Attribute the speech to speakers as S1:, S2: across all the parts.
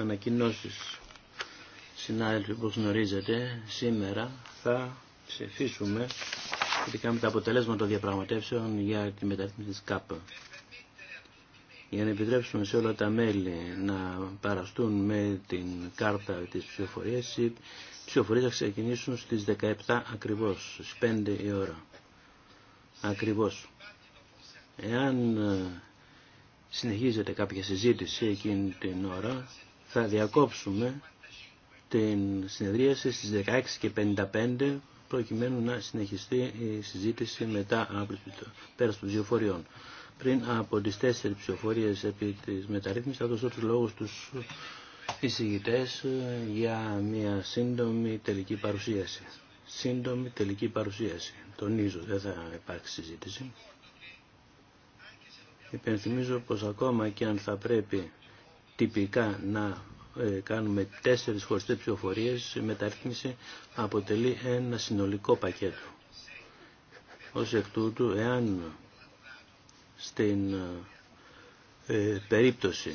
S1: ανακοινώσεις. Συνάδελφοι, όπως γνωρίζετε, σήμερα θα ψηφίσουμε σχετικά με τα αποτελέσματα των διαπραγματεύσεων για τη μεταρρύθμιση της ΚΑΠ. Για να επιτρέψουμε σε όλα τα μέλη να παραστούν με την κάρτα της ψηφοφορίας, οι ψηφοφορίες θα ξεκινήσουν στις 17 ακριβώς, στις 5 η ώρα. Ακριβώς. Εάν ε, συνεχίζεται κάποια συζήτηση εκείνη την ώρα, θα διακόψουμε την συνεδρίαση στις 16.55 προκειμένου να συνεχιστεί η συζήτηση μετά από το πέρας των ψηφοφοριών. Πριν από τις τέσσερις ψηφοφορίες επί της μεταρρύθμισης θα δώσω τους λόγους τους εισηγητές ε, για μια σύντομη τελική παρουσίαση. Σύντομη τελική παρουσίαση. Τονίζω, δεν θα υπάρξει συζήτηση. Υπενθυμίζω πως ακόμα και αν θα πρέπει τυπικά να ε, κάνουμε τέσσερις χωριστές ψηφοφορίες, η μεταρρύθμιση αποτελεί ένα συνολικό πακέτο. Ως εκ τούτου, εάν στην ε, ε, περίπτωση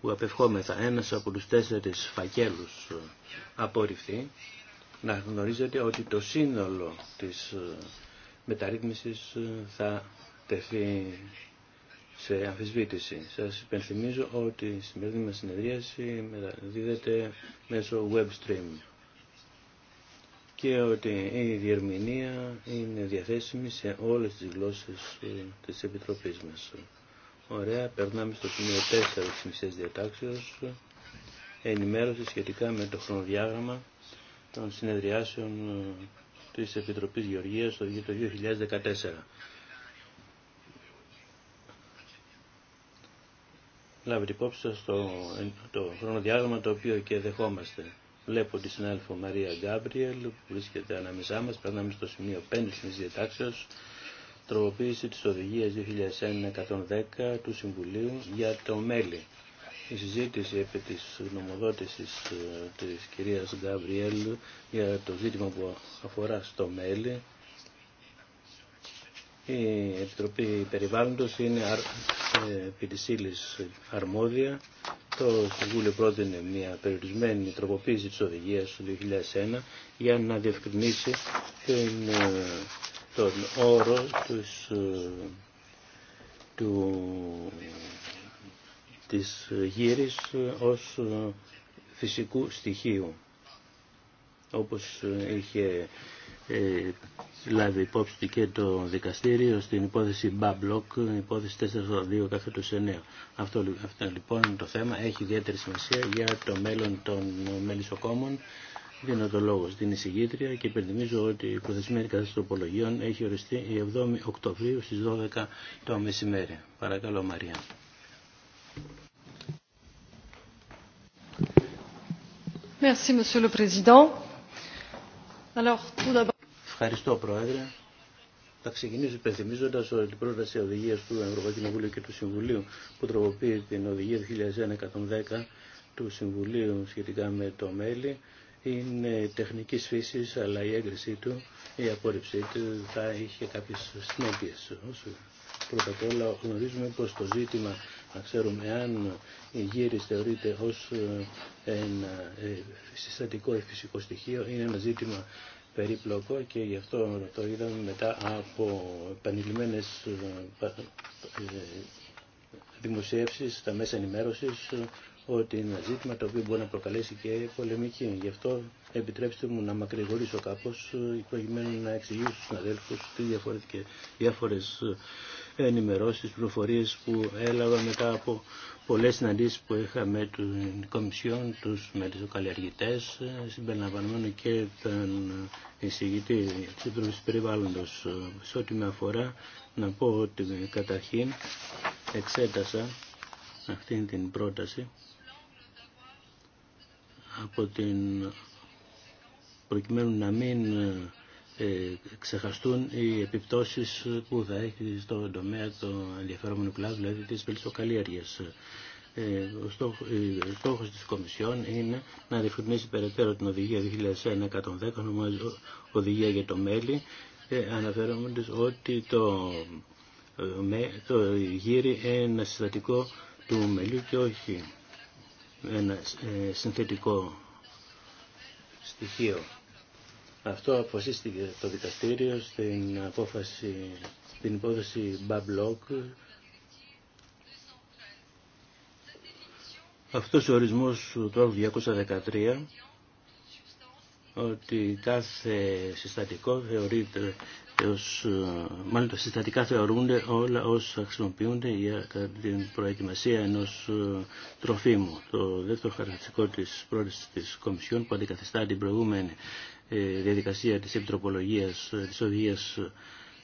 S1: που απευχόμεθα ένας από τους τέσσερις φακέλους απορριφθεί, να γνωρίζετε ότι το σύνολο της μεταρρύθμισης θα τεθεί σε αμφισβήτηση. Σας υπενθυμίζω ότι η σημερινή μας συνεδρίαση μεταδίδεται μέσω web stream και ότι η διερμηνία είναι διαθέσιμη σε όλες τις γλώσσες ε, της Επιτροπής μας. Ωραία, περνάμε στο σημείο 4 της μισής διατάξεως, ενημέρωση σχετικά με το χρονοδιάγραμμα των συνεδριάσεων ε, της Επιτροπής Γεωργίας το 2014. λάβετε υπόψη σας το, το χρονοδιάγραμμα το οποίο και δεχόμαστε. Βλέπω τη συνάδελφο Μαρία Γκάμπριελ που βρίσκεται ανάμεσά μας, περνάμε στο σημείο 5 της διατάξεως, τροποποίηση της οδηγίας του Συμβουλίου για το μέλη. Η συζήτηση επί της νομοδότησης ε, της κυρίας Γκάμπριελ για το ζήτημα που αφορά στο μέλη η Επιτροπή Περιβάλλοντος είναι ε, επί της αρμόδια. Το Συμβούλιο πρότεινε μια περιορισμένη τροποποίηση της οδηγίας του 2001 για να διευκρινίσει ε, τον όρο τους, ε, του, της γύρης ως φυσικού στοιχείου όπως είχε ε, λάβει υπόψη και το δικαστήριο στην υπόθεση Μπαμπλοκ, υπόθεση κάθε του 9. Αυτό, αυτό λοιπόν το θέμα έχει ιδιαίτερη σημασία για το μέλλον των μελισσοκόμων. Δίνω το λόγο στην εισηγήτρια και υπενθυμίζω ότι η προθεσμία κατάσταση απολογιών έχει οριστεί η 7η Οκτωβρίου στις 12 το μεσημέρι. Παρακαλώ Μαρία.
S2: Merci, Monsieur le Président. Alors, tout
S1: Ευχαριστώ Πρόεδρε. Θα ξεκινήσω υπενθυμίζοντα ότι η πρόταση οδηγία του Ευρωπαϊκού Κοινοβουλίου και του Συμβουλίου που τροποποιεί την οδηγία 2110 του Συμβουλίου σχετικά με το μέλη είναι τεχνική φύση, αλλά η έγκρισή του, η απόρριψή του θα είχε κάποιες συνέπειε. Πρώτα απ' όλα γνωρίζουμε πως το ζήτημα να ξέρουμε αν η γύρις θεωρείται ως ένα ε, συστατικό φυσικό στοιχείο είναι ένα ζήτημα περίπλοκο και γι' αυτό το είδαμε μετά από επανειλημμένες ε, ε, δημοσιεύσεις στα μέσα ενημέρωσης ε, ότι είναι ένα ζήτημα το οποίο μπορεί να προκαλέσει και πολεμική. Γι' αυτό επιτρέψτε μου να μακρηγορήσω κάπως προκειμένου να εξηγήσω στους συναδέλφους τι διάφορες ενημερώσει που έλαβα μετά από πολλές συναντήσεις που είχα με την Κομισιόν, τους μελισσοκαλλιεργητές, συμπεριλαμβανομένου και τον εισηγητή της Επιτροπής Περιβάλλοντος. Σε ό,τι με αφορά να πω ότι καταρχήν εξέτασα αυτή την πρόταση από την προκειμένου να μην ε, ξεχαστούν οι επιπτώσεις που θα έχει στον τομέα το ενδιαφέρομενου κλάδου, δηλαδή της πελισσοκαλλιέργειας. Ε, ε, ο στόχος της Κομισιόν είναι να διευκρινίσει περαιτέρω την οδηγία 2110, οδηγία για το μέλι, αναφέροντας ότι το, γύρι είναι ένα συστατικό του μελιού και όχι ένα συνθετικό στοιχείο. Αυτό αποφασίστηκε το δικαστήριο στην απόφαση, στην υπόθεση Μπαμπλόκ. Αυτός ο ορισμός του 2013 213 ότι κάθε συστατικό θεωρείται ως, μάλλον τα συστατικά θεωρούνται όλα όσα χρησιμοποιούνται για την προετοιμασία ενός ε, τροφίμου. Το δεύτερο χαρακτηριστικό της πρόεδρης της Κομισιόν που αντικαθιστά την προηγούμενη ε, διαδικασία της επιτροπολογίας της οδηγίας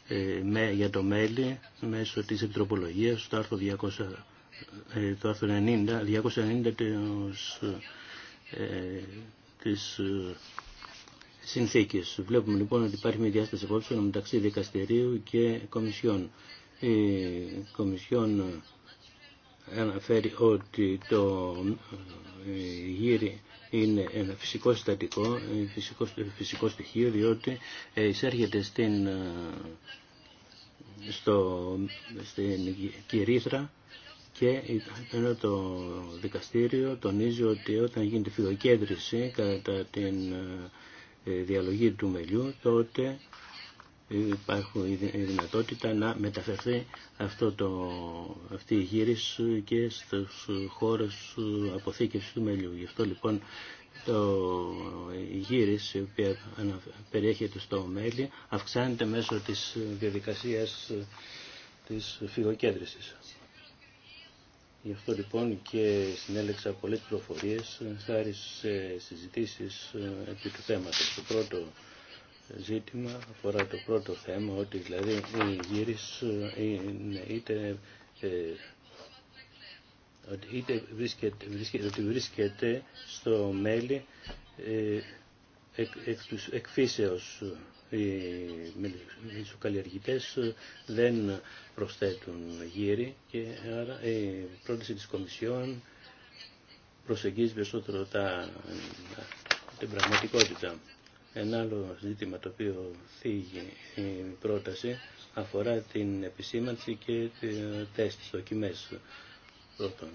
S1: ε, με, για το μέλη μέσω της επιτροπολογίας το άρθρο, ε, το άρθρο 290 της, ε, συνθήκης. Βλέπουμε λοιπόν ότι υπάρχει μια διάσταση απόψεων μεταξύ δικαστηρίου και κομισιών. Η αναφέρει ότι το ε, γύρι είναι ένα φυσικό συστατικό, ε, φυσικό, ε, φυσικό στοιχείο, διότι εισέρχεται στην, στο, στην κυρίθρα και ενώ το δικαστήριο τονίζει ότι όταν γίνεται φυγοκέντρηση κατά την διαλογή του μελιού, τότε υπάρχει η δυνατότητα να μεταφερθεί αυτό το, αυτή η γύριση και στους χώρους αποθήκευσης του μελιού. Γι' αυτό λοιπόν το γύριση η οποία περιέχεται στο μέλι αυξάνεται μέσω της διαδικασίας της φυγοκέντρησης. Γι' αυτό λοιπόν και συνέλεξα πολλές προφορίες χάρη σε συζητήσεις ε, επί του θέματος. Το πρώτο ζήτημα αφορά το πρώτο θέμα, ότι δηλαδή οι γύρις ε, είτε, ε, ότι είτε βρίσκεται, βρίσκεται, ότι βρίσκεται στο μέλι ε, εκ, εκ, εκφύσεως οι μελισσοκαλλιεργητές δεν προσθέτουν γύρι και άρα η πρόταση της Κομισιόν προσεγγίζει περισσότερο τα, την πραγματικότητα. Ένα άλλο ζήτημα το οποίο θίγει η πρόταση αφορά την επισήμανση και τι τεστ δοκιμές. Πρώτον,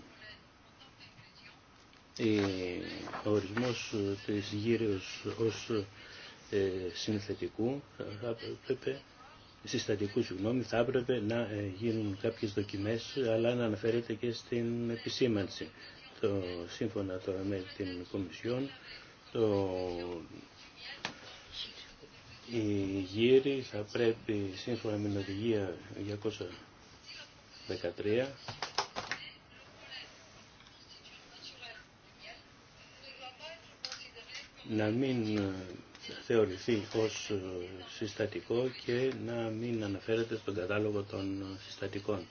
S1: ο ορισμός της γύρεως ως ε, συνθετικού θα έπρεπε, συστατικού συγγνώμη, θα έπρεπε να ε, γίνουν κάποιες δοκιμές αλλά να αναφέρεται και στην επισήμανση. Το, σύμφωνα τώρα με την Κομισιόν, το οι γύροι θα πρέπει σύμφωνα με την οδηγία 213 να μην θεωρηθεί ως συστατικό και να μην αναφέρεται στον κατάλογο των συστατικών.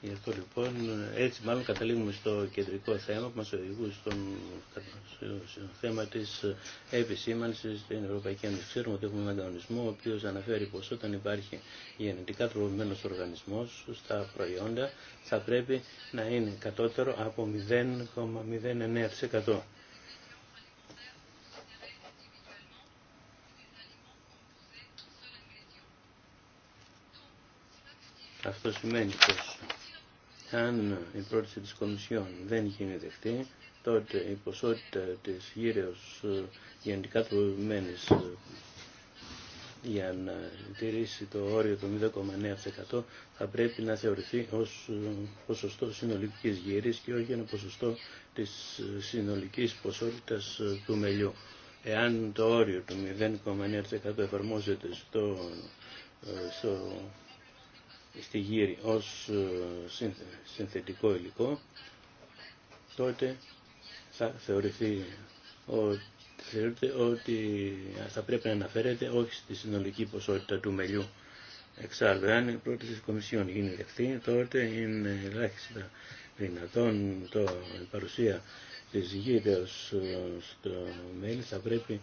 S1: Γι' αυτό λοιπόν έτσι μάλλον καταλήγουμε στο κεντρικό θέμα που μας οδηγούσε στο θέμα της επισήμανσης στην Ευρωπαϊκή Ένωση. Ξέρουμε ότι έχουμε έναν κανονισμό ο οποίος αναφέρει πως όταν υπάρχει γενετικά τροπομενός οργανισμός στα προϊόντα θα πρέπει να είναι κατώτερο από 0,09%. Αυτό σημαίνει πως αν η πρόταση της Κομισιόν δεν γίνει δεχτή, τότε η ποσότητα της γύρεως γενικά τροποποιημένης ε, για να τηρήσει το όριο του 0,9% θα πρέπει να θεωρηθεί ως ε, ποσοστό συνολικής γύρης και όχι ένα ποσοστό της ε, συνολικής ποσότητας του μελιού. Εάν το όριο του 0,9% εφαρμόζεται στο, στο στη γύρι ως ε, συνθετικό υλικό, τότε θα θεωρηθεί ότι θεωρείται ότι θα πρέπει να αναφέρεται όχι στη συνολική ποσότητα του μελιού. Εξάλλου, αν η πρόταση της Κομισιόν γίνει δεχτή τότε είναι ελάχιστα δυνατόν το, η παρουσία της γύρεως ε, στο μέλι θα πρέπει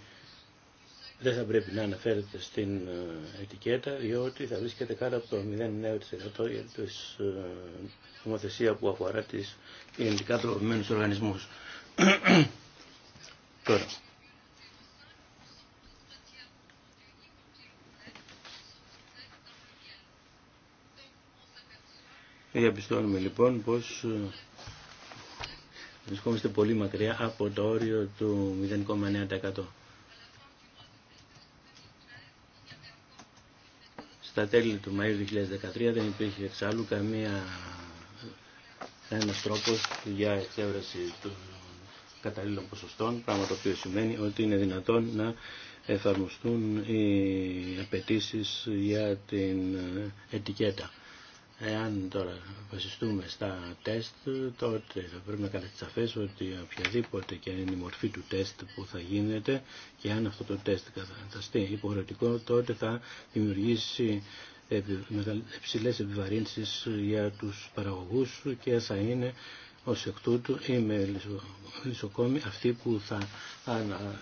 S1: δεν θα πρέπει να αναφέρεται στην ε, ετικέτα διότι θα βρίσκεται κάτω από το 0,9% για τη ε, νομοθεσία που αφορά τις γενικά τροποποιημένους οργανισμούς. Τώρα. Διαπιστώνουμε λοιπόν πως ε, βρισκόμαστε πολύ μακριά από το όριο του 0,9%. Στα τέλη του Μαΐου 2013 δεν υπήρχε εξάλλου καμία, ένας τρόπος για εξέβραση των καταλλήλων ποσοστών, πράγμα το οποίο σημαίνει ότι είναι δυνατόν να εφαρμοστούν οι απαιτήσει για την ε, ετικέτα. Εάν τώρα βασιστούμε στα τεστ, τότε θα πρέπει να κατασταθέσω ότι οποιαδήποτε και είναι η μορφή του τεστ που θα γίνεται και αν αυτό το τεστ καταστεί υποχρεωτικό, τότε θα δημιουργήσει υψηλέ επιβαρύνσεις για τους παραγωγούς και θα είναι ως εκ τούτου με λησοκόμοι αυτοί που θα,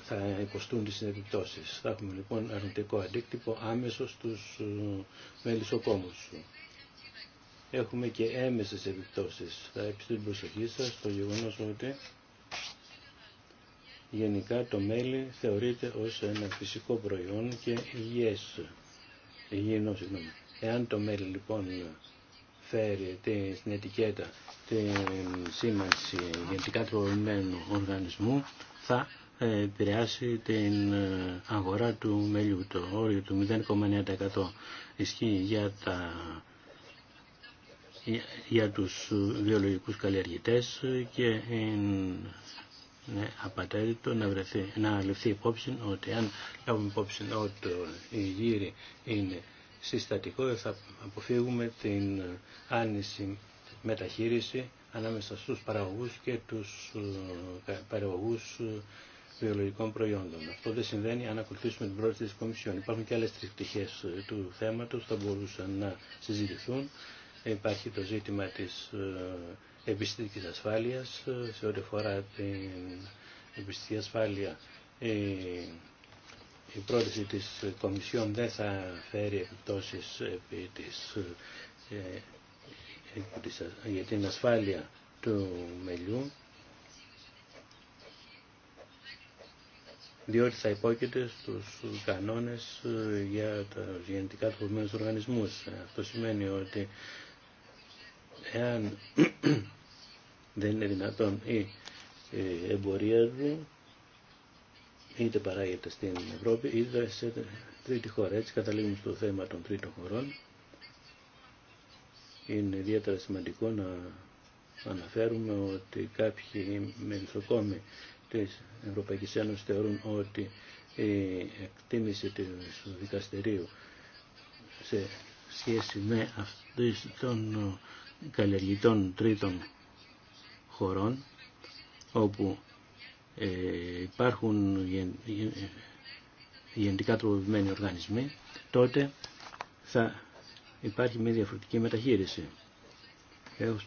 S1: θα υποστούν τις επιπτώσεις. Θα έχουμε λοιπόν αρνητικό αντίκτυπο άμεσο στους ε, μελισσοκόμους έχουμε και έμεσες επιπτώσεις. Θα επιστρέψω την προσοχή σας στο γεγονός ότι γενικά το μέλι θεωρείται ως ένα φυσικό προϊόν και υγιές. Υγιεινό, Εάν το μέλι λοιπόν φέρει στην ετικέτα την σήμανση γενικά τροποποιημένου οργανισμού θα ε, επηρεάσει την ε, αγορά του μέλιου. Το όριο του 0,9% ισχύει για τα για τους βιολογικούς καλλιεργητές και είναι απαραίτητο να, βρεθεί, να ληφθεί υπόψη ότι αν λάβουμε υπόψη ότι η γύρι είναι συστατικό θα αποφύγουμε την άνηση μεταχείριση ανάμεσα στους παραγωγούς και τους ε, παραγωγούς βιολογικών προϊόντων. Αυτό δεν συμβαίνει αν ακολουθήσουμε την πρόταση της Κομισιόν. Υπάρχουν και άλλες τρεις του θέματος που θα μπορούσαν να συζητηθούν. Υπάρχει το ζήτημα της ε, επιστήμικης ασφάλειας ε, σε ό,τι αφορά την επιστήμικη ασφάλεια η πρόταση της Κομισιόν δεν θα φέρει επιπτώσεις ε, επί της, για την ασφάλεια του μελιού διότι θα υπόκειται στους κανόνες για τα γενετικά του οργανισμούς. Αυτό σημαίνει ότι εάν δεν είναι δυνατόν η εμπορία του είτε παράγεται στην Ευρώπη είτε σε τρίτη χώρα. Έτσι καταλήγουμε στο θέμα των τρίτων χωρών. Είναι ιδιαίτερα σημαντικό να αναφέρουμε ότι κάποιοι μελισσοκόμοι της Ευρωπαϊκής Ένωσης θεωρούν ότι η εκτίμηση του δικαστηρίου σε σχέση με αυτήν τον καλλιεργητών τρίτων χωρών όπου ε, υπάρχουν γεννητικά τροποποιημένοι οργανισμοί, τότε θα υπάρχει μια διαφορετική μεταχείριση.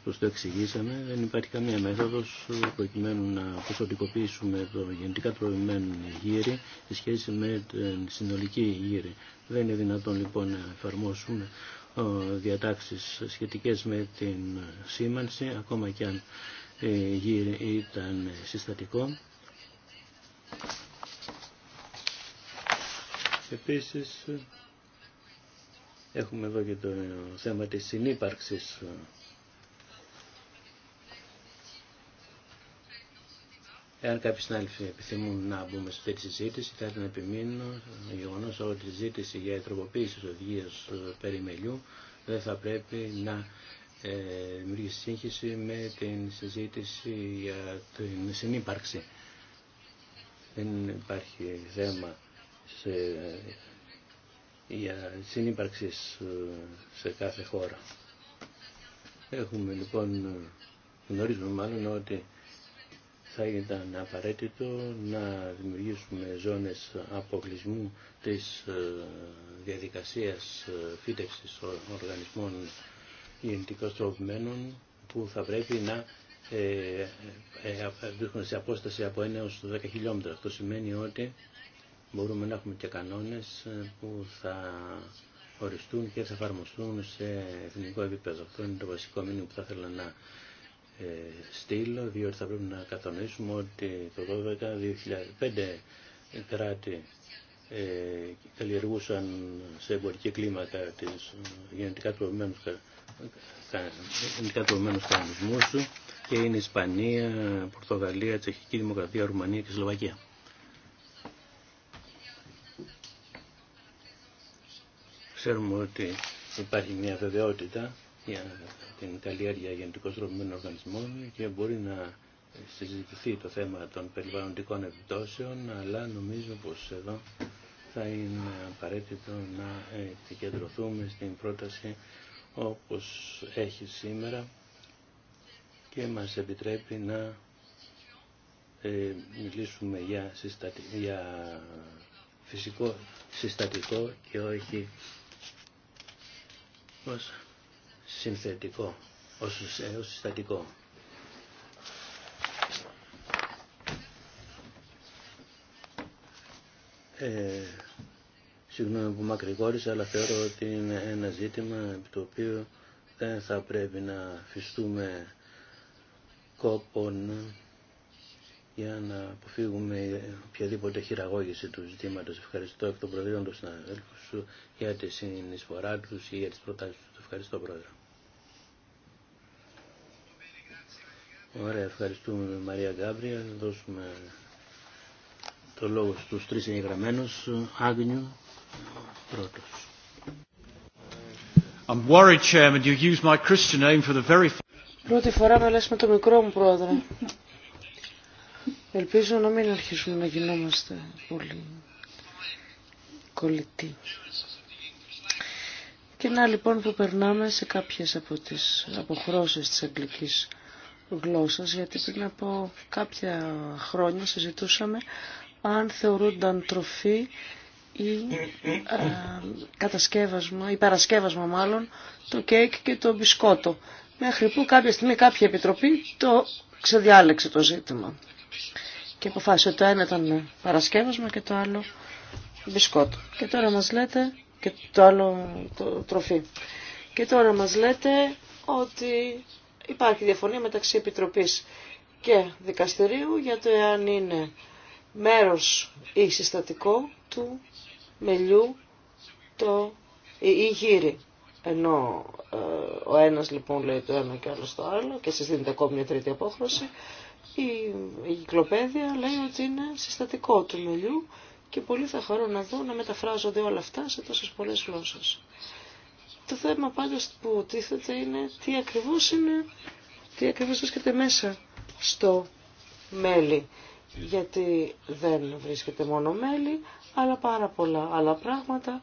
S1: πως το εξηγήσαμε, δεν υπάρχει καμία μέθοδος προκειμένου να ποσοτικοποιήσουμε το γενικά τροποποιημένο γύρι σε σχέση με την συνολική γύρι. Δεν είναι δυνατόν λοιπόν να εφαρμόσουμε διατάξεις σχετικές με την σήμανση, ακόμα και αν ε, γύρι ήταν συστατικό. Επίσης, έχουμε εδώ και το θέμα της συνύπαρξης ε, Εάν κάποιοι συνάδελφοι επιθυμούν να μπούμε σε αυτή τη συζήτηση, θα ήθελα να επιμείνω το γεγονό ότι η συζήτηση για τροποποίηση τη οδηγία ε, περιμελιού δεν θα πρέπει να ε, δημιουργήσει σύγχυση με την συζήτηση για την συνύπαρξη. Δεν υπάρχει θέμα για συνύπαρξη σε κάθε χώρα. Έχουμε λοιπόν, γνωρίζουμε μάλλον ότι θα ήταν απαραίτητο να δημιουργήσουμε ζώνες αποκλεισμού της ε, διαδικασίας ε, φύτευσης οργανισμών γεννητικώς τροπημένων που θα πρέπει να ε, βρίσκονται σε απόσταση από 1 έως 10 χιλιόμετρα. Αυτό σημαίνει ότι μπορούμε να έχουμε και κανόνες που θα οριστούν και θα εφαρμοστούν σε εθνικό επίπεδο. Αυτό είναι το βασικό μήνυμα που θα ήθελα να ε, στυλ, διότι θα πρέπει να κατανοήσουμε ότι το 12 2005 κράτη ε, καλλιεργούσαν σε εμπορική κλίμακα τις γενετικά τροπημένους κανονισμούς και είναι Ισπανία, Πορτογαλία, Τσεχική Δημοκρατία, Ρουμανία και Σλοβακία. Ξέρουμε ότι υπάρχει μια βεβαιότητα για την καλλιέργεια γενετικώς οργανισμών και μπορεί να συζητηθεί το θέμα των περιβαλλοντικών επιπτώσεων, αλλά νομίζω πως εδώ θα είναι απαραίτητο να επικεντρωθούμε στην πρόταση όπως έχει σήμερα και μας επιτρέπει να ε, μιλήσουμε για, φυσικό συστατικό και όχι συνθετικό, ε, ως, συστατικό. Ε, συγγνώμη που μακρηγόρησα, αλλά θεωρώ ότι είναι ένα ζήτημα επί το οποίο δεν θα πρέπει να φυστούμε κόπον για να αποφύγουμε οποιαδήποτε χειραγώγηση του ζητήματος. Ευχαριστώ εκ των προδίων των συναδέλφων σου για τη συνεισφορά τους ή για τις προτάσεις τους. Ευχαριστώ Πρόεδρε. Ωραία, ευχαριστούμε Μαρία Γκάμπρια. Δώσουμε το λόγο στους τρεις εγγραμμένους. Άγνιου, πρώτος. I'm worried, Chairman, you use my Christian name for the very
S2: Πρώτη φορά με λες με το μικρό μου πρόεδρε. Ελπίζω να μην αρχίσουμε να γινόμαστε πολύ κολλητοί. Και να λοιπόν που περνάμε σε κάποιες από τις αποχρώσεις της αγγλικής γλώσσας, γιατί πριν από κάποια χρόνια συζητούσαμε αν θεωρούνταν τροφή ή ε, κατασκεύασμα, ή παρασκεύασμα μάλλον, το κέικ και το μπισκότο. Μέχρι που κάποια στιγμή κάποια επιτροπή το ξεδιάλεξε το ζήτημα. Και αποφάσισε ότι το ένα ήταν παρασκεύασμα και το άλλο μπισκότο. Και τώρα μας λέτε και το άλλο το τροφή. Και τώρα μας λέτε ότι υπάρχει διαφωνία μεταξύ Επιτροπής και Δικαστηρίου για το εάν είναι μέρος ή συστατικό του μελιού το, ή γύρι. Ενώ ε, ο ένας λοιπόν λέει το ένα και άλλο το άλλο και σας δίνεται ακόμη μια τρίτη απόχρωση, η, η λέει ότι είναι συστατικό του μελιού και πολύ θα χαρώ να δω να μεταφράζονται όλα αυτά σε τόσες πολλές γλώσσες. Το θέμα πάντως που τίθεται είναι τι ακριβώς είναι, τι ακριβώς βρίσκεται μέσα στο μέλι. Γιατί δεν βρίσκεται μόνο μέλι, αλλά πάρα πολλά άλλα πράγματα,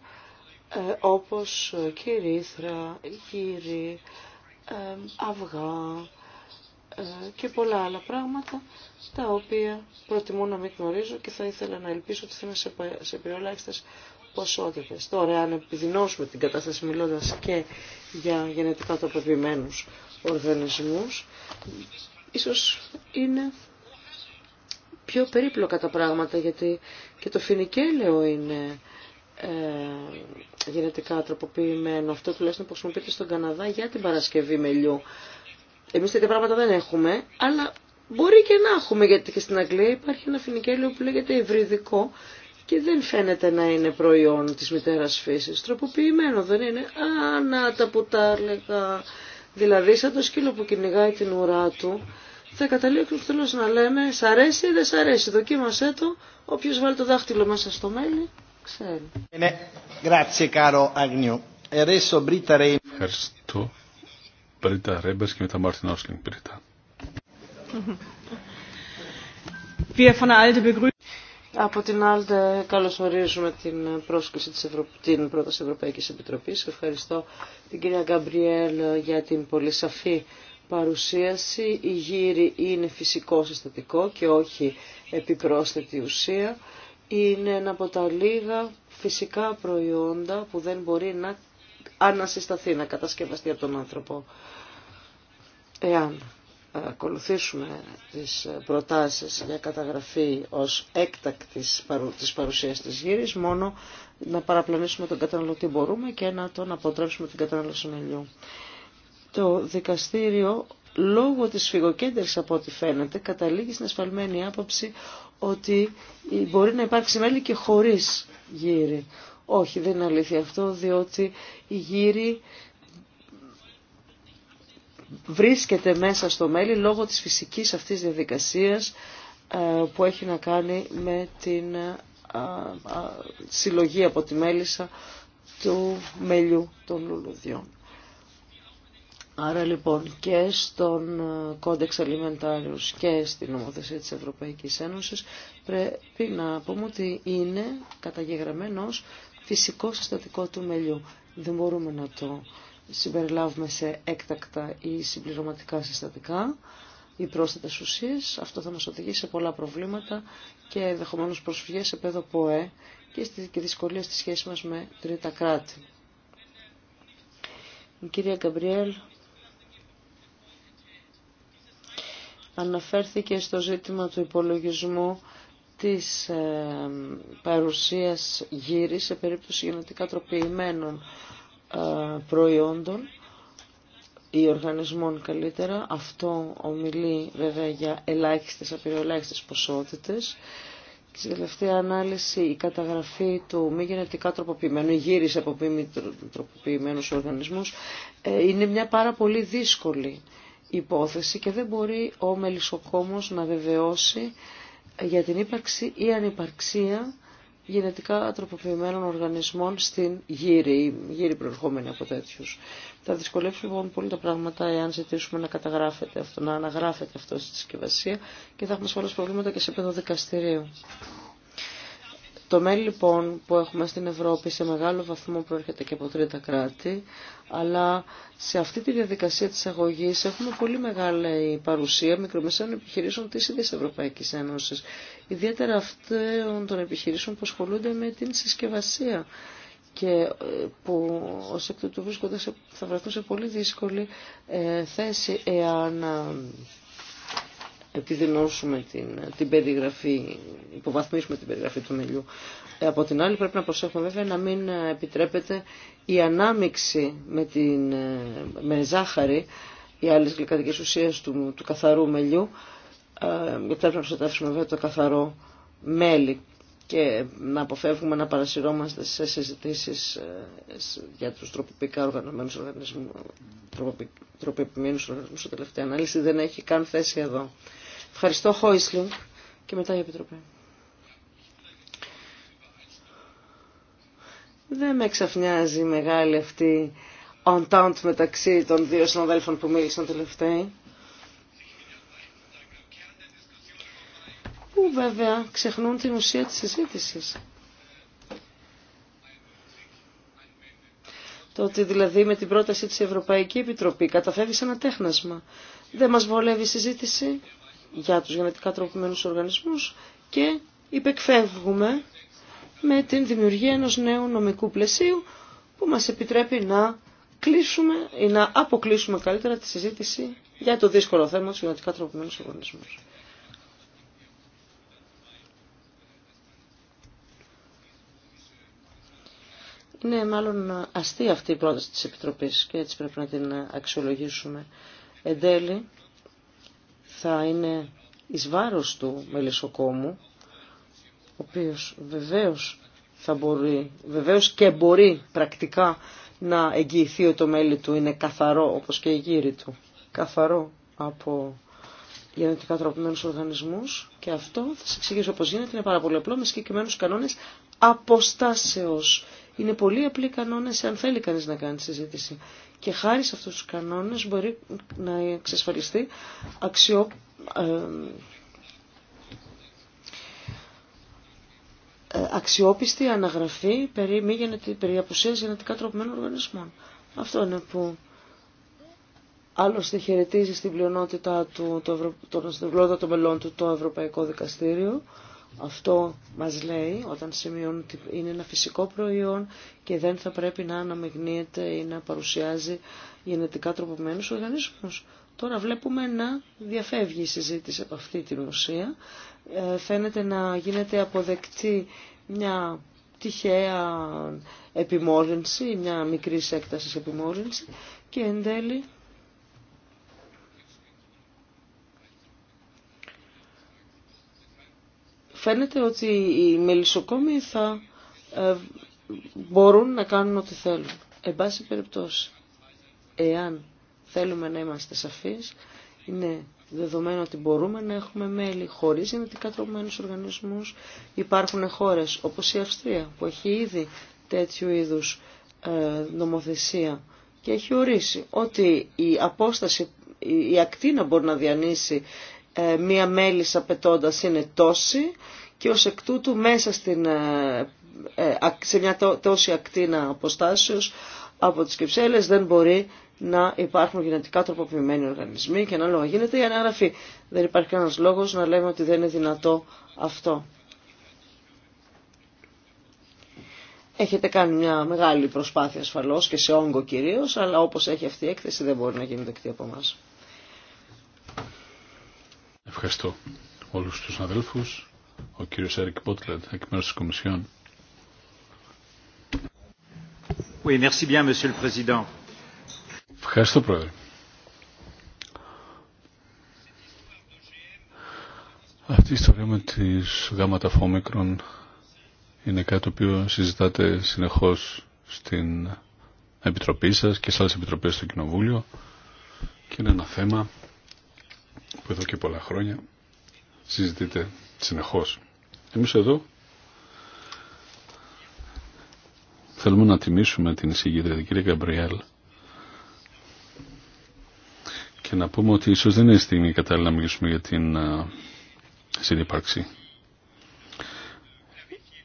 S2: ε, όπως κυρίθρα, γύρι, ε, αυγά, ε, και πολλά άλλα πράγματα τα οποία προτιμώ να μην γνωρίζω και θα ήθελα να ελπίσω ότι θα είναι σε περιολάχιστες ποσότητες. Τώρα, αν επιδεινώσουμε την κατάσταση μιλώντας και για γενετικά τοποποιημένους οργανισμούς, ίσως είναι πιο περίπλοκα τα πράγματα, γιατί και το φινικέλαιο είναι ε, γενετικά τροποποιημένο. Αυτό τουλάχιστον που χρησιμοποιείται στον Καναδά για την παρασκευή μελιού. Εμεί τέτοια πράγματα δεν έχουμε, αλλά μπορεί και να έχουμε, γιατί και στην Αγγλία υπάρχει ένα φινικέλιο που λέγεται υβριδικό και δεν φαίνεται να είναι προϊόν της μητέρας φύσης. Τροποποιημένο δεν είναι. Α, να τα που Δηλαδή, σαν το σκύλο που κυνηγάει την ουρά του, θα ο τέλος να λέμε «Σ' αρέσει ή δεν σ' αρέσει, δοκίμασέ το, όποιος βάλει το δάχτυλο μέσα στο μέλι, ξέρει».
S1: E
S3: Ευχαριστώ. Ρέμπερ και μετά Μάρτιν Όσλινγκ.
S2: Από την Άλτε καλωσορίζουμε την πρόσκληση της Ευρω... την πρόταση Ευρωπαϊκής Επιτροπής. Ευχαριστώ την κυρία Γκαμπριέλ για την πολύ σαφή παρουσίαση. Η γύρι είναι φυσικό συστατικό και όχι επιπρόσθετη ουσία. Είναι ένα από τα λίγα φυσικά προϊόντα που δεν μπορεί να ανασυσταθεί, να κατασκευαστεί από τον άνθρωπο. Εάν ακολουθήσουμε τις προτάσεις για καταγραφή ως έκτακτης της παρουσίας της γύρης, μόνο να παραπλανήσουμε τον καταναλωτή μπορούμε και να τον αποτρέψουμε την κατανάλωση μελιού. Το δικαστήριο λόγω της φυγοκέντρης από ό,τι φαίνεται καταλήγει στην ασφαλμένη άποψη ότι μπορεί να υπάρξει μέλη και χωρίς γύρι. Όχι, δεν είναι αλήθεια αυτό, διότι η γύρι βρίσκεται μέσα στο μέλι λόγω της φυσικής αυτής διαδικασίας ε, που έχει να κάνει με την ε, συλλογή από τη μέλισσα του μελιού των λουλουδιών. Άρα λοιπόν και στον ε, κόντεξ αλιμεντάριους και στην νομοθεσία της Ευρωπαϊκής Ένωσης πρέπει να πούμε ότι είναι καταγεγραμμένος φυσικό συστατικό του μελιού. Δεν μπορούμε να το συμπεριλάβουμε σε έκτακτα ή συμπληρωματικά συστατικά ή πρόσθετες ουσίες. Αυτό θα μας οδηγήσει σε πολλά προβλήματα και ενδεχομένω προσφυγές σε πέδο ΠΟΕ και στη δυσκολία στη σχέση μας με τρίτα κράτη. Η κυρία Γκαμπριέλ αναφέρθηκε στο ζήτημα του υπολογισμού της ε, παρουσίας γύρι σε περίπτωση γενετικά ομιλεί βέβαια για ελάχιστες, προϊόντων ή οργανισμών καλύτερα. Αυτό ομιλεί βέβαια για ελάχιστες, απειροελάχιστες ποσότητες. στην τελευταία ανάλυση η καταγραφή του μη γενετικά τροποποιημένου, η γύριση από μη οργανισμούς, ε, είναι μια πάρα πολύ δύσκολη υπόθεση και δεν μπορεί ο μελισσοκόμος να βεβαιώσει για την ύπαρξη ή ανυπαρξία γενετικά τροποποιημένων οργανισμών στην γύρη, γύρη προερχόμενη από τέτοιου. Θα δυσκολεύσουν λοιπόν πολύ τα πράγματα εάν ζητήσουμε να καταγράφεται αυτό, να αναγράφεται αυτό στη συσκευασία και θα έχουμε σχολές προβλήματα και σε επίπεδο δικαστηρίου. Το μέλι λοιπόν που έχουμε στην Ευρώπη σε μεγάλο βαθμό προέρχεται και από τρίτα κράτη, αλλά σε αυτή τη διαδικασία της αγωγής έχουμε πολύ μεγάλη παρουσία μικρομεσαίων επιχειρήσεων της ίδιας Ευρωπαϊκής Ένωσης, ιδιαίτερα αυτών των επιχειρήσεων που ασχολούνται με την συσκευασία και ε, που ως εκ τούτου βρίσκονται θα βρεθούν σε πολύ δύσκολη ε, θέση εάν επιδεινώσουμε την, την περιγραφή, υποβαθμίσουμε την περιγραφή του μελιού. Ε, από την άλλη πρέπει να προσέχουμε βέβαια να μην ε, επιτρέπεται η ανάμιξη με, την, ε, με ζάχαρη ή άλλες γλυκαντικές ουσίες του, του καθαρού μελιού γιατί πρέπει να προστατεύσουμε βέβαια το καθαρό μέλι και να αποφεύγουμε να παρασυρώμαστε σε συζητήσει για του τροποποιικά οργανωμένους οργανισμού, τροποποιημένου οργανισμού. τελευταία ανάλυση δεν έχει καν θέση εδώ. Ευχαριστώ, Χόισλινγκ. Και μετά η Επιτροπή. Δεν με ξαφνιάζει η μεγάλη αυτή οντάντ μεταξύ των δύο συναδέλφων που μίλησαν τελευταίοι. Που βέβαια ξεχνούν την ουσία της συζήτησης. Το ότι δηλαδή με την πρόταση της Ευρωπαϊκή Επιτροπή καταφεύγει σε ένα τέχνασμα. Δεν μας βολεύει η συζήτηση για τους γενετικά τροποποιημένους οργανισμούς και υπεκφεύγουμε με την δημιουργία ενός νέου νομικού πλαισίου που μας επιτρέπει να κλείσουμε ή να αποκλείσουμε καλύτερα τη συζήτηση για το δύσκολο θέμα του γενετικά τροποποιημένου οργανισμού. Είναι μάλλον αστεία αυτή η πρόταση της Επιτροπής και έτσι πρέπει να την αξιολογήσουμε. Εν τέλει, θα είναι εις βάρος του μελισσοκόμου, ο οποίος βεβαίως, θα μπορεί, βεβαίως και μπορεί πρακτικά να εγγυηθεί ότι το μέλι του είναι καθαρό, όπως και η γύρι του, καθαρό από γενετικά τροπημένους οργανισμούς και αυτό θα σας εξηγήσω πώς γίνεται, είναι πάρα πολύ απλό με συγκεκριμένους κανόνες αποστάσεως είναι πολύ απλοί κανόνες αν θέλει κανείς να κάνει συζήτηση. Και χάρη σε αυτούς τους κανόνες μπορεί να εξασφαλιστεί αξιό, ε, ε, αξιόπιστη αναγραφή περί, μη περί απουσίας γενετικά τροπημένων οργανισμών. Αυτό είναι που άλλωστε χαιρετίζει στην πλειονότητα του, το, στην πλειονότητα των μελών του το Ευρωπαϊκό Δικαστήριο αυτό μας λέει όταν σημειώνει ότι είναι ένα φυσικό προϊόν και δεν θα πρέπει να αναμεγνύεται ή να παρουσιάζει γενετικά τροποποιημένους οργανισμούς. Τώρα βλέπουμε να διαφεύγει η συζήτηση από αυτή την ουσία. Ε, φαίνεται να γίνεται αποδεκτή μια τυχαία επιμόρυνση, μια μικρή έκταση επιμόρυνση και εν τέλει φαίνεται ότι οι μελισσοκόμοι θα ε, μπορούν να κάνουν ό,τι θέλουν. Εν πάση περιπτώσει, εάν θέλουμε να είμαστε σαφείς, είναι δεδομένο ότι μπορούμε να έχουμε μέλη χωρίς γενετικά τρομμένους οργανισμούς. Υπάρχουν χώρες όπως η Αυστρία που έχει ήδη τέτοιου είδους ε, νομοθεσία και έχει ορίσει ότι η απόσταση, η ακτίνα μπορεί να διανύσει ε, μία μέλισσα πετώντας είναι τόση και ως εκ τούτου μέσα στην, ε, ε, σε μια τόση ακτίνα αποστάσεως από τις κεψέλες δεν μπορεί να υπάρχουν γενετικά τροποποιημένοι οργανισμοί και ανάλογα γίνεται η αναγραφή. Δεν υπάρχει κανένας λόγος να λέμε ότι δεν είναι δυνατό αυτό. Έχετε κάνει μια μεγάλη προσπάθεια ασφαλώς και σε όγκο κυρίως, αλλά όπως έχει αυτή η έκθεση δεν μπορεί να γίνει δεκτή από εμάς.
S3: Ευχαριστώ όλους τους αδέλφους. Ο κύριος Έρικ Πότλετ, εκ μέρους της Κομισιόν. Ευχαριστώ, Πρόεδρε. Αυτή η ιστορία με τις γάματα φωμικρών είναι κάτι το οποίο συζητάτε συνεχώς στην Επιτροπή σας και σε άλλες επιτροπές στο Κοινοβούλιο και είναι ένα θέμα που εδώ και πολλά χρόνια συζητείται συνεχώς. Εμείς εδώ θέλουμε να τιμήσουμε την εισηγήτρια την κυρία Γκαμπριέλ και να πούμε ότι ίσως δεν είναι η στιγμή κατάλληλα να μιλήσουμε για την συνύπαρξη.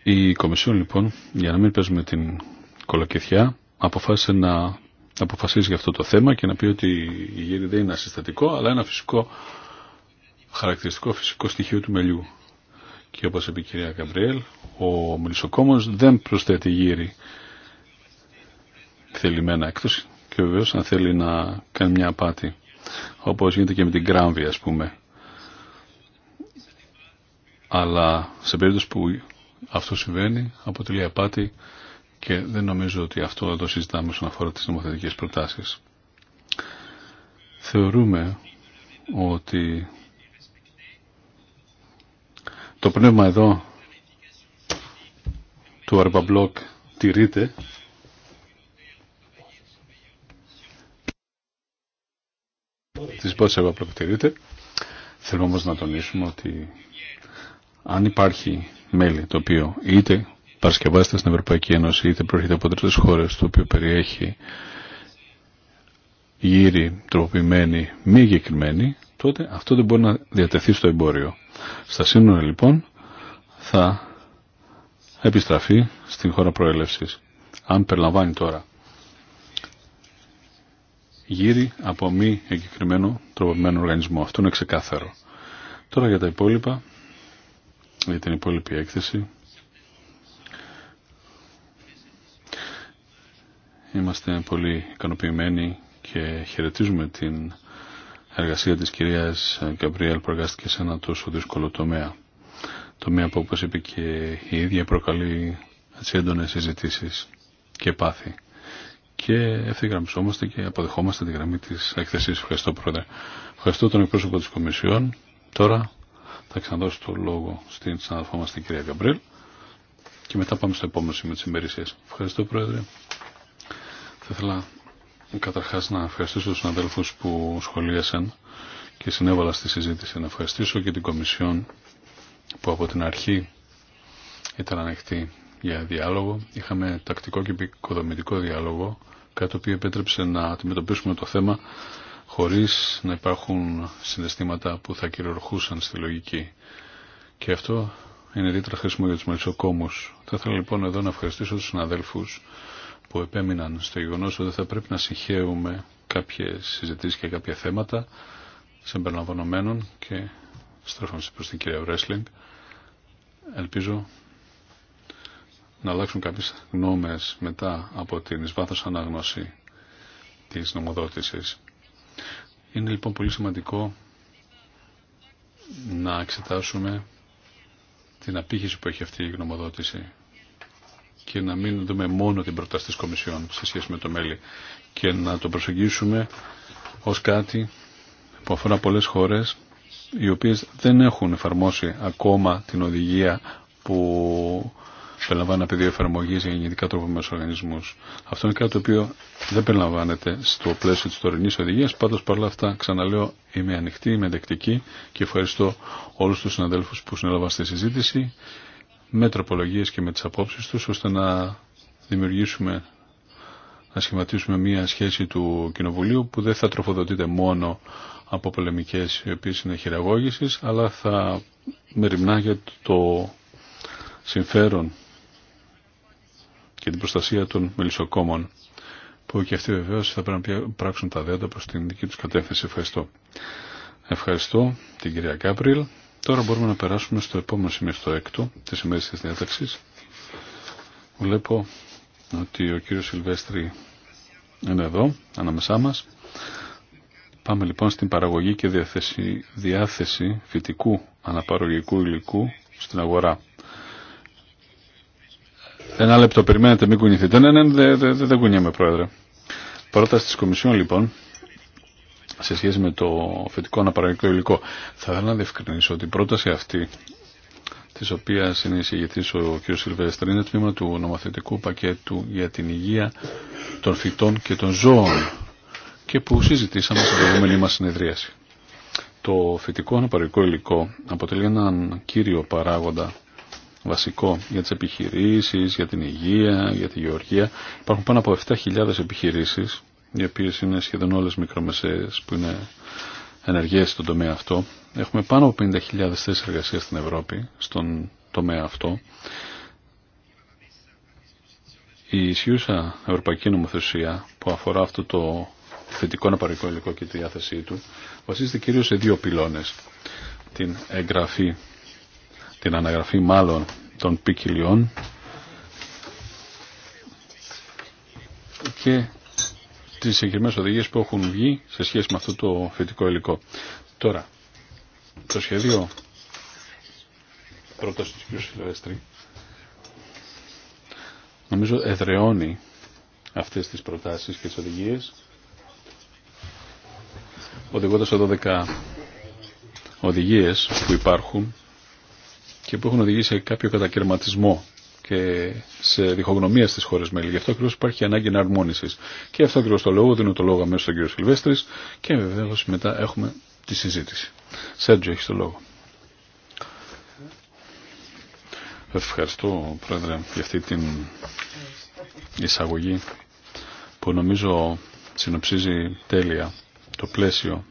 S3: Η Κομισιόν λοιπόν για να μην παίζουμε την κολοκυθιά αποφάσισε να να αποφασίσει για αυτό το θέμα και να πει ότι η γύρι δεν είναι ασυστατικό αλλά ένα φυσικό χαρακτηριστικό φυσικό στοιχείο του μελιού. Και όπως είπε η κυρία Καμπριέλ, ο μελισσοκόμος δεν προσθέτει γύρι θελημένα εκτός και βεβαίω αν θέλει να κάνει μια απάτη όπως γίνεται και με την κράμβη ας πούμε. Αλλά σε περίπτωση που αυτό συμβαίνει αποτελεί απάτη και δεν νομίζω ότι αυτό το συζητάμε όσον αφορά τις νομοθετικές προτάσεις. Θεωρούμε ότι το πνεύμα εδώ του Αρμπαμπλοκ τηρείται της Μπότσα Αρμπαμπλοκ τηρείται θέλουμε όμως να τονίσουμε ότι αν υπάρχει μέλη το οποίο είτε παρασκευάζεται στην Ευρωπαϊκή Ένωση είτε προέρχεται από τρίτε χώρε το οποίο περιέχει γύρι, τροποποιημένη, μη εγκεκριμένη, τότε αυτό δεν μπορεί να διατεθεί στο εμπόριο. Στα σύνορα λοιπόν θα επιστραφεί στην χώρα προέλευσης. Αν περιλαμβάνει τώρα γύρι από μη εγκεκριμένο τροποποιημένο οργανισμό. Αυτό είναι ξεκάθαρο. Τώρα για τα υπόλοιπα, για την υπόλοιπη έκθεση, Είμαστε πολύ ικανοποιημένοι και χαιρετίζουμε την εργασία της κυρίας Γκαμπριέλ που εργάστηκε σε ένα τόσο δύσκολο τομέα. Τομέα που όπως είπε και η ίδια προκαλεί έτσι έντονες συζητήσεις και πάθη. Και ευθυγραμμισόμαστε και αποδεχόμαστε τη γραμμή της εκθεσής. Ευχαριστώ πρόεδρε. Ευχαριστώ τον εκπρόσωπο της Κομισιόν. Τώρα θα ξαναδώσω το λόγο στην συναδελφό μας την κυρία Καμπρίελ. και μετά πάμε στο επόμενο σημείο της ημερησίας. Ευχαριστώ πρόεδρε. Θα ήθελα καταρχάς να ευχαριστήσω τους αδέλφους που σχολίασαν και συνέβαλα στη συζήτηση. Να ευχαριστήσω και την Κομισιόν που από την αρχή ήταν ανοιχτή για διάλογο. Είχαμε τακτικό και επικοδομητικό διάλογο, κάτι το οποίο επέτρεψε να αντιμετωπίσουμε το θέμα χωρίς να υπάρχουν συναισθήματα που θα κυριορχούσαν στη λογική. Και αυτό είναι ιδιαίτερα χρήσιμο για τους μελισσοκόμους. Θα ήθελα λοιπόν εδώ να ευχαριστήσω τους συναδέλφους που επέμειναν στο γεγονός ότι θα πρέπει να συγχαίουμε κάποιες συζητήσεις και κάποια θέματα συμπεριλαμβανομένων και στρέφοντας προς την κυρία Βρέσλινγκ. Ελπίζω να αλλάξουν κάποιες γνώμες μετά από την εις ανάγνωση της νομοδότησης. Είναι λοιπόν πολύ σημαντικό να εξετάσουμε την απήχηση που έχει αυτή η γνωμοδότηση και να μην δούμε μόνο την προτάση της Κομισιόν σε σχέση με το μέλη και να το προσεγγίσουμε ως κάτι που αφορά πολλές χώρες οι οποίες δεν έχουν εφαρμόσει ακόμα την οδηγία που περιλαμβάνει ένα πεδίο εφαρμογή για γεννητικά τροποποιημένου οργανισμού. Αυτό είναι κάτι το οποίο δεν περιλαμβάνεται στο πλαίσιο τη τωρινή οδηγία. Πάντω όλα αυτά, ξαναλέω, είμαι ανοιχτή, είμαι δεκτική και ευχαριστώ όλου του συναδέλφου που συνέλαβαν στη συζήτηση με τροπολογίες και με τις απόψεις τους ώστε να δημιουργήσουμε να σχηματίσουμε μια σχέση του Κοινοβουλίου που δεν θα τροφοδοτείται μόνο από πολεμικές οι οποίες είναι χειραγώγησης αλλά θα μεριμνά για το συμφέρον και την προστασία των μελισσοκόμων που και αυτοί βεβαίως θα πρέπει να πράξουν τα δέντα προς την δική τους κατεύθυνση. Ευχαριστώ. Ευχαριστώ την κυρία Κάπριλ. Τώρα μπορούμε να περάσουμε στο επόμενο σημείο, στο έκτο τη ημέρα τη διάταξη. Βλέπω ότι ο κύριο Σιλβέστρη είναι εδώ, ανάμεσά μα. Πάμε λοιπόν στην παραγωγή και διάθεση, διάθεση φυτικού αναπαραγωγικού υλικού στην αγορά. Ένα λεπτό περιμένετε, μην κουνηθείτε. Ναι, ναι, δεν δε, δε, δε κουνιέμαι, Πρόεδρε. Πρόταση τη Κομισιόν, λοιπόν, σε σχέση με το φετικό αναπαραγωγικό υλικό. Θα ήθελα να διευκρινίσω ότι η πρόταση αυτή τη οποία είναι εισηγητή ο κ. Σιλβέστερ, είναι τμήμα του νομοθετικού πακέτου για την υγεία των φυτών και των ζώων και που συζητήσαμε στην προηγούμενη μα συνεδρίαση. Το φυτικό αναπαραγωγικό υλικό αποτελεί έναν κύριο παράγοντα βασικό για τις επιχειρήσεις, για την υγεία, για τη γεωργία. Υπάρχουν πάνω από 7.000 επιχειρήσεις οι οποίε είναι σχεδόν όλες μικρομεσαίες που είναι ενεργές στον τομέα αυτό. Έχουμε πάνω από 50.000 θέσεις εργασίας στην Ευρώπη στον τομέα αυτό. Η ισχύουσα ευρωπαϊκή νομοθεσία που αφορά αυτό το θετικό αναπαρικό υλικό και τη διάθεσή του βασίζεται κυρίως σε δύο πυλώνες. Την εγγραφή, την αναγραφή μάλλον των ποικιλιών και τις συγκεκριμένες οδηγίες που έχουν βγει σε σχέση με αυτό το φυτικό υλικό. Τώρα, το σχέδιο πρόταση του κ. νομίζω εδραιώνει αυτές τις προτάσεις και τις οδηγίες οδηγώντας εδώ 12 οδηγίες που υπάρχουν και που έχουν οδηγήσει σε κάποιο κατακαιρματισμό και σε διχογνωμία στι χώρε μέλη. Γι' αυτό ακριβώ υπάρχει ανάγκη εναρμόνιση. Και αυτό ακριβώ το λόγο, δίνω το λόγο αμέσω στον κύριο Σιλβέστρη και βεβαίω μετά έχουμε τη συζήτηση. Σέρτζο, έχει το λόγο. Ευχαριστώ, Πρόεδρε, για αυτή την εισαγωγή που νομίζω συνοψίζει τέλεια το πλαίσιο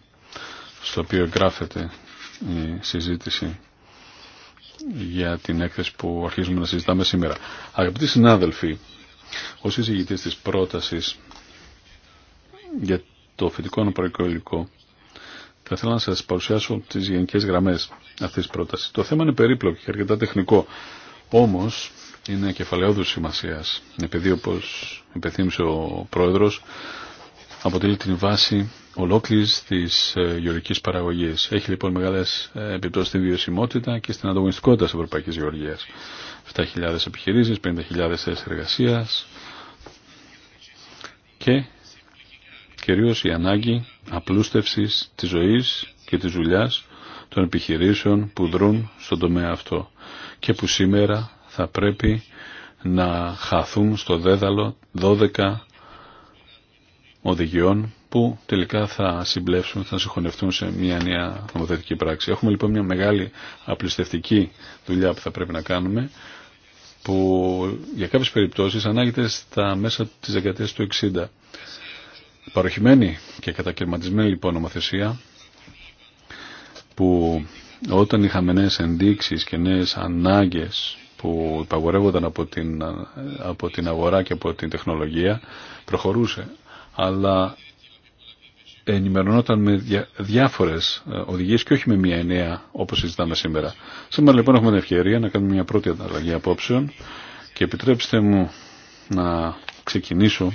S3: στο οποίο εγγράφεται η συζήτηση για την έκθεση που αρχίζουμε να συζητάμε σήμερα. Αγαπητοί συνάδελφοι, ο συζητητής της πρότασης για το φυτικό αναπροϊκό υλικό θα ήθελα να σας παρουσιάσω τις γενικές γραμμές αυτής της πρότασης. Το θέμα είναι περίπλοκο και αρκετά τεχνικό, όμως είναι κεφαλαιόδους σημασία, επειδή όπως υπενθύμισε ο Πρόεδρος αποτελεί την βάση ολόκληρης της ε, γεωργικής παραγωγής. Έχει λοιπόν μεγάλες ε, επιπτώσεις στην βιωσιμότητα και στην ανταγωνιστικότητα της Ευρωπαϊκής Γεωργίας. 7.000 επιχειρήσεις, 50.000 θέσεις εργασίας και κυρίως η ανάγκη απλούστευσης της ζωής και της δουλειά των επιχειρήσεων που δρούν στον τομέα αυτό και που σήμερα θα πρέπει να χαθούν στο δέδαλο 12 οδηγιών που τελικά θα συμπλέψουν, θα συγχωνευτούν σε μια νέα νομοθετική πράξη. Έχουμε λοιπόν μια μεγάλη απλουστευτική δουλειά που θα πρέπει να κάνουμε που για κάποιες περιπτώσεις ανάγεται στα μέσα της δεκαετίας του 60. Παροχημένη και κατακαιρματισμένη λοιπόν νομοθεσία που όταν είχαμε νέες ενδείξεις και νέες ανάγκες που υπαγορεύονταν από την, από την αγορά και από την τεχνολογία προχωρούσε. Αλλά ενημερωνόταν με διάφορε διάφορες ε, οδηγίες και όχι με μία ενιαία όπως συζητάμε σήμερα. Σήμερα λοιπόν έχουμε την ευκαιρία να κάνουμε μια πρώτη ανταλλαγή απόψεων και επιτρέψτε μου να ξεκινήσω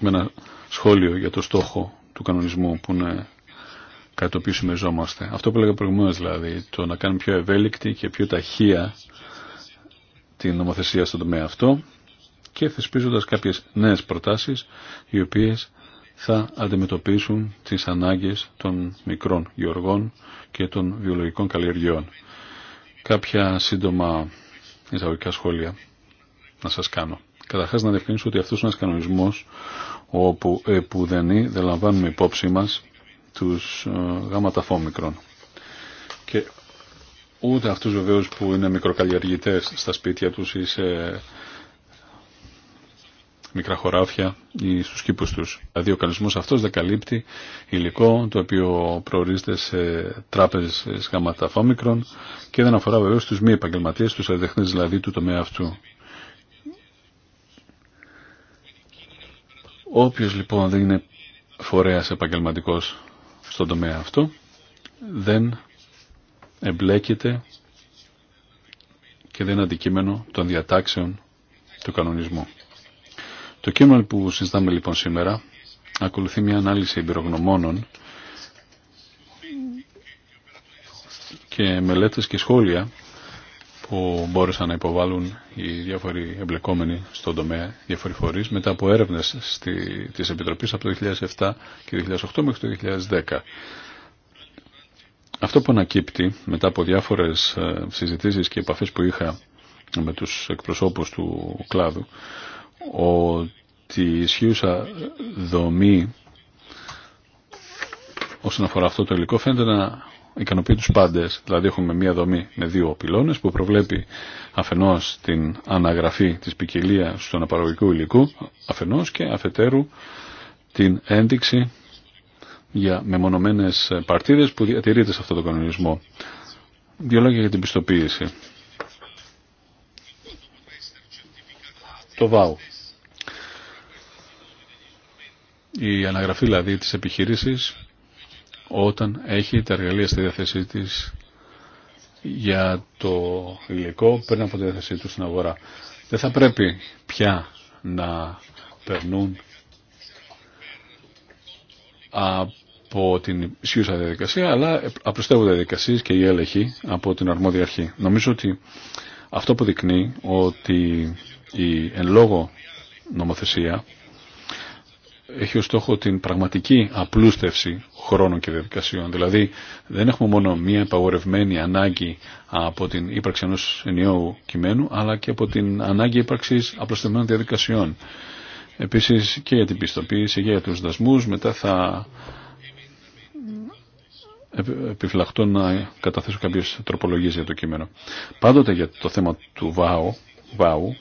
S3: με ένα σχόλιο για το στόχο του κανονισμού που είναι κάτι το οποίο συμμεριζόμαστε. Αυτό που έλεγα προηγουμένω δηλαδή, το να κάνουμε πιο ευέλικτη και πιο ταχεία την νομοθεσία στον τομέα αυτό και θεσπίζοντας κάποιες νέες προτάσεις οι οποίες θα αντιμετωπίσουν τις ανάγκες των μικρών γεωργών και των βιολογικών καλλιεργειών. Κάποια σύντομα εισαγωγικά σχόλια να σας κάνω. Καταρχάς να διευκρινίσω ότι αυτός είναι ένας κανονισμός όπου επουδενή δεν λαμβάνουμε υπόψη μας τους ε, γάματα φόμικρων. Και ούτε αυτούς βεβαίως που είναι μικροκαλλιεργητές στα σπίτια τους ή σε μικρά χωράφια ή στους κήπους τους. Δηλαδή ο καλισμός αυτός δεν καλύπτει υλικό το οποίο προορίζεται σε τράπεζες γάματα φόμικρων και δεν αφορά βεβαίως τους μη επαγγελματίες, του ερδεχνές δηλαδή του τομέα αυτού. Όποιος λοιπόν δεν είναι φορέας επαγγελματικός στον τομέα αυτό δεν εμπλέκεται και δεν είναι αντικείμενο των διατάξεων του κανονισμού. Το κείμενο που συζητάμε λοιπόν σήμερα ακολουθεί μια ανάλυση εμπειρογνωμόνων και μελέτες και σχόλια που μπόρεσαν να υποβάλουν οι διάφοροι εμπλεκόμενοι στον τομέα, διάφοροι μετά από έρευνες στη, της Επιτροπής από το 2007 και 2008 μέχρι το 2010. Αυτό που ανακύπτει μετά από διάφορες ε, συζητήσεις και επαφές που είχα με τους εκπροσώπους του κλάδου ότι η ισχύουσα δομή όσον αφορά αυτό το υλικό φαίνεται να ικανοποιεί τους πάντες. Δηλαδή έχουμε μία δομή με δύο πυλώνες που προβλέπει αφενός την αναγραφή της ποικιλία στον αναπαραγωγικού υλικού αφενός και αφετέρου την ένδειξη για μεμονωμένες παρτίδες που διατηρείται σε αυτό το κανονισμό. Δύο λόγια για την πιστοποίηση. Το ΒΑΟ η αναγραφή δηλαδή της επιχείρησης όταν έχει τα εργαλεία στη διάθεσή της για το υλικό πριν από τη διάθεσή του στην αγορά. Δεν θα πρέπει πια να περνούν από την ισχύουσα διαδικασία, αλλά απροστεύονται διαδικασίες και η έλεγχη από την αρμόδια αρχή. Νομίζω ότι αυτό που δεικνύει ότι η εν λόγω νομοθεσία έχει ως στόχο την πραγματική απλούστευση χρόνων και διαδικασιών. Δηλαδή δεν έχουμε μόνο μία επαγορευμένη ανάγκη από την ύπαρξη ενός ενιαίου κειμένου, αλλά και από την ανάγκη ύπαρξης απλουστευμένων διαδικασιών. Επίσης και για την πιστοποίηση και για τους δασμούς μετά θα επιφυλαχτώ να καταθέσω κάποιες τροπολογίες για το κείμενο. Πάντοτε για το θέμα του ΒΑΟ, ΒΑΟ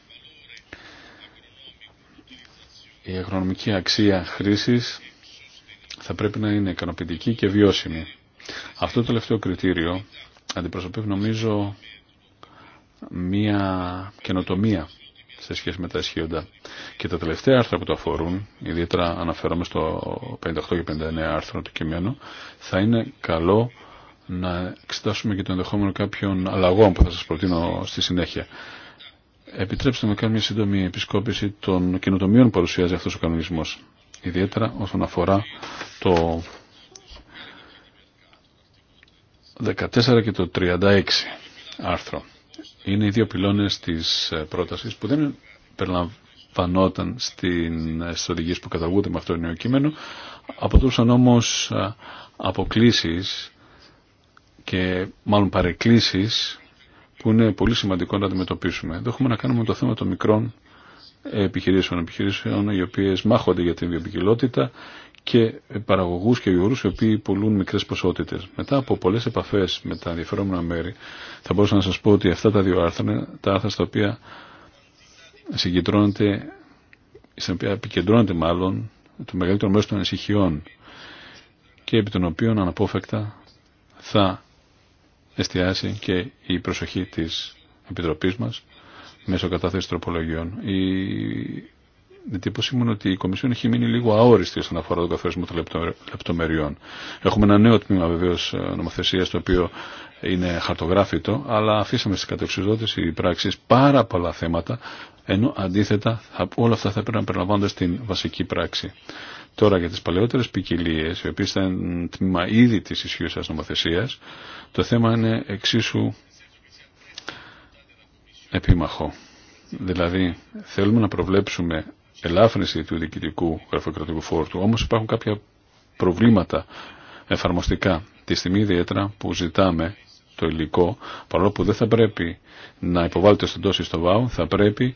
S3: η αγρονομική αξία χρήσης θα πρέπει να είναι ικανοποιητική και βιώσιμη. Αυτό το τελευταίο κριτήριο αντιπροσωπεύει νομίζω μία καινοτομία σε σχέση με τα ισχύοντα. Και τα τελευταία άρθρα που το αφορούν, ιδιαίτερα αναφέρομαι στο 58 και 59 άρθρο του κειμένου, θα είναι καλό να εξετάσουμε και το ενδεχόμενο κάποιων αλλαγών που θα σας προτείνω στη συνέχεια. Επιτρέψτε μου να κάνω μια σύντομη επισκόπηση των κοινοτομίων που παρουσιάζει αυτός ο κανονισμός. Ιδιαίτερα όσον αφορά το 14 και το 36 άρθρο. Είναι οι δύο πυλώνες της ε, πρότασης που δεν περιλαμβανόταν στην ε, οδηγίες που καταγουνται με αυτό το νέο κείμενο, αποτούσαν όμως ε, αποκλήσεις και μάλλον παρεκκλήσεις που είναι πολύ σημαντικό να αντιμετωπίσουμε. Εδώ έχουμε να κάνουμε το θέμα των μικρών επιχειρήσεων, επιχειρήσεων οι οποίε μάχονται για την βιοπικιλότητα και παραγωγού και γιορού οι οποίοι πουλούν μικρέ ποσότητε. Μετά από πολλέ επαφέ με τα ενδιαφερόμενα μέρη θα μπορούσα να σα πω ότι αυτά τα δύο άρθρα είναι τα άρθρα στα οποία συγκεντρώνεται, στα οποία επικεντρώνεται μάλλον το μεγαλύτερο μέρο των ανησυχιών και επί των οποίων αναπόφευκτα θα εστιάσει και η προσοχή της Επιτροπής μας μέσω κατάθεσης τροπολογιών. Η εντύπωση μου ότι η Κομισιόν έχει μείνει λίγο αόριστη όσον αφορά του καθορισμό των λεπτομεριών. Έχουμε ένα νέο τμήμα βεβαίω ε, νομοθεσία το οποίο είναι χαρτογράφητο, αλλά αφήσαμε στι κατεξουδότητε οι πράξει πάρα πολλά θέματα, ενώ αντίθετα όλα αυτά θα πρέπει να περιλαμβάνονται στην βασική πράξη. Τώρα για τις παλαιότερες ποικιλίε, οι οποίες ήταν τμήμα ήδη της ισχύουσας νομοθεσίας, το θέμα είναι εξίσου επίμαχο. Δηλαδή, θέλουμε να προβλέψουμε ελάφρυνση του διοικητικού γραφειοκρατικού φόρτου, όμως υπάρχουν κάποια προβλήματα εφαρμοστικά. Τη στιγμή ιδιαίτερα που ζητάμε το υλικό, παρόλο που δεν θα πρέπει να υποβάλλεται στον τόση στο ΒΑΟ, θα πρέπει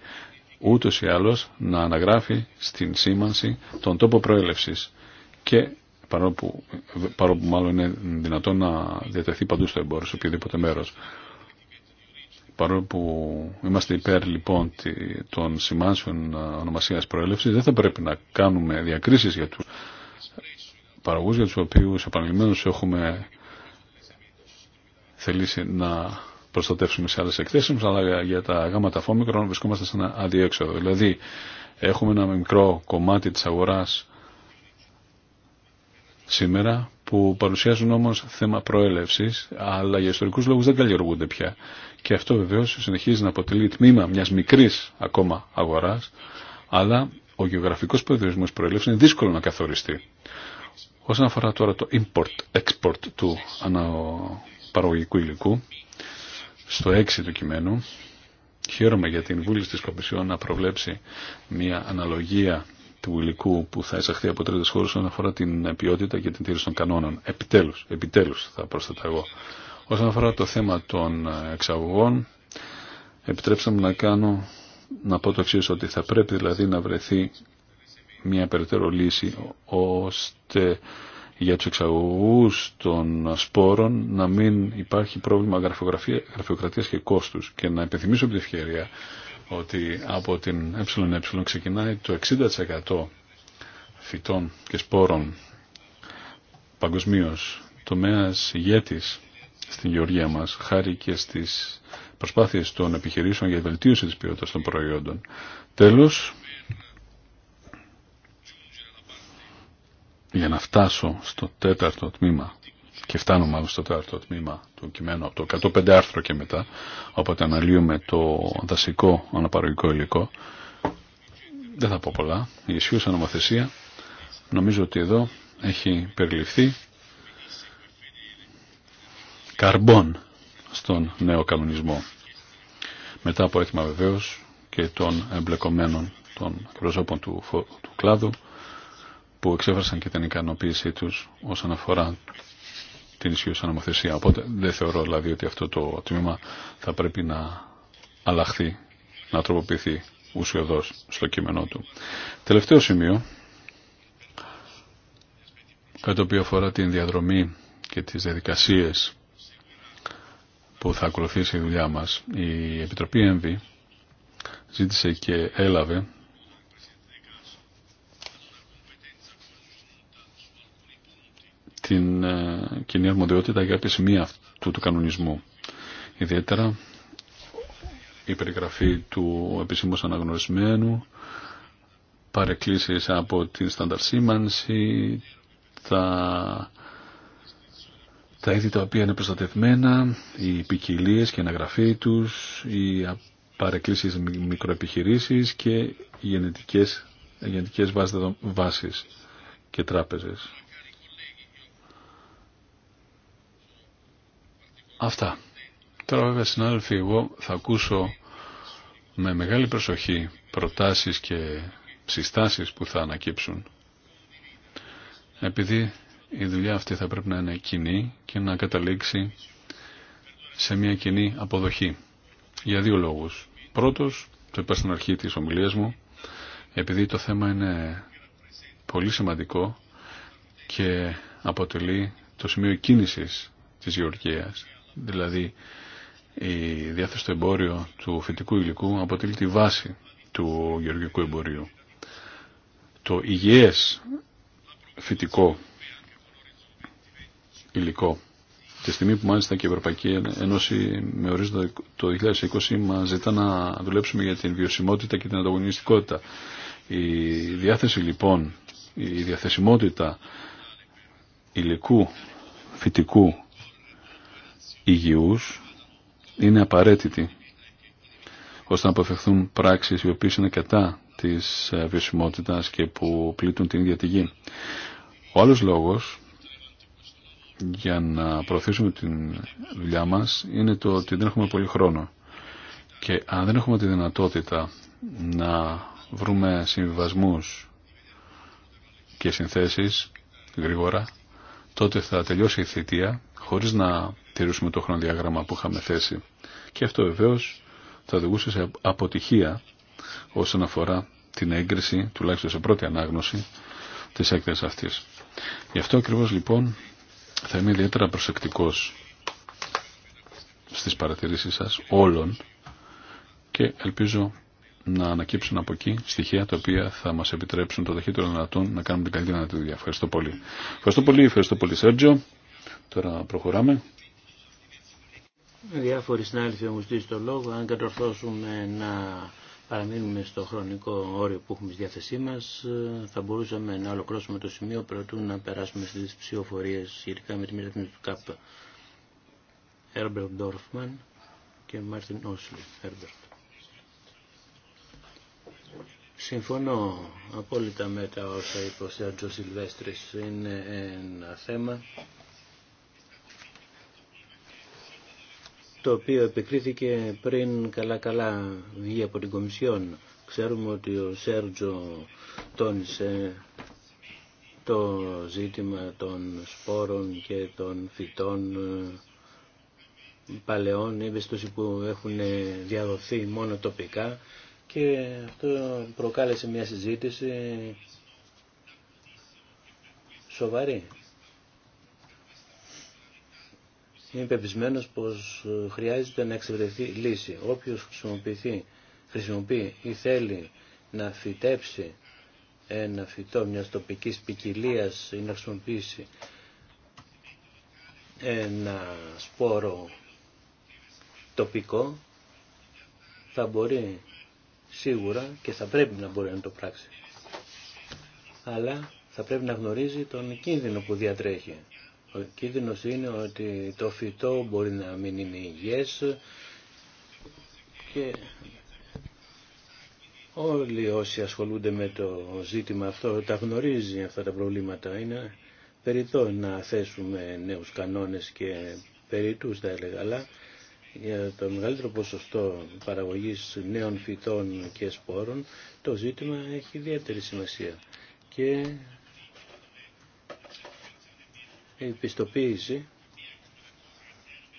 S3: ούτως ή άλλως να αναγράφει στην σήμανση τον τόπο προέλευσης και παρόλο που, μάλλον είναι δυνατόν να διατεθεί παντού στο εμπόριο, σε οποιοδήποτε μέρος. Παρόλο που είμαστε υπέρ λοιπόν των σημάνσεων ε, ονομασίας προέλευσης, δεν θα πρέπει να κάνουμε διακρίσεις για τους παραγωγούς για τους οποίους επανειλημμένως έχουμε θελήσει να προστατεύσουμε σε άλλε εκθέσει μα, αλλά για τα γάματα φόμικρον βρισκόμαστε σε ένα αδιέξοδο. Δηλαδή, έχουμε ένα μικρό κομμάτι τη αγορά σήμερα που παρουσιάζουν όμω θέμα προέλευση, αλλά για ιστορικού λόγου δεν καλλιεργούνται πια. Και αυτό βεβαίω συνεχίζει να αποτελεί τμήμα μια μικρή ακόμα αγορά, αλλά ο γεωγραφικό περιορισμός προέλευση είναι δύσκολο να καθοριστεί. Όσον αφορά τώρα το import-export του αναπαραγωγικού υλικού στο 6 του κειμένου χαίρομαι για την βούληση της Κομισιόν να προβλέψει μια αναλογία του υλικού που θα εισαχθεί από τρίτες χώρες όσον αφορά την ποιότητα και την τήρηση των κανόνων. Επιτέλους, επιτέλους θα προσταταγώ. Όσον αφορά το θέμα των εξαγωγών, επιτρέψτε μου να κάνω να πω το εξή ότι θα πρέπει δηλαδή να βρεθεί μια περαιτέρω λύση ώστε για τους εξαγωγούς των σπόρων να μην υπάρχει πρόβλημα γραφειοκρατίας και κόστους. Και να επιθυμίσω από την ευκαιρία ότι από την ΕΕ ξεκινάει το 60% φυτών και σπόρων παγκοσμίω τομέας ηγέτης στην γεωργία μας, χάρη και στις προσπάθειες των επιχειρήσεων για βελτίωση της ποιότητας των προϊόντων. Τέλος, για να φτάσω στο τέταρτο τμήμα και φτάνω μάλλον στο τέταρτο τμήμα του κειμένου από το 105 άρθρο και μετά όποτε αναλύουμε το δασικό αναπαραγωγικό υλικό δεν θα πω πολλά η ισχύουσα νομοθεσία νομίζω ότι εδώ έχει περιληφθεί καρμπών στον νέο κανονισμό μετά από έτοιμα βεβαίως και των εμπλεκομένων των προσώπων του, του κλάδου που εξέφρασαν και την ικανοποίησή τους όσον αφορά την ισχύουσα νομοθεσία. Οπότε δεν θεωρώ δηλαδή ότι αυτό το τμήμα θα πρέπει να αλλάχθει, να τροποποιηθεί ουσιοδός στο κείμενό του. Τελευταίο σημείο, κάτι το οποίο αφορά την διαδρομή και τις διαδικασίες που θα ακολουθήσει η δουλειά μας. Η Επιτροπή ΕΜΒΗ ζήτησε και έλαβε την ε, κοινή αρμοδιότητα για επισημία σημεία αυτού του κανονισμού. Ιδιαίτερα η περιγραφή του επισήμου αναγνωρισμένου, παρεκκλήσεις από την στάνταρ τα, τα είδη τα οποία είναι προστατευμένα, οι ποικιλίε και αναγραφή τους, οι παρεκκλήσεις μικροεπιχειρήσεις και οι γενετικές, γενετικές βάσεις και τράπεζες. Αυτά. Τώρα βέβαια συνάδελφοι εγώ θα ακούσω με μεγάλη προσοχή προτάσεις και συστάσεις που θα ανακύψουν. Επειδή η δουλειά αυτή θα πρέπει να είναι κοινή και να καταλήξει σε μια κοινή αποδοχή. Για δύο λόγους. Πρώτος, το είπα στην αρχή της ομιλίας μου, επειδή το θέμα είναι πολύ σημαντικό και αποτελεί το σημείο κίνησης της Γεωργίας δηλαδή η διάθεση στο εμπόριο του φυτικού υλικού αποτελεί τη βάση του γεωργικού εμπορίου. Το υγιές φυτικό υλικό τη στιγμή που μάλιστα και η Ευρωπαϊκή Ένωση με ορίζοντα το 2020 μας ζητά να δουλέψουμε για την βιωσιμότητα και την ανταγωνιστικότητα. Η διάθεση λοιπόν, η διαθεσιμότητα υλικού, φυτικού υγιούς είναι απαραίτητη ώστε να αποφευθούν πράξεις οι οποίες είναι κατά της ε, βιωσιμότητας και που πλήττουν την ίδια τη Ο άλλος λόγος για να προωθήσουμε την δουλειά μας είναι το ότι δεν έχουμε πολύ χρόνο. Και αν δεν έχουμε τη δυνατότητα να βρούμε συμβιβασμούς και συνθέσεις γρήγορα, τότε θα τελειώσει η θητεία χωρίς να τηρήσουμε το χρονοδιάγραμμα που είχαμε θέσει. Και αυτό βεβαίως θα οδηγούσε σε αποτυχία όσον αφορά την έγκριση, τουλάχιστον σε πρώτη ανάγνωση, τη έκθεσης αυτή. Γι' αυτό ακριβώ λοιπόν θα είμαι ιδιαίτερα προσεκτικός στις παρατηρήσεις σας όλων και ελπίζω να ανακύψουν από εκεί στοιχεία τα οποία θα μας επιτρέψουν το ταχύτερο δυνατόν να κάνουμε την καλύτερη δουλειά. Ευχαριστώ πολύ. Ευχαριστώ πολύ, ευχαριστώ πολύ Σέρτζο. Τώρα προχωράμε.
S1: Διάφοροι συνάδελφοι μου στήσει το λόγο. Αν κατορθώσουμε να παραμείνουμε στο χρονικό όριο που έχουμε στη διάθεσή μα, θα μπορούσαμε να ολοκληρώσουμε το σημείο προτού να περάσουμε στι ψηφοφορίε σχετικά με τη μεταρρύθμιση του ΚΑΠ. Herbert Ντόρφμαν και Μάρτιν Όσλι. Συμφωνώ απόλυτα με τα όσα είπε ο Σέρτζο Είναι ένα θέμα το οποίο επικρίθηκε πριν καλά-καλά βγει από την Κομισιόν. Ξέρουμε ότι ο Σέρτζο τόνισε το ζήτημα των σπόρων και των φυτών ε, παλαιών, εμπιστοσύνη που έχουν διαδοθεί μόνο τοπικά και αυτό προκάλεσε μια συζήτηση σοβαρή είμαι πεπισμένος πως ε, χρειάζεται να εξευρεθεί λύση. Όποιος χρησιμοποιηθεί, χρησιμοποιεί ή θέλει να φυτέψει ένα φυτό μιας τοπικής ποικιλία ή να χρησιμοποιήσει ένα σπόρο τοπικό θα μπορεί σίγουρα και θα πρέπει να μπορεί να το πράξει. Αλλά θα πρέπει να γνωρίζει τον κίνδυνο που διατρέχει. Ο κίνδυνος είναι ότι το φυτό μπορεί να μην είναι υγιές και όλοι όσοι ασχολούνται με το ζήτημα αυτό τα γνωρίζει αυτά τα προβλήματα. Είναι περιττό να θέσουμε νέους κανόνες και περιττούς θα έλεγα, αλλά για το μεγαλύτερο ποσοστό παραγωγής νέων φυτών και σπόρων το ζήτημα έχει ιδιαίτερη σημασία και η πιστοποίηση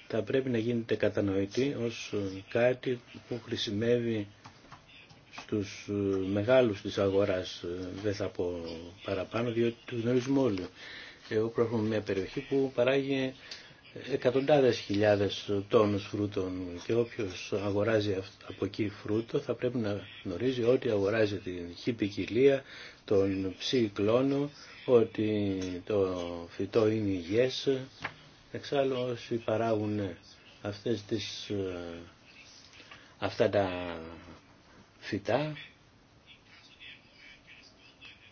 S1: θα πρέπει να γίνεται κατανοητή ως κάτι που χρησιμεύει στους μεγάλους της αγοράς. Δεν θα πω παραπάνω διότι τους γνωρίζουμε όλοι. Εγώ προέρχομαι μια περιοχή που παράγει εκατοντάδες χιλιάδες τόνους φρούτων και όποιος αγοράζει από εκεί φρούτο θα πρέπει να γνωρίζει ότι αγοράζει την χη τον ψη ότι το φυτό είναι υγιές, εξάλλου όσοι παράγουν αυτές τις, ε, αυτά τα φυτά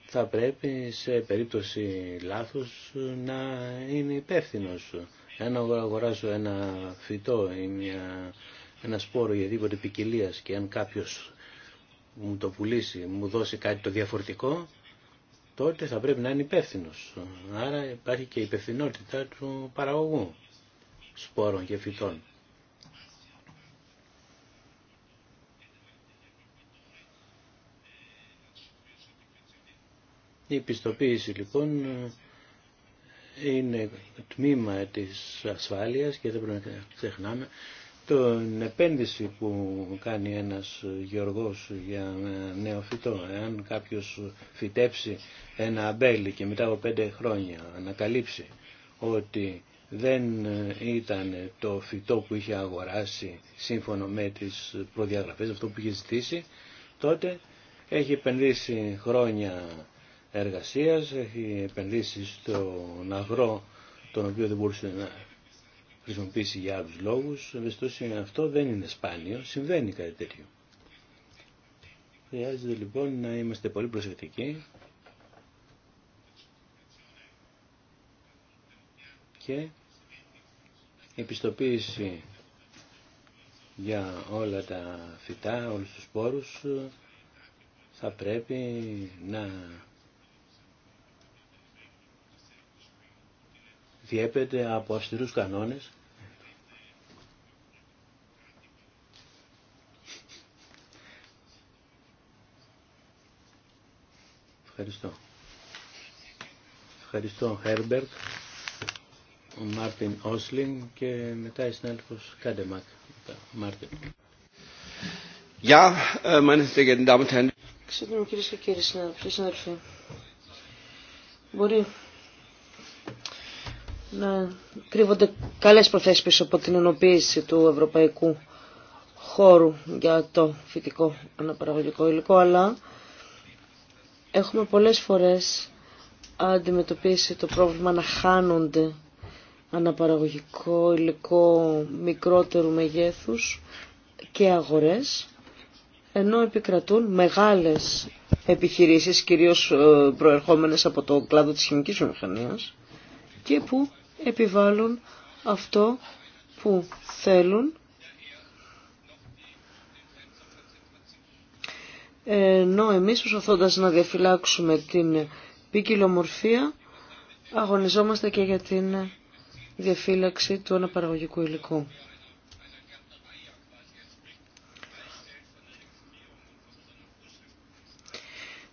S1: θα πρέπει σε περίπτωση λάθους να είναι υπεύθυνο. Αν αγοράζω ένα φυτό ή μια, ένα σπόρο για δίποτε ποικιλία και αν κάποιος μου το πουλήσει, μου δώσει κάτι το διαφορετικό, τότε θα πρέπει να είναι υπεύθυνο. Άρα υπάρχει και η υπευθυνότητα του παραγωγού σπόρων και φυτών. Η πιστοποίηση λοιπόν είναι τμήμα της ασφάλειας και δεν πρέπει να ξεχνάμε την επένδυση που κάνει ένας γεωργός για νέο φυτό. Εάν κάποιος φυτέψει ένα αμπέλι και μετά από πέντε χρόνια ανακαλύψει ότι δεν ήταν το φυτό που είχε αγοράσει σύμφωνα με τις προδιαγραφές, αυτό που είχε ζητήσει, τότε έχει επενδύσει χρόνια εργασίας, έχει επενδύσει στον αγρό τον οποίο δεν μπορούσε να χρησιμοποιήσει για άλλους λόγους, είναι αυτό δεν είναι σπάνιο, συμβαίνει κάτι τέτοιο. Χρειάζεται λοιπόν να είμαστε πολύ προσεκτικοί και η πιστοποίηση για όλα τα φυτά, όλους τους σπόρους θα πρέπει να διέπεται από αυστηρούς κανόνες Ευχαριστώ. Ευχαριστώ Χέρμπερτ, ο Μάρτιν Όσλιν και μετά η συνάδελφος Κάντεμακ. Μάρτιν. Γεια, μανεστε äh, Damen
S2: Ξέρετε, κυρίε και κύριοι συνάδελφοι, μπορεί να κρύβονται καλές προθέσεις πίσω από την ενοποίηση του ευρωπαϊκού χώρου για το φυτικό αναπαραγωγικό υλικό, αλλά έχουμε πολλές φορές αντιμετωπίσει το πρόβλημα να χάνονται αναπαραγωγικό υλικό μικρότερου μεγέθους και αγορές, ενώ επικρατούν μεγάλες επιχειρήσεις, κυρίως ε, προερχόμενες από το κλάδο της χημικής βιομηχανίας, και που επιβάλλουν αυτό που θέλουν ενώ εμείς προσπαθώντας να διαφυλάξουμε την ποικιλομορφία αγωνιζόμαστε και για την διαφύλαξη του αναπαραγωγικού υλικού.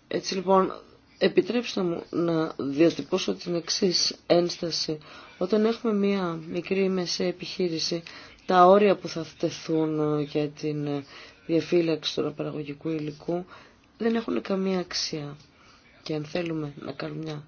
S2: Έτσι λοιπόν Επιτρέψτε μου να διατυπώσω την εξής ένσταση. Όταν έχουμε μία μικρή μεσαία επιχείρηση, τα όρια που θα θεθούν ε, για την ε, διαφύλαξη του παραγωγικού υλικού δεν έχουν καμία αξία. Και αν θέλουμε να κάνουμε μια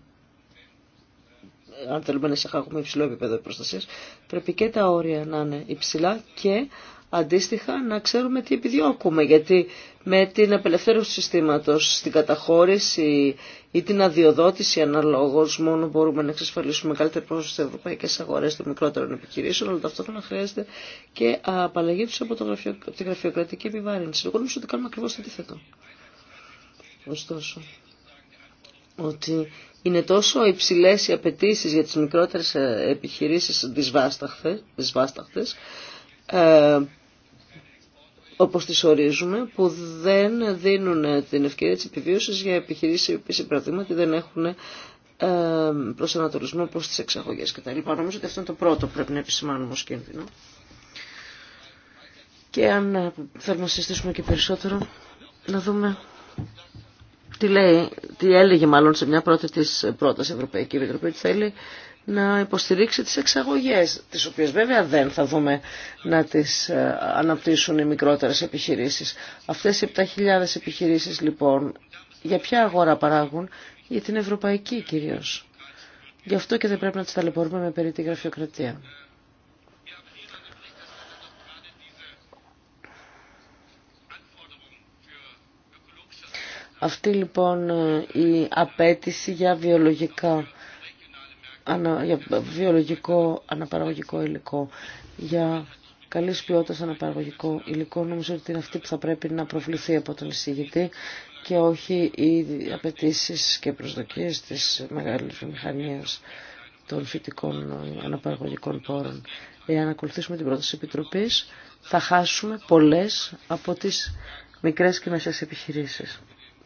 S2: αν θέλουμε να εισαχάγουμε υψηλό επίπεδο προστασία, πρέπει και τα όρια να είναι υψηλά και αντίστοιχα να ξέρουμε τι επιδιώκουμε, γιατί με την απελευθέρωση του συστήματος, στην καταχώρηση ή την αδειοδότηση αναλόγως, μόνο μπορούμε να εξασφαλίσουμε καλύτερη πρόσβαση στις ευρωπαϊκές αγορές των μικρότερων επιχειρήσεων, αλλά ταυτόχρονα χρειάζεται και απαλλαγή τους από, το γραφειο, από τη γραφειοκρατική επιβάρυνση. Εγώ νομίζω ότι κάνουμε ακριβώς το αντίθετο. Ωστόσο, ότι είναι τόσο υψηλές οι απαιτήσει για τις μικρότερες επιχειρήσεις δυσβάσταχτες, δυσβάσταχτες όπως τις ορίζουμε, που δεν δίνουν την ευκαιρία της επιβίωσης για επιχειρήσεις οι οποίες παραδείγματι δεν έχουν ε, προσανατολισμό προς τις εξαγωγές κτλ. Νομίζω ότι αυτό είναι το πρώτο που πρέπει να επισημάνουμε ως κίνδυνο. Και αν ε, θέλουμε να συζητήσουμε και περισσότερο, να δούμε τι λέει, τι έλεγε μάλλον σε μια πρώτη της πρόταση Ευρωπαϊκή Επιτροπή, θέλει να υποστηρίξει τις εξαγωγές, τις οποίες βέβαια δεν θα δούμε να τις ε, αναπτύσσουν οι μικρότερες επιχειρήσεις. Αυτές οι 7.000 επιχειρήσεις λοιπόν για ποια αγορά παράγουν, για την ευρωπαϊκή κυρίως. Γι' αυτό και δεν πρέπει να τις ταλαιπωρούμε με περί τη γραφειοκρατία. Αυτή λοιπόν ε, η απέτηση για βιολογικά ανα, για βιολογικό αναπαραγωγικό υλικό, για καλή ποιότητα αναπαραγωγικό υλικό, νομίζω ότι είναι αυτή που θα πρέπει να προβληθεί από τον εισηγητή και όχι οι απαιτήσει και προσδοκίε τη μεγάλη βιομηχανία των φυτικών αναπαραγωγικών πόρων. Εάν ακολουθήσουμε την πρόταση επιτροπή, θα χάσουμε πολλέ από τι μικρέ και μεσαίε επιχειρήσει.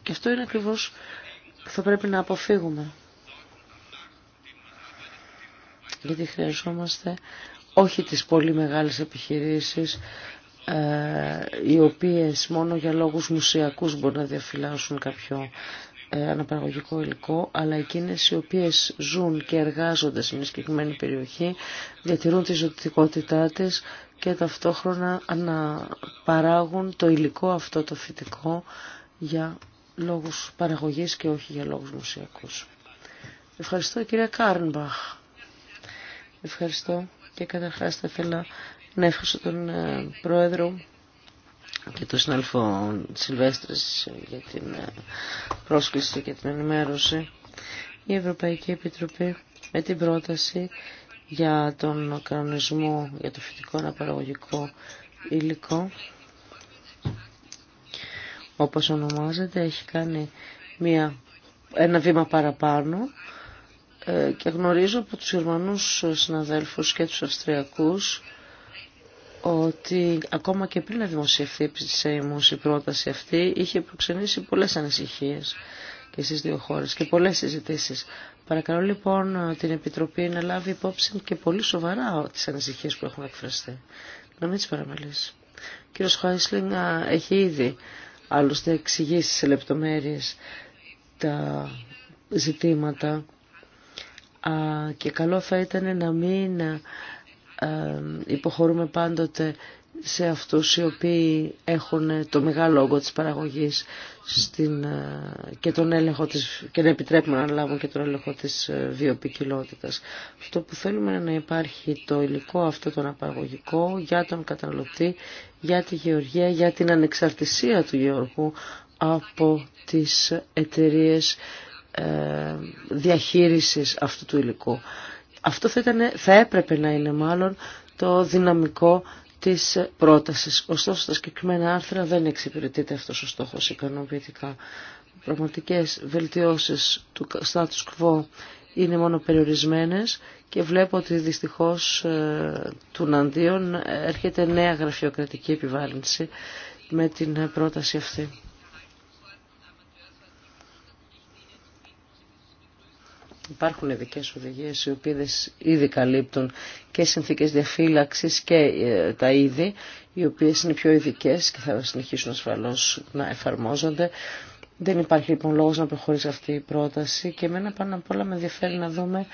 S2: Και αυτό είναι ακριβώ που θα πρέπει να αποφύγουμε γιατί χρειαζόμαστε όχι τις πολύ μεγάλες επιχειρήσεις ε, οι οποίες μόνο για λόγους μουσιακούς μπορούν να διαφυλάσσουν κάποιο αναπαραγωγικό ε, υλικό, αλλά εκείνες οι οποίες ζουν και εργάζονται σε μια συγκεκριμένη περιοχή, διατηρούν τη ζωτικότητά της και ταυτόχρονα αναπαράγουν το υλικό αυτό το φυτικό για λόγους παραγωγής και όχι για λόγους μουσιακούς. Ευχαριστώ κυρία Κάρνμπαχ. Ευχαριστώ και καταρχάς θα ήθελα να ευχαριστώ τον ε, Πρόεδρο και τον συναλφό Σιλβέστρες για την ε, πρόσκληση και την ενημέρωση. Η Ευρωπαϊκή Επιτροπή με την πρόταση για τον κανονισμό για το φυτικό αναπαραγωγικό υλικό όπως ονομάζεται έχει κάνει μια, ένα βήμα παραπάνω ε, και γνωρίζω από τους Γερμανούς συναδέλφους και τους Αυστριακούς ότι ακόμα και πριν να δημοσιευθεί επί η πρόταση αυτή είχε προξενήσει πολλές ανησυχίες και στις δύο χώρες και πολλές συζητήσει. Παρακαλώ λοιπόν την Επιτροπή να λάβει υπόψη και πολύ σοβαρά τις ανησυχίες που έχουν εκφραστεί. Να μην τις παραμελήσει. κύριος Χάισλινγκ έχει ήδη άλλωστε εξηγήσει σε λεπτομέρειες τα ζητήματα και καλό θα ήταν να μην υποχωρούμε πάντοτε σε αυτούς οι οποίοι έχουν το μεγάλο όγκο της παραγωγής στην, και, τον έλεγχο της, και να επιτρέπουμε να λάβουν και τον έλεγχο της βιοπικιλότητας. Αυτό που θέλουμε είναι να υπάρχει το υλικό αυτό το αναπαραγωγικό για τον καταναλωτή, για τη γεωργία, για την ανεξαρτησία του γεωργού από τις εταιρείες ε, διαχείρισης αυτού του υλικού. Αυτό θα, θα έπρεπε να είναι μάλλον το δυναμικό της πρότασης. Ωστόσο, τα συγκεκριμένα άρθρα δεν εξυπηρετείται αυτός ο στόχος ικανοποιητικά. Πραγματικές βελτιώσεις του status quo είναι μόνο περιορισμένες και βλέπω ότι δυστυχώς ε, του ναντίον έρχεται νέα γραφειοκρατική επιβάλληση με την πρόταση αυτή. Υπάρχουν ειδικές οδηγίες οι οποίες ήδη καλύπτουν και συνθήκες διαφύλαξης και ε, τα είδη, οι οποίες είναι πιο ειδικέ και θα συνεχίσουν ασφαλώς να εφαρμόζονται. Δεν υπάρχει λοιπόν λόγος να προχωρήσει αυτή η πρόταση και εμένα πάνω απ' όλα με ενδιαφέρει να δούμε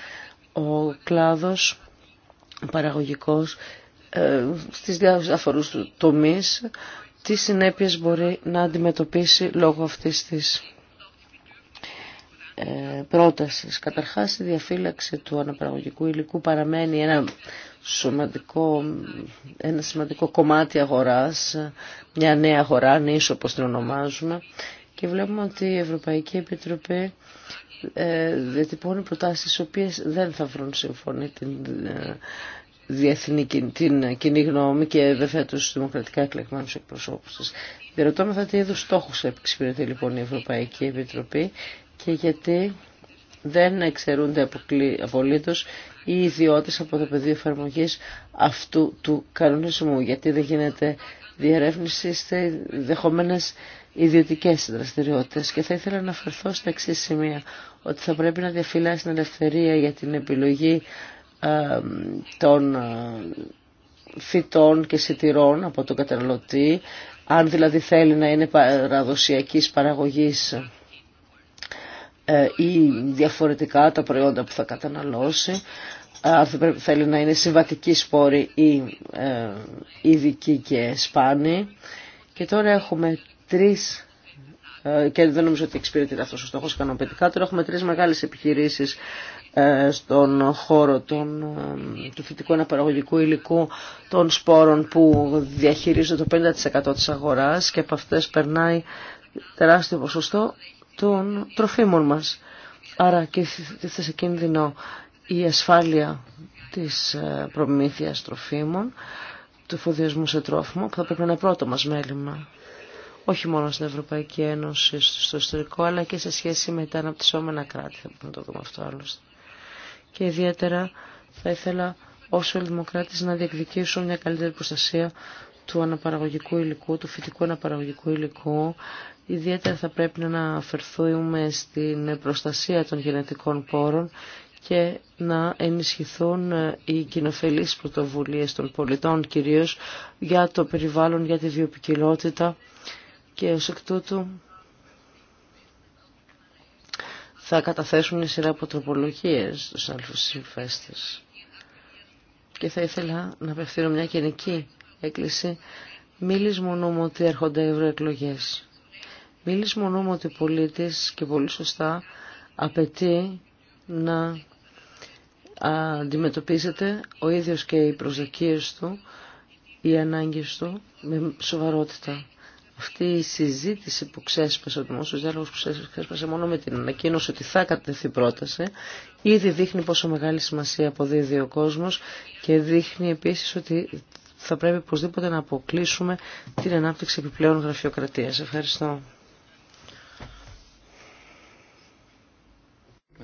S2: ο κλάδος παραγωγικός ε, στις διάφορους τομείς τι συνέπειες μπορεί να αντιμετωπίσει λόγω αυτής της ε, πρότασης. Καταρχάς η διαφύλαξη του αναπαραγωγικού υλικού παραμένει ένα σημαντικό, ένα σημαντικό κομμάτι αγοράς, μια νέα αγορά, νήσο όπως την ονομάζουμε και βλέπουμε ότι η Ευρωπαϊκή Επιτροπή ε, διατυπώνει προτάσεις οι οποίες δεν θα βρουν συμφωνή την ε, διεθνή την κοινή γνώμη και βέβαια τους δημοκρατικά εκλεγμένους εκπροσώπους της. Διερωτώμεθα τι είδους στόχους εξυπηρετεί λοιπόν η Ευρωπαϊκή Επιτροπή και γιατί δεν εξαιρούνται απολύτω οι ιδιώτες από το πεδίο εφαρμογή αυτού του κανονισμού, γιατί δεν γίνεται διερεύνηση σε δεχόμενες ιδιωτικές δραστηριότητες. Και θα ήθελα να αφαιρθώ στα εξή σημεία, ότι θα πρέπει να διαφυλάσει την ελευθερία για την επιλογή των φυτών και σιτηρών από τον καταναλωτή, αν δηλαδή θέλει να είναι παραδοσιακής παραγωγής ε, ή διαφορετικά τα προϊόντα που θα καταναλώσει. Ε, αν θέλει να είναι συμβατική σπόροι ή ε, ειδική και σπάνη. Και τώρα έχουμε τρεις και δεν νομίζω ότι εξυπηρετείται αυτός ο στόχος ικανοποιητικά. Τώρα έχουμε τρεις μεγάλες επιχειρήσεις στον χώρο των, του φυτικού αναπαραγωγικού υλικού των σπόρων που διαχειρίζονται το 50% της αγοράς και από αυτές περνάει τεράστιο ποσοστό των τροφίμων μας. Άρα και τίθεται σε κίνδυνο η ασφάλεια της ε, προμήθειας τροφίμων, του φοδιασμού σε τρόφιμο, που θα πρέπει να είναι πρώτο μας μέλημα. Όχι μόνο στην Ευρωπαϊκή Ένωση, στο ιστορικό, αλλά και σε σχέση με τα αναπτυσσόμενα κράτη, θα πρέπει να το δούμε αυτό άλλωστε. Και ιδιαίτερα θα ήθελα όσο οι δημοκράτες να διεκδικήσουν μια καλύτερη προστασία του αναπαραγωγικού υλικού, του φυτικού αναπαραγωγικού υλικού, Ιδιαίτερα θα πρέπει να αφερθούμε στην προστασία των γενετικών πόρων και να ενισχυθούν οι κοινοφελείς πρωτοβουλίες των πολιτών κυρίως για το περιβάλλον, για τη βιοπικιλότητα και ως εκ τούτου θα καταθέσουν μια σειρά από τροπολογίες στους άλλους Και θα ήθελα να απευθύνω μια γενική έκκληση. Μίλης μου ότι έρχονται ευρωεκλογές μόνο ότι ο πολίτης και πολύ σωστά απαιτεί να αντιμετωπίζεται ο ίδιος και οι προσδοκίες του, οι ανάγκες του με σοβαρότητα. Αυτή η συζήτηση που ξέσπασε, ο δημόσιο διάλογο που ξέσπασε μόνο με την ανακοίνωση ότι θα κατευθεί πρόταση, ήδη δείχνει πόσο μεγάλη σημασία αποδίδει ο κόσμο και δείχνει επίση ότι θα πρέπει οπωσδήποτε να αποκλείσουμε την ανάπτυξη επιπλέον γραφειοκρατίας. Ευχαριστώ.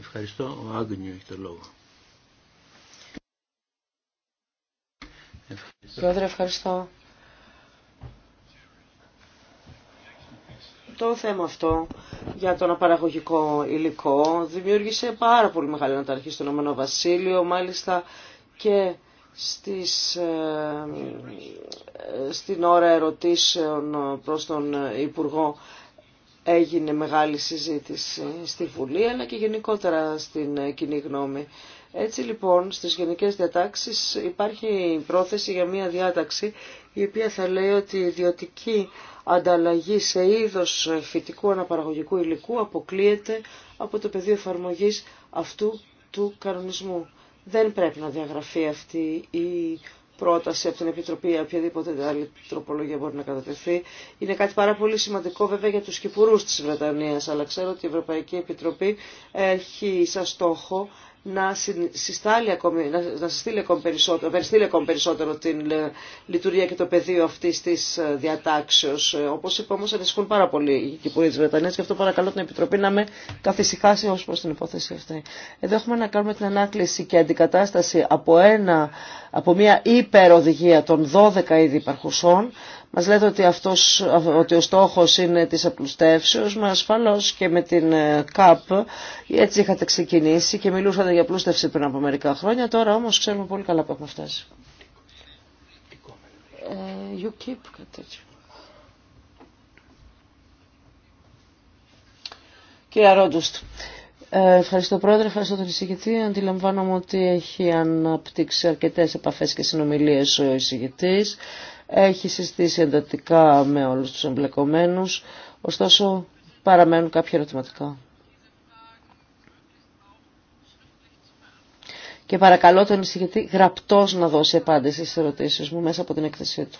S1: Ευχαριστώ. Ο Άγνιου έχει το λόγο.
S2: Ευχαριστώ. Πρόεδρε, ευχαριστώ. Το θέμα αυτό για το αναπαραγωγικό υλικό δημιούργησε πάρα πολύ μεγάλη αναταρχή στον Ηνωμένο Βασίλειο, μάλιστα και στις, ε, ε, στην ώρα ερωτήσεων προς τον Υπουργό έγινε μεγάλη συζήτηση στη Βουλή αλλά και γενικότερα στην κοινή γνώμη. Έτσι λοιπόν στις γενικές διατάξεις υπάρχει πρόθεση για μια διάταξη η οποία θα λέει ότι η ιδιωτική ανταλλαγή σε είδος φυτικού αναπαραγωγικού υλικού αποκλείεται από το πεδίο εφαρμογή αυτού του κανονισμού. Δεν πρέπει να διαγραφεί αυτή η πρόταση από την Επιτροπή ή οποιαδήποτε άλλη τροπολογία μπορεί να κατατεθεί. Είναι κάτι πάρα πολύ σημαντικό βέβαια για τους κυπουρούς της Βρετανίας, αλλά ξέρω ότι η Ευρωπαϊκή Επιτροπή έχει σαν στόχο να, συστάλει ακόμη, να, συστήλει ακόμη περισσότερο, περισσότερο την ε, λειτουργία και το πεδίο αυτή τη ε, διατάξεω. Ε, Όπω είπα, όμω ανησυχούν πάρα πολύ οι κυπουροί τη Βρετανία και αυτό παρακαλώ την Επιτροπή να με καθησυχάσει ω προ την υπόθεση αυτή. Εδώ έχουμε να κάνουμε την ανάκληση και αντικατάσταση από, ένα, από μια υπεροδηγία των 12 ήδη υπαρχουσών μας λέτε ότι, αυτός, ότι ο στόχος είναι της απλουστεύσεως, μα ασφαλώς και με την ε, ΚΑΠ έτσι είχατε ξεκινήσει και μιλούσατε για απλούστευση πριν από μερικά χρόνια, τώρα όμως ξέρουμε πολύ καλά που έχουμε φτάσει. Ε, you keep, Κύριε Ρόντουστ, ε, ευχαριστώ πρόεδρε, ευχαριστώ τον εισηγητή. Αντιλαμβάνομαι ότι έχει αναπτύξει αρκετές επαφές και συνομιλίες ο εισηγητής έχει συστήσει εντατικά με όλους τους εμπλεκομένους, ωστόσο παραμένουν κάποια ερωτηματικά. Και παρακαλώ τον εισηγητή γραπτός να δώσει απάντηση στις ερωτήσεις μου μέσα από την έκθεσή του.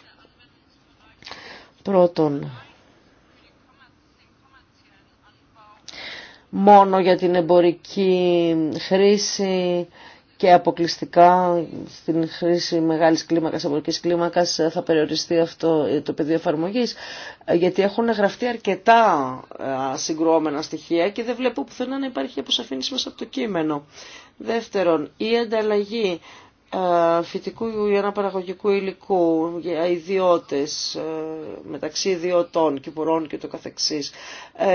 S2: Πρώτον, μόνο για την εμπορική χρήση και αποκλειστικά στην χρήση μεγάλης κλίμακας, εμπορικής κλίμακας ε, θα περιοριστεί αυτό ε, το πεδίο εφαρμογή, ε, γιατί έχουν γραφτεί αρκετά συγκρουόμενα στοιχεία και δεν βλέπω πουθενά να υπάρχει αποσαφήνιση μέσα από το κείμενο. Δεύτερον, η ανταλλαγή φυτικού ή αναπαραγωγικού υλικού για ιδιώτες, μεταξύ ιδιωτών και πουρών και το καθεξής.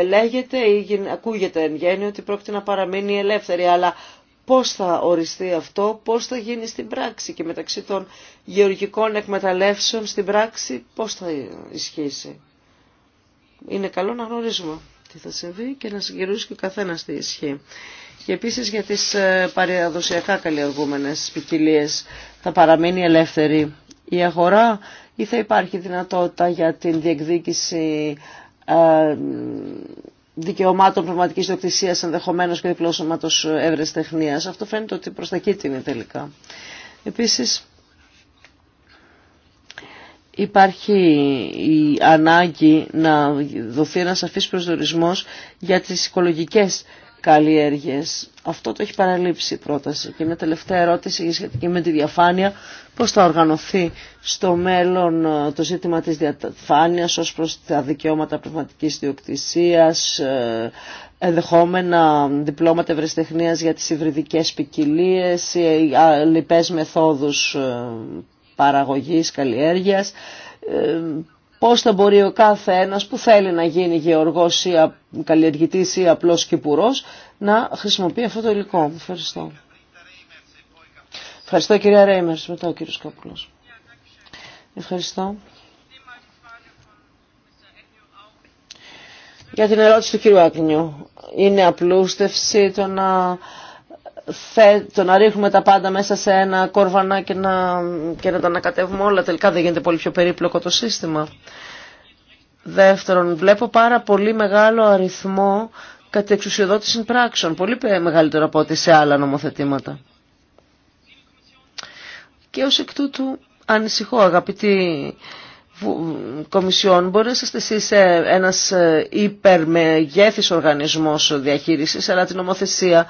S2: Λέγεται ή ακούγεται εν γέννη ότι πρόκειται να παραμείνει ελεύθερη, αλλά πώς θα οριστεί αυτό, πώς θα γίνει στην πράξη και μεταξύ των γεωργικών εκμεταλλεύσεων στην πράξη πώς θα ισχύσει. Είναι καλό να γνωρίζουμε τι θα συμβεί και να συγκυρίζει και ο καθένας τι ισχύει. Και επίσης για τις ε, παραδοσιακά καλλιεργούμενες ποικιλίε θα παραμείνει ελεύθερη η αγορά ή θα υπάρχει δυνατότητα για την διεκδίκηση ε, δικαιωμάτων πραγματικής διοκτησίας ενδεχομένω και διπλώσματος εύρε τεχνίας. Αυτό φαίνεται ότι προς τα είναι τελικά. Επίσης, υπάρχει η ανάγκη να δοθεί ένας σαφής προσδορισμός για τις οικολογικές καλλιέργειες. Αυτό το έχει παραλείψει η πρόταση. Και μια τελευταία ερώτηση σχετική με τη διαφάνεια. Πώς θα οργανωθεί στο μέλλον ε, το ζήτημα της διαφάνειας ως προς τα δικαιώματα πνευματική διοκτησίας, ε, ενδεχόμενα διπλώματα ευρεσιτεχνίας για τις υβριδικές ποικιλίε, ε, λοιπές μεθόδους παραγωγής, καλλιέργειας πώς θα μπορεί ο κάθε ένας που θέλει να γίνει γεωργός ή καλλιεργητής ή απλός κυπουρός να χρησιμοποιεί αυτό το υλικό. Ευχαριστώ. Ευχαριστώ κυρία Ρέιμερς, μετά ο κύριο Κόπουλο. Ευχαριστώ. Για την ερώτηση του κύριου Άκνιου. Είναι απλούστευση το να το να ρίχνουμε τα πάντα μέσα σε ένα κόρβανα και να, και να τα ανακατεύουμε όλα τελικά δεν γίνεται πολύ πιο περίπλοκο το σύστημα. Δεύτερον, βλέπω πάρα πολύ μεγάλο αριθμό κατεξουσιοδότηση πράξεων, πολύ μεγαλύτερο από ό,τι σε άλλα νομοθετήματα. Και ως εκ τούτου ανησυχώ αγαπητοί Κομισιόν, μπορεί να είστε εσείς ε, ένας ε, υπερμεγέθης οργανισμός διαχείρισης, αλλά την νομοθεσία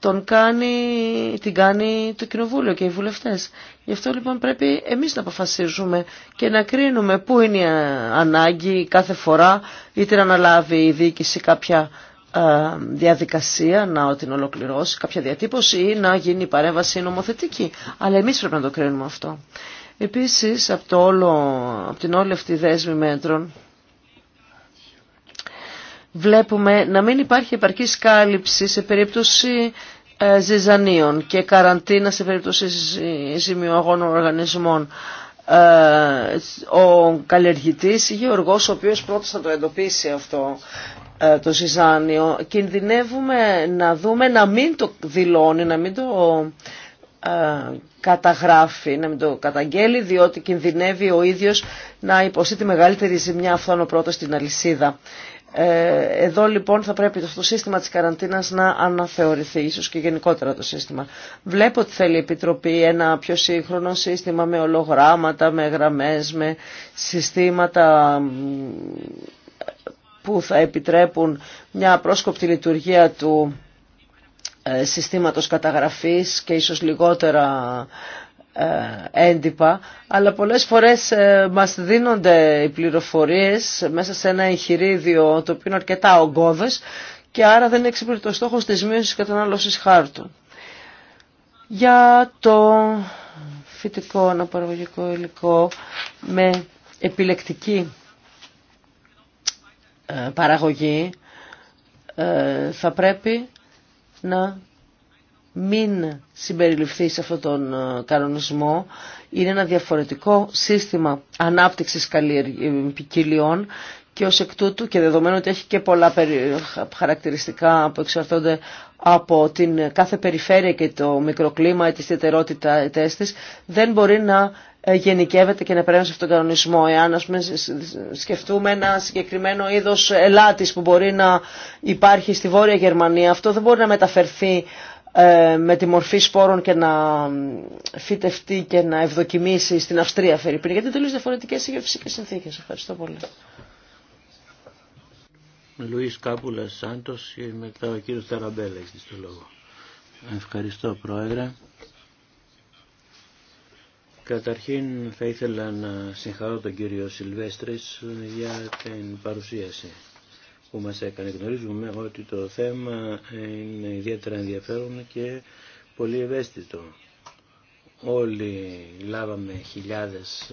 S2: τον κάνει, την κάνει το Κοινοβούλιο και οι βουλευτές. Γι' αυτό λοιπόν πρέπει εμείς να αποφασίζουμε και να κρίνουμε πού είναι η ανάγκη κάθε φορά είτε να αναλάβει η διοίκηση κάποια ε, διαδικασία να την ολοκληρώσει, κάποια διατύπωση ή να γίνει η παρέμβαση νομοθετική. Αλλά εμείς πρέπει να το κρίνουμε αυτό. Επίσης από, όλο, από την όλη αυτή δέσμη μέτρων βλέπουμε να μην υπάρχει επαρκή κάλυψη σε περίπτωση ε, ζυζανίων και καραντίνα σε περίπτωση ζημιωγών οργανισμών. Ε, ο καλλιεργητής, γεωργός, ο οποίος πρώτος θα το εντοπίσει αυτό ε, το ζυζάνιο, κινδυνεύουμε να δούμε να μην το δηλώνει, να μην το καταγράφει, να μην το καταγγέλει, διότι κινδυνεύει ο ίδιος να υποστεί τη μεγαλύτερη ζημιά. αυτόν ο πρώτος στην αλυσίδα. Ε, εδώ λοιπόν θα πρέπει το σύστημα της καραντίνας να αναθεωρηθεί, ίσως και γενικότερα το σύστημα. Βλέπω ότι θέλει η Επιτροπή ένα πιο σύγχρονο σύστημα με ολογράμματα, με γραμμές, με συστήματα που θα επιτρέπουν μια πρόσκοπτη λειτουργία του ε, συστήματος καταγραφής και ίσως λιγότερα ε, έντυπα, αλλά πολλές φορές ε, μας δίνονται οι πληροφορίες μέσα σε ένα εγχειρίδιο το οποίο είναι αρκετά ογκώδες και άρα δεν έχει το στόχο της μείωσης κατανάλωσης χάρτου. Για το φυτικό αναπαραγωγικό υλικό με επιλεκτική ε, παραγωγή θα πρέπει να μην συμπεριληφθεί σε αυτόν τον ε, κανονισμό είναι ένα διαφορετικό σύστημα ανάπτυξης ε, ποικιλιών και ως εκ τούτου και δεδομένου ότι έχει και πολλά χαρακτηριστικά που εξαρτώνται από την κάθε περιφέρεια και το μικροκλίμα ή τις ιδιαιτερότητες της, δεν μπορεί να ε, γενικεύεται και να περνάει σε αυτόν τον κανονισμό. Εάν ας πούμε, σκεφτούμε ένα συγκεκριμένο είδος ελάτης που μπορεί να υπάρχει στη Βόρεια Γερμανία, αυτό δεν μπορεί να μεταφερθεί ε, με τη μορφή σπόρων και να φυτευτεί και να ευδοκιμήσει στην Αυστρία Φερρυπίν, γιατί τελείως διαφορετικές οι φυσικές συνθήκες. Ευχαριστώ πολύ.
S1: Λουίς Κάπουλα Σάντος και μετά ο κύριος Ταραμπέλα το λόγο. Ευχαριστώ Πρόεδρε. Καταρχήν θα ήθελα να συγχαρώ τον κύριο Σιλβέστρης για την παρουσίαση που μας έκανε. Γνωρίζουμε ότι το θέμα είναι ιδιαίτερα ενδιαφέρον και πολύ ευαίσθητο. Όλοι λάβαμε χιλιάδες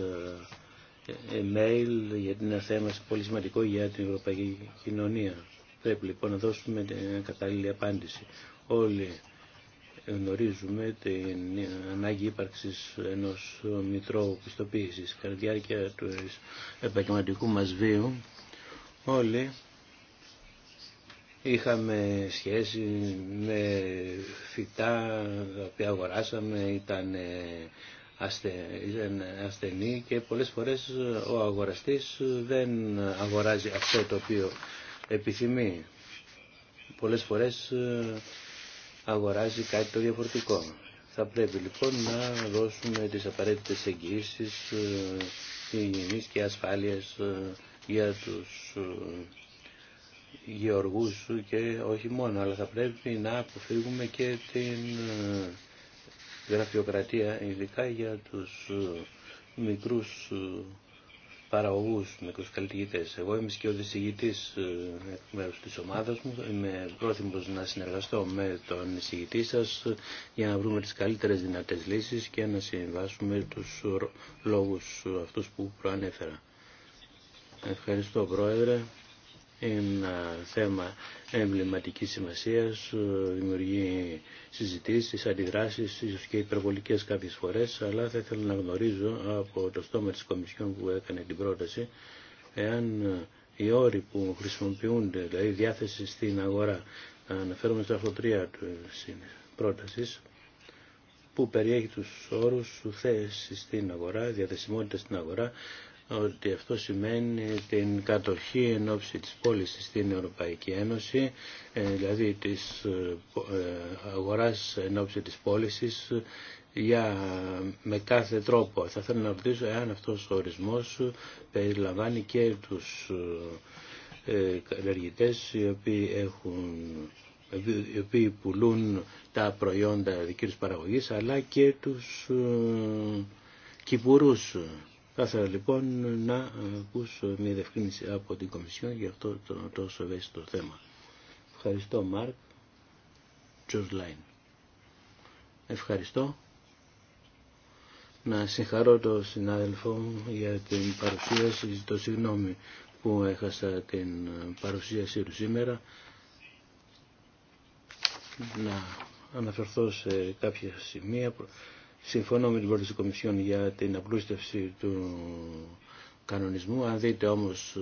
S1: ε, email γιατί είναι ένα θέμα πολύ σημαντικό για την ευρωπαϊκή κοινωνία. Πρέπει λοιπόν να δώσουμε την κατάλληλη απάντηση. Όλοι γνωρίζουμε την ανάγκη ύπαρξης ενός μητρώου πιστοποίησης κατά τη διάρκεια του επαγγελματικού μας βίου. Όλοι Είχαμε σχέση με φυτά τα οποία αγοράσαμε, ε, ήταν ασθενή και πολλές φορές ο αγοραστής δεν αγοράζει αυτό το οποίο επιθυμεί. Πολλές φορές ε, αγοράζει κάτι το διαφορετικό. Θα πρέπει λοιπόν να δώσουμε τις απαραίτητες εγγύησεις ε, υγιεινής και ασφάλειας για τους γεωργούς και όχι μόνο, αλλά θα πρέπει να αποφύγουμε και την ε, γραφειοκρατία, ειδικά για τους ε, μικρούς ε, παραγωγούς, μικρούς καλλιτηγητές. Εγώ είμαι και ο εκ μέρους της ομάδας μου. Είμαι πρόθυμος να συνεργαστώ με τον εισηγητή σας για να βρούμε τις καλύτερες δυνατές λύσεις και να συμβάσουμε τους λόγους αυτούς που προανέφερα. Ευχαριστώ Πρόεδρε. Είναι θέμα εμβληματικής σημασίας, ε, δημιουργεί συζητήσεις, αντιδράσεις, ίσως και υπερβολικές κάποιες φορές, αλλά θα ήθελα να γνωρίζω από το στόμα της Κομισιόν που έκανε την πρόταση, εάν ε, οι όροι που χρησιμοποιούνται, δηλαδή διάθεση στην αγορά, αναφέρομαι στα αυτοτρια 3 της πρότασης, που περιέχει τους όρους θέση στην αγορά, διαθεσιμότητα στην αγορά, ότι αυτό σημαίνει την κατοχή εν ώψη της πώληση στην Ευρωπαϊκή Ένωση, ε, δηλαδή της ε, ε, αγοράς εν ώψη της πώληση για με κάθε τρόπο. Θα ήθελα να ρωτήσω εάν αυτός ο ορισμός περιλαμβάνει και τους ενεργητές οι οποίοι έχουν οποίοι πουλούν τα προϊόντα δικής παραγωγής αλλά και τους κυπουρούς θα ήθελα λοιπόν να ακούσω μια διευκρίνηση από την Κομισιόν για αυτό το τόσο ευαίσθητο θέμα. Ευχαριστώ Μάρκ. Τζορτ Ευχαριστώ. Να συγχαρώ τον συνάδελφό για την παρουσίαση. Το συγγνώμη που έχασα την παρουσίασή του σήμερα. Να αναφερθώ σε κάποια σημεία. Συμφωνώ με την πρόταση Κομισιόν για την απλούστευση του κανονισμού. Αν δείτε όμως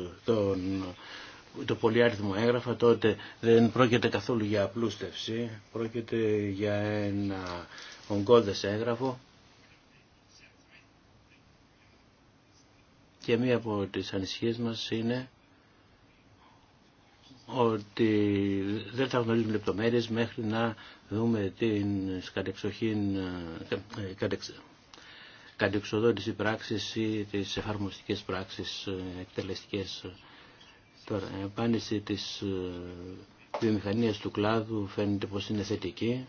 S1: το πολυάριθμο έγγραφα, τότε δεν πρόκειται καθόλου για απλούστευση. Πρόκειται για ένα ογκώδες έγγραφο και μία από τις ανησυχίες μας είναι ότι δεν θα γνωρίζουμε λεπτομέρειες μέχρι να δούμε την κατεξοδότηση πράξης ή τις εφαρμοστικές πράξεις ε, εκτελεστικές. Τώρα, η επάνηση της ε, βιομηχανίας του κλάδου φαίνεται πως είναι θετική,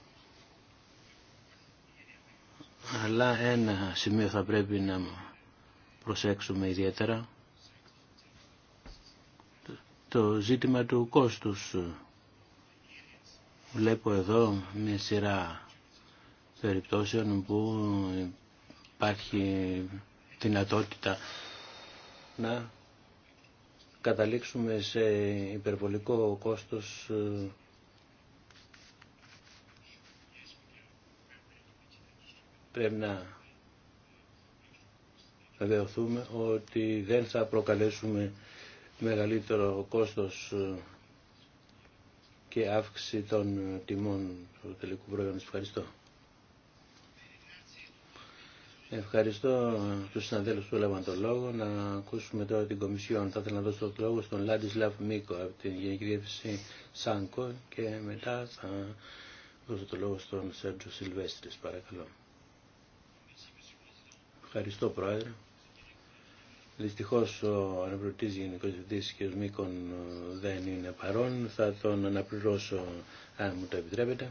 S1: αλλά ένα σημείο θα πρέπει να προσέξουμε ιδιαίτερα το ζήτημα του κόστους. Βλέπω εδώ μια σειρά περιπτώσεων που υπάρχει δυνατότητα να καταλήξουμε σε υπερβολικό κόστος ε, πρέπει να βεβαιωθούμε ότι δεν θα προκαλέσουμε μεγαλύτερο κόστος ε, και αύξηση των ε, τιμών του τελικού προϊόντου. Ευχαριστώ. Ευχαριστώ του συναδέλφου που έλαβαν το λόγο. Να ακούσουμε τώρα την Κομισιόν. Θα ήθελα να δώσω τον λόγο στον Λάντισλαβ Μίκο από την Γενική Διεύθυνση ΣΑΝΚΟ και μετά θα δώσω το λόγο στον Σέρτζο Σιλβέστρη. Παρακαλώ. Ευχαριστώ Πρόεδρε. Δυστυχώ ο αναπληρωτή Γενικό και κ. Ε, δεν είναι παρόν. Θα τον αναπληρώσω αν μου το επιτρέπετε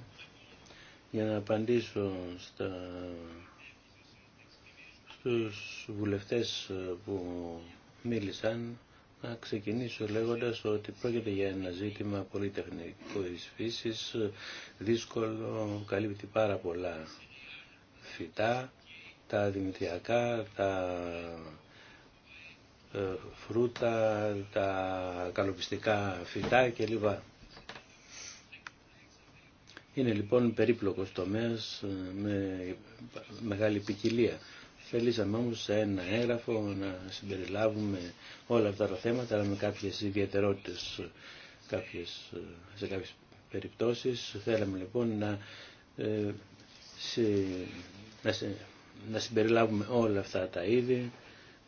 S1: για να απαντήσω στα, στους βουλευτές ε, που μίλησαν να ξεκινήσω λέγοντας ότι πρόκειται για ένα ζήτημα πολύ τεχνικό φύσης, δύσκολο, καλύπτει πάρα πολλά φυτά, τα δημητριακά, τα ε, φρούτα, τα καλοπιστικά φυτά κλπ. Είναι λοιπόν περίπλοκος τομέας ε, με μεγάλη ποικιλία. Θέλησαμε όμως σε ένα έγγραφο να συμπεριλάβουμε όλα αυτά τα θέματα, αλλά με κάποιες ιδιαιτερότητες κάποιες, ε, σε κάποιες περιπτώσεις. Θέλαμε λοιπόν να, να, να συμπεριλάβουμε όλα αυτά τα είδη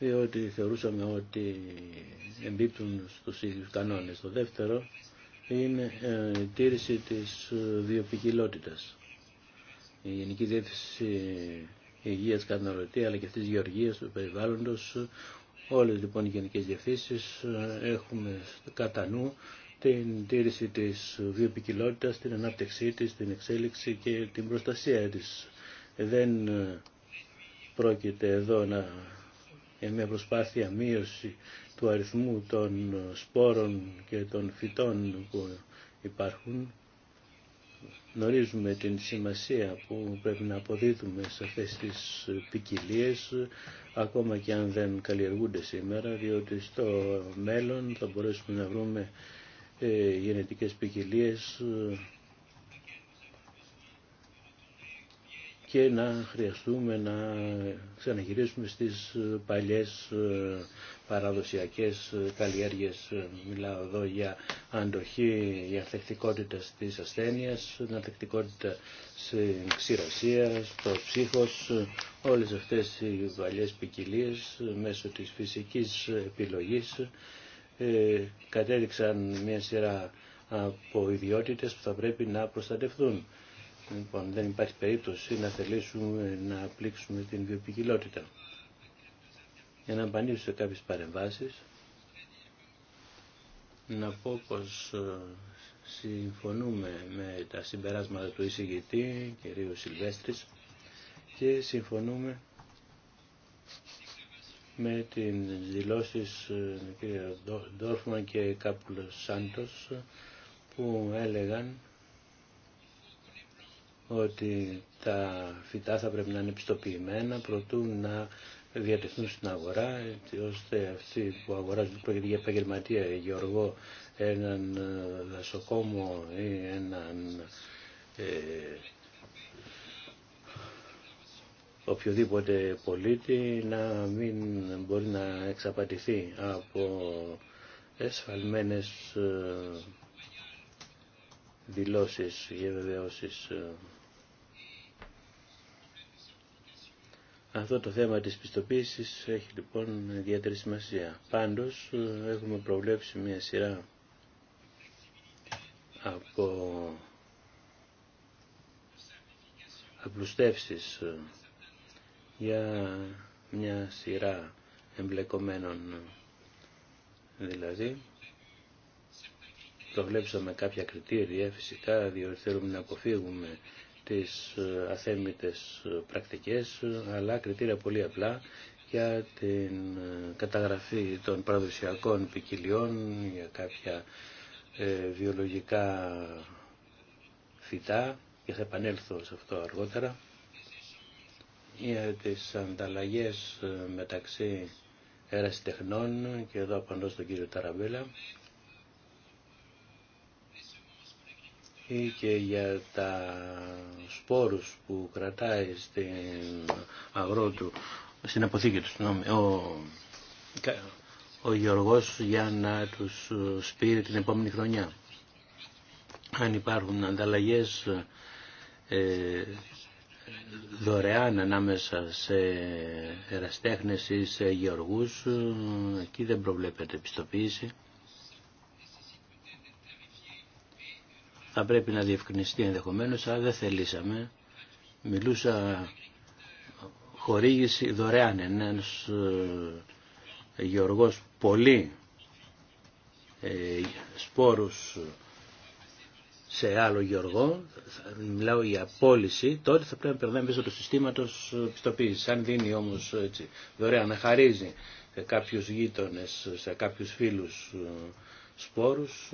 S1: διότι θεωρούσαμε ότι εμπίπτουν στους ίδιους κανόνες. Το δεύτερο είναι ε, η τήρηση της βιοπικιλότητας. Η Γενική Διεύθυνση Υγείας Καταναλωτή αλλά και αυτής της Γεωργίας του περιβάλλοντος όλες λοιπόν οι γενικές διευθύνσεις ε, έχουμε κατά νου την τήρηση της βιοπικιλότητας, την ανάπτυξή της, την εξέλιξη και την προστασία της. Δεν ε, πρόκειται εδώ να για ε, μια προσπάθεια μείωση του αριθμού των σπόρων και των φυτών που υπάρχουν. Γνωρίζουμε την σημασία που πρέπει να αποδίδουμε σε αυτές τις ποικιλίε, ακόμα και αν δεν καλλιεργούνται σήμερα, διότι στο μέλλον θα μπορέσουμε να βρούμε ε, γενετικές ποικιλίε και να χρειαστούμε να ξαναγυρίσουμε στις παλιές ε, παραδοσιακές ε, καλλιέργειες. Ε, μιλάω εδώ για αντοχή, για ανθεκτικότητα στις ασθένειες, την ανθεκτικότητα σε ξηρασία, στο ψύχος, όλες αυτές οι παλιές ποικιλίε μέσω της φυσικής επιλογής κατέδειξαν μια σειρά από ιδιότητες που θα πρέπει να προστατευτούν. Λοιπόν, δεν υπάρχει περίπτωση να θελήσουμε να πλήξουμε την βιοπικιλότητα. Για να απαντήσω σε κάποιες παρεμβάσεις, να πω πως ε, συμφωνούμε με τα συμπεράσματα του εισηγητή, κυρίου Σιλβέστρης, και συμφωνούμε με την δηλώσεις ε, κ. Ντόρφμαν και Κάπουλος Σάντος που έλεγαν ότι τα φυτά θα πρέπει να είναι πιστοποιημένα προτού να διατεθούν στην αγορά, ώστε αυτοί που αγοράζουν πρόκειται για επαγγελματία, γεωργό, έναν ε, δασοκόμο ή έναν ε, οποιοδήποτε πολίτη να μην μπορεί να εξαπατηθεί από εσφαλμένες ε, δηλώσεις ή βεβαιώσεις Αυτό το θέμα της πιστοποίησης έχει λοιπόν ιδιαίτερη σημασία. Πάντως ε, έχουμε προβλέψει μια σειρά από απλουστεύσεις ε, για μια σειρά εμπλεκομένων δηλαδή προβλέψαμε κάποια κριτήρια φυσικά διότι θέλουμε να αποφύγουμε τις ε, αθέμητες ε, πρακτικές, ε, αλλά κριτήρια πολύ απλά για την καταγραφή των παραδοσιακών ποικιλιών, για κάποια βιολογικά φυτά και θα επανέλθω σε αυτό αργότερα για τις ανταλλαγές μεταξύ ερασιτεχνών και εδώ απαντώ στον κύριο Ταραμπέλα, ή και για τα σπόρους που κρατάει στην αγρό του, στην αποθήκη του, ο, ο για να τους σπείρει την επόμενη χρονιά. Αν υπάρχουν ανταλλαγές ε, δωρεάν ανάμεσα σε εραστέχνες ή σε γεωργούς, ε, εκεί δεν προβλέπεται επιστοποίηση. θα πρέπει να διευκρινιστεί ενδεχομένως, αλλά δεν θελήσαμε. Μιλούσα χορήγηση δωρεάν ένας ε, γεωργός πολύ ε, σπόρους σε άλλο γεωργό, μιλάω για πώληση, τότε θα πρέπει να περνάμε μέσω του συστήματος πιστοποίηση. Αν δίνει όμως έτσι, δωρεάν, να χαρίζει σε κάποιους γείτονες, σε κάποιους φίλους ε, σπόρους,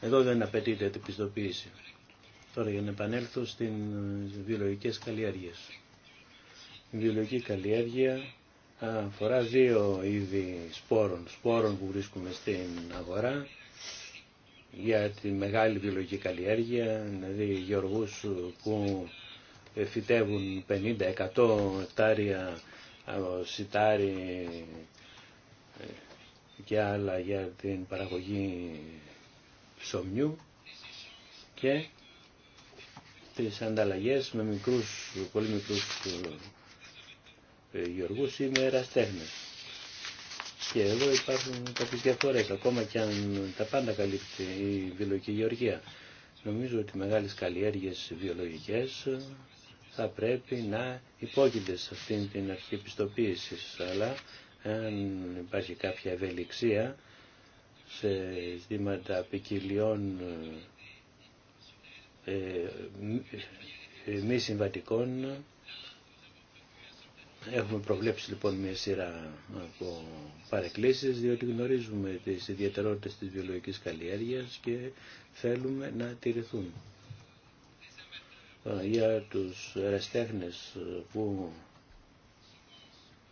S1: εδώ δεν απαιτείται την πιστοποίηση. Τώρα για να επανέλθω στις βιολογικές καλλιέργειες. Η βιολογική καλλιέργεια αφορά δύο είδη σπόρων. Σπόρων που βρίσκουμε στην αγορά για τη μεγάλη βιολογική καλλιέργεια, δηλαδή γεωργούς που φυτεύουν 50-100 εκτάρια σιτάρι και άλλα για την παραγωγή ψωμιού και τις ανταλλαγές με μικρούς, πολύ μικρούς ε, γεωργούς ή με εραστέχνες. Και εδώ υπάρχουν κάποιες διαφορές, ακόμα και αν τα πάντα καλύπτει η βιολογική γεωργία. Νομίζω ότι μεγάλες καλλιέργειες βιολογικές θα πρέπει να υπόκειται σε αυτήν την αρχή αλλά αν υπάρχει κάποια ευελιξία σε ζητήματα ποικιλιών ε, ε, μη συμβατικών. Έχουμε προβλέψει λοιπόν μια σειρά από παρεκκλήσεις διότι γνωρίζουμε τις ιδιαιτερότητες της βιολογικής καλλιέργειας και θέλουμε να τηρηθούν. Ε, για τους εραστέχνες που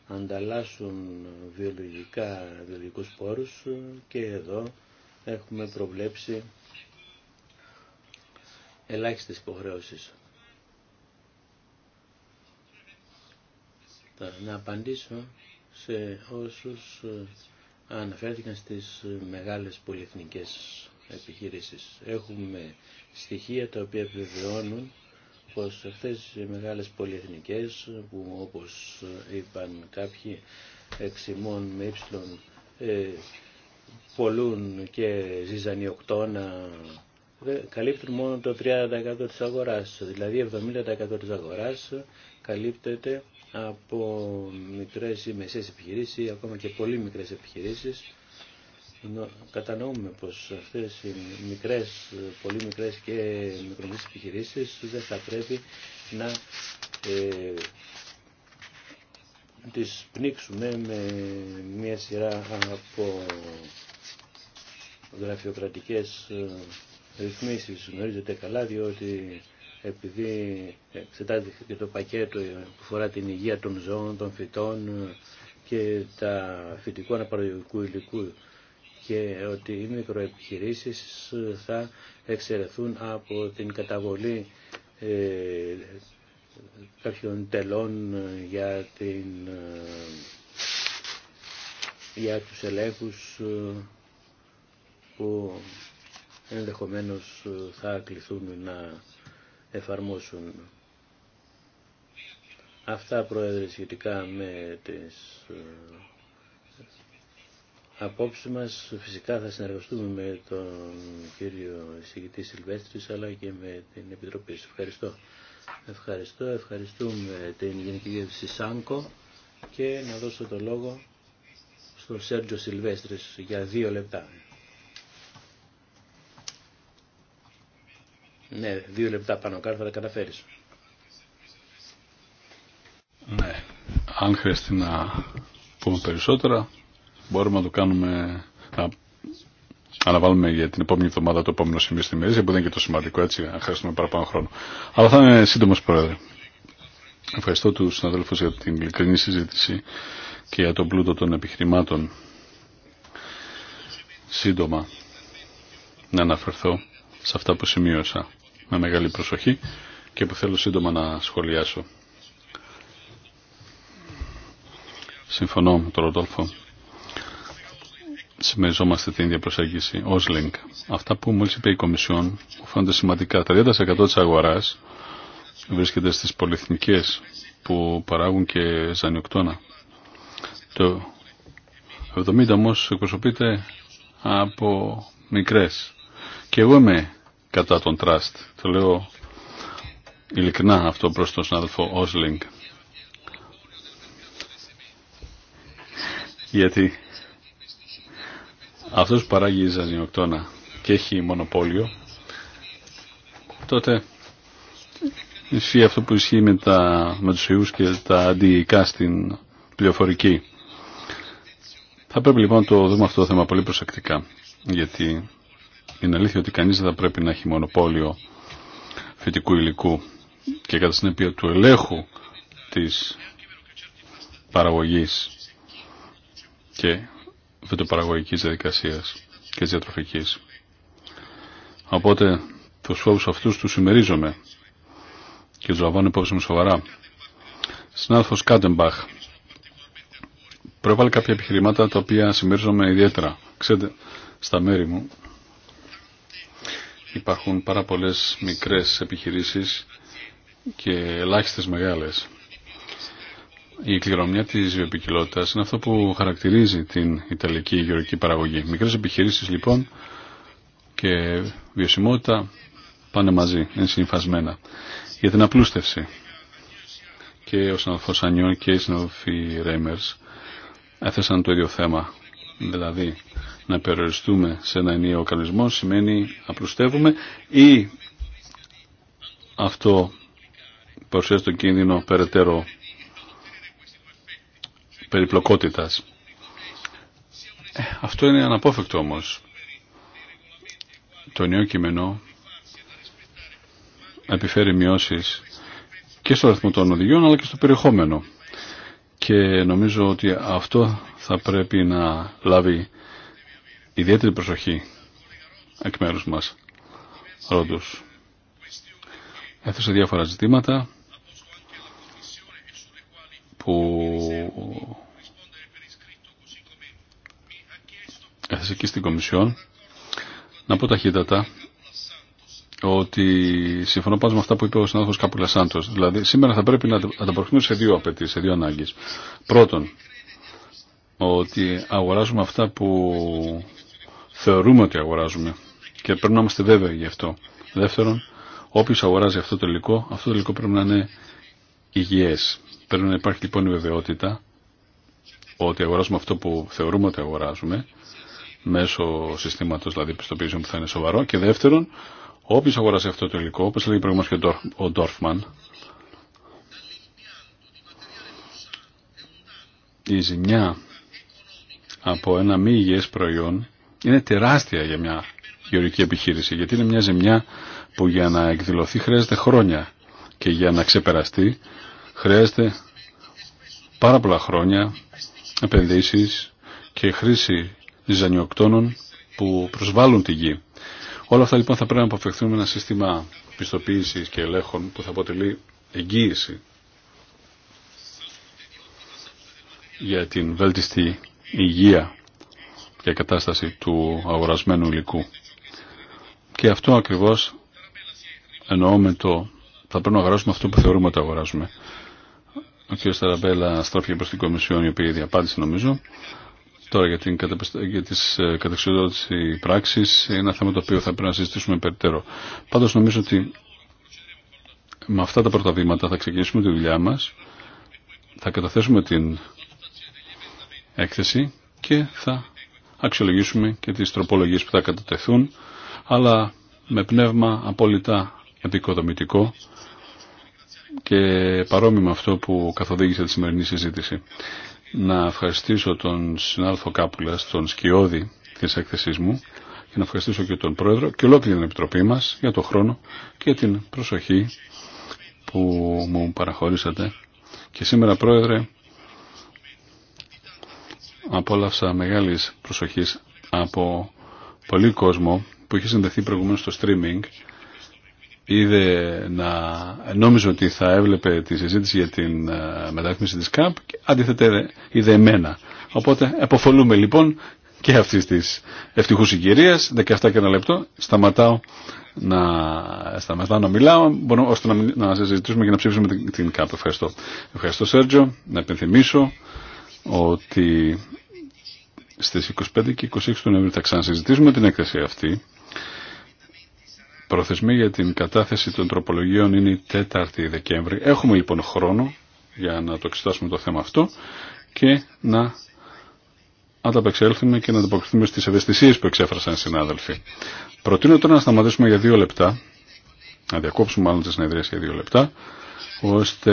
S1: ανταλλάσσουν βιολογικά, βιολογικούς πόρους και εδώ έχουμε προβλέψει ελάχιστες υποχρεώσεις. να απαντήσω σε όσους αναφέρθηκαν στις μεγάλες πολυεθνικές επιχειρήσεις. Έχουμε στοιχεία τα οποία επιβεβαιώνουν πως αυτές οι μεγάλες πολυεθνικές που όπως είπαν κάποιοι εξημών με ύψιλον ε, πολλούν και ζυζανιοκτώνα ε, καλύπτουν μόνο το 30% της αγοράς, δηλαδή 70% της αγοράς καλύπτεται από μικρές ή μεσαίες επιχειρήσεις ή ακόμα και πολύ μικρές επιχειρήσεις κατανοούμε πως αυτές οι μικρές, πολύ μικρές και μικρομεσαίες επιχειρήσεις δεν θα πρέπει να ε, τις πνίξουμε με μια σειρά από γραφειοκρατικές ε, ρυθμίσεις. Γνωρίζετε καλά διότι επειδή εξετάζεται και το πακέτο που φορά την υγεία των ζώων, των φυτών και τα φυτικών αναπαραγωγικού υλικού και ότι οι μικροεπιχειρήσεις θα εξαιρεθούν από την καταβολή ε, κάποιων τελών για, την, ε, για τους ελέγχους ε, που ενδεχομένως θα κληθούν να εφαρμόσουν. Αυτά, Πρόεδρε, σχετικά με τις απόψη μας φυσικά θα συνεργαστούμε με τον κύριο εισηγητή Σιλβέστρης αλλά και με την Επιτροπή. Σας ευχαριστώ. Ευχαριστώ, ευχαριστούμε την Γενική Διεύθυνση ΣΑΝΚΟ και να δώσω το λόγο στον Σέρτζο Σιλβέστρης για δύο λεπτά. Ναι, δύο λεπτά πάνω κάτω θα τα καταφέρεις.
S3: Ναι, αν χρειαστεί να πούμε περισσότερα, μπορούμε να το κάνουμε, να αναβάλουμε για την επόμενη εβδομάδα το επόμενο σημείο στη μερίζα που δεν είναι και το σημαντικό έτσι, να χρειαστούμε παραπάνω χρόνο. Αλλά θα είναι σύντομος Πρόεδρε. Ευχαριστώ του συναδέλφους για την ειλικρινή συζήτηση και για τον πλούτο των επιχειρημάτων. Σύντομα να αναφερθώ σε αυτά που σημείωσα με μεγάλη προσοχή και που θέλω σύντομα να σχολιάσω. Συμφωνώ με τον Ρότολφο συμμεριζόμαστε την ίδια προσέγγιση ως Αυτά που μόλι είπε η Κομισιόν μου φαίνονται σημαντικά. 30% τη αγορά βρίσκεται στις πολυεθνικέ που παράγουν και ζανιοκτώνα. Το 70 όμω εκπροσωπείται από μικρές. Και εγώ είμαι κατά τον τραστ. Το λέω ειλικρινά αυτό προς τον συνάδελφο Όσλινγκ. Γιατί αυτός που παράγει Ζανιοκτώνα και έχει μονοπόλιο, τότε ισχύει αυτό που ισχύει με, τα, με τους ιούς και τα αντιϊκά στην πληροφορική. Θα πρέπει λοιπόν να το δούμε αυτό το θέμα πολύ προσεκτικά, γιατί είναι αλήθεια ότι κανείς δεν θα πρέπει να έχει μονοπόλιο φυτικού υλικού και κατά συνέπεια του ελέγχου της παραγωγής και φυτοπαραγωγικής διαδικασίας και διατροφικής. Οπότε τους φόβους αυτούς τους συμμερίζομαι και τους λαμβάνω υπόψη μου σοβαρά. Συνάδελφος Κάντεμπαχ προέβαλε κάποια επιχειρημάτα τα οποία συμμερίζομαι ιδιαίτερα. Ξέρετε, στα μέρη μου υπάρχουν πάρα πολλές μικρές επιχειρήσεις και ελάχιστες μεγάλες η κληρονομιά τη βιοπικιλότητα είναι αυτό που χαρακτηρίζει την Ιταλική γεωργική παραγωγή. Μικρέ επιχειρήσει λοιπόν και βιωσιμότητα πάνε μαζί, είναι συμφασμένα. Για την απλούστευση και ο συναδελφό Ανιών και οι συναδελφοί Ρέιμερ έθεσαν το ίδιο θέμα. Δηλαδή, να περιοριστούμε σε ένα ενιαίο κανονισμό σημαίνει απλουστεύουμε ή αυτό παρουσιάζει τον κίνδυνο περαιτέρω περιπλοκότητας. Αυτό είναι αναπόφευκτο όμως. Το νέο κείμενο επιφέρει μειώσεις και στο αριθμό των οδηγιών αλλά και στο περιεχόμενο. Και νομίζω ότι αυτό θα πρέπει να λάβει ιδιαίτερη προσοχή εκ μέρους μας. Ρόντους. Έθεσε διάφορα ζητήματα που διάθεση στην Κομισιόν. Να πω ταχύτατα ότι συμφωνώ πάνω με αυτά που είπε ο συνάδελφο Κάπουλα Σάντο. Δηλαδή σήμερα θα πρέπει να ανταποκριθούμε σε δύο απαιτήσει σε δύο ανάγκες. Πρώτον, ότι αγοράζουμε αυτά που θεωρούμε ότι αγοράζουμε και πρέπει να είμαστε βέβαιοι γι' αυτό. Δεύτερον, όποιο αγοράζει αυτό το υλικό, αυτό το υλικό πρέπει να είναι υγιέ. Πρέπει να υπάρχει λοιπόν η βεβαιότητα ότι αγοράζουμε αυτό που θεωρούμε ότι αγοράζουμε μέσω συστήματο, δηλαδή πιστοποιήσεων που θα είναι σοβαρό και δεύτερον όποιος αγοράσει αυτό το υλικό όπω λέει προηγουμένω και ο Ντόρφμαν η ζημιά από ένα μη υγιέ προϊόν είναι τεράστια για μια γεωργική επιχείρηση γιατί είναι μια ζημιά που για να εκδηλωθεί χρειάζεται χρόνια και για να ξεπεραστεί χρειάζεται πάρα πολλά χρόνια επενδύσεις και χρήση ζανιοκτώνων που προσβάλλουν τη γη. Όλα αυτά λοιπόν θα πρέπει να αποφευχθούν με ένα σύστημα πιστοποίησης και ελέγχων που θα αποτελεί εγγύηση για την βέλτιστη υγεία και κατάσταση του αγορασμένου υλικού. Και αυτό ακριβώς εννοώ το θα πρέπει να αγοράσουμε αυτό που θεωρούμε ότι αγοράζουμε. Ο κ. Σταραμπέλα στράφηκε προς την Κομισιόν η οποία ήδη απάντησε νομίζω Τώρα για, την, για τις ε, καταξιδότηση πράξεις είναι ένα θέμα το οποίο θα πρέπει να συζητήσουμε περιττέρω. Πάντως νομίζω ότι με αυτά τα πρώτα βήματα θα ξεκινήσουμε τη δουλειά μας, θα καταθέσουμε την έκθεση και θα αξιολογήσουμε και τις τροπολογίες που θα κατατεθούν, αλλά με πνεύμα απόλυτα επικοδομητικό και παρόμοιο με αυτό που καθοδήγησε τη σημερινή συζήτηση να ευχαριστήσω τον συνάδελφο Κάπουλα, τον Σκιώδη της εκθεσή μου και να ευχαριστήσω και τον Πρόεδρο και ολόκληρη την Επιτροπή μας για τον χρόνο και την προσοχή που μου παραχωρήσατε. Και σήμερα, Πρόεδρε, απόλαυσα μεγάλη προσοχής από πολύ κόσμο που είχε συνδεθεί προηγουμένως στο streaming είδε να νόμιζε ότι θα έβλεπε τη συζήτηση για την ε, μεταρρύθμιση της ΚΑΠ και αντίθετα είδε εμένα. Οπότε εποφολούμε λοιπόν και αυτή τη ευτυχού συγκυρία, 17 και ένα λεπτό, σταματάω να, σταματάω να μιλάω, μπορώ, ώστε να, να συζητήσουμε και να ψήφισουμε την, την ΚΑΠ. Ευχαριστώ. Ευχαριστώ Σέρτζο, να επιθυμήσω ότι στις 25 και 26 του Νοεμβρίου θα ξανασυζητήσουμε την έκθεση αυτή Προθεσμοί για την κατάθεση των τροπολογίων είναι η 4η Δεκέμβρη. Έχουμε λοιπόν χρόνο για να το εξετάσουμε το θέμα αυτό και να ανταπεξέλθουμε και να ανταποκριθούμε στις ευαισθησίες που εξέφρασαν οι συνάδελφοι. Προτείνω τώρα να σταματήσουμε για δύο λεπτά, να διακόψουμε μάλλον τις συνεδρίες για δύο λεπτά, ώστε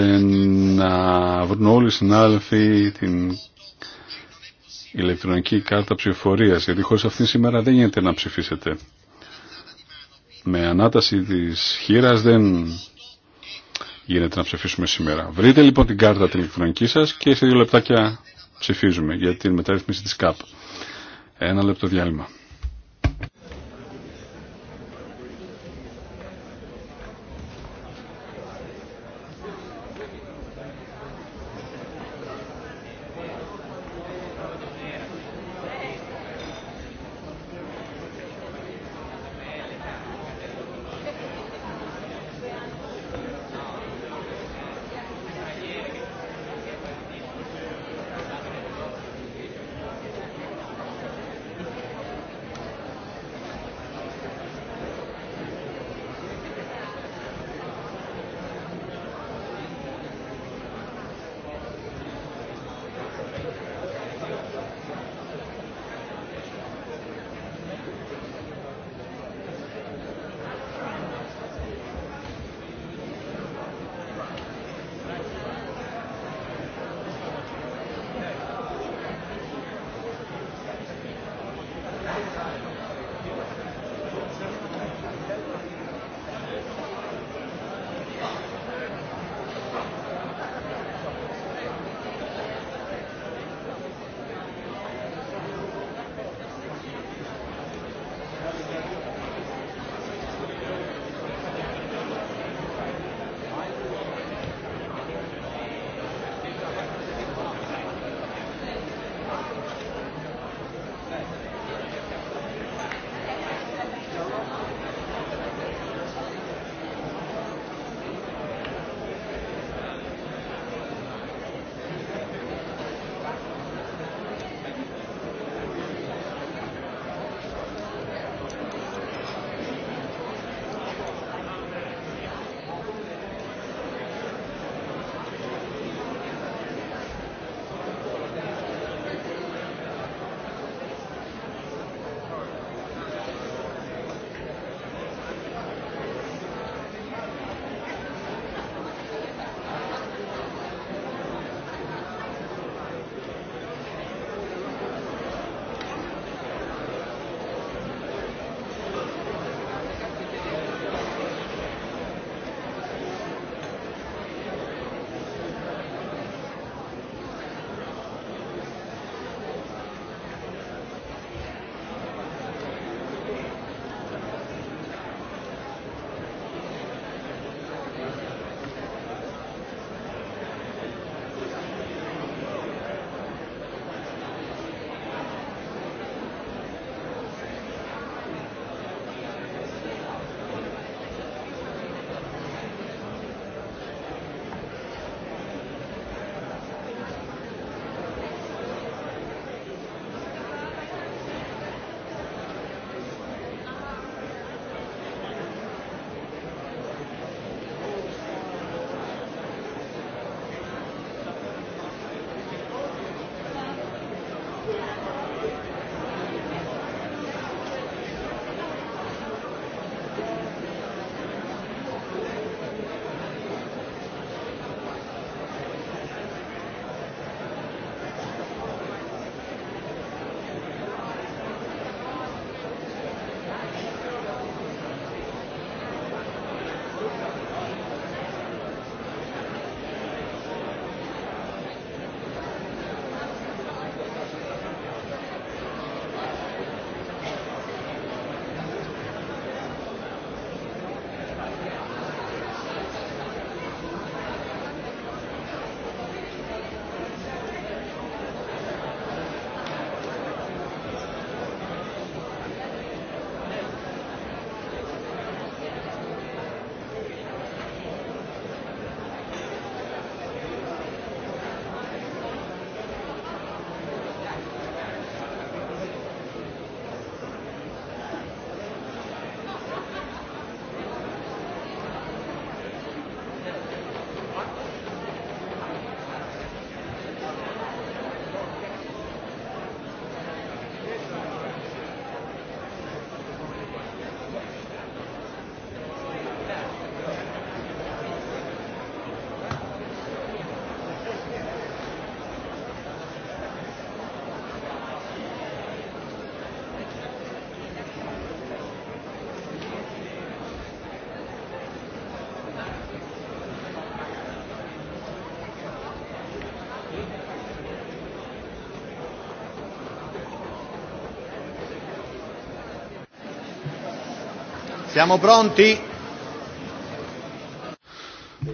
S3: να βρουν όλοι οι συνάδελφοι την ηλεκτρονική κάρτα ψηφορίας, γιατί χωρίς αυτήν σήμερα δεν γίνεται να ψηφίσετε με ανάταση της χείρας δεν γίνεται να ψηφίσουμε σήμερα. Βρείτε λοιπόν την κάρτα την ηλεκτρονική σας και σε δύο λεπτάκια ψηφίζουμε για την μεταρρύθμιση της ΚΑΠ. Ένα λεπτό διάλειμμα.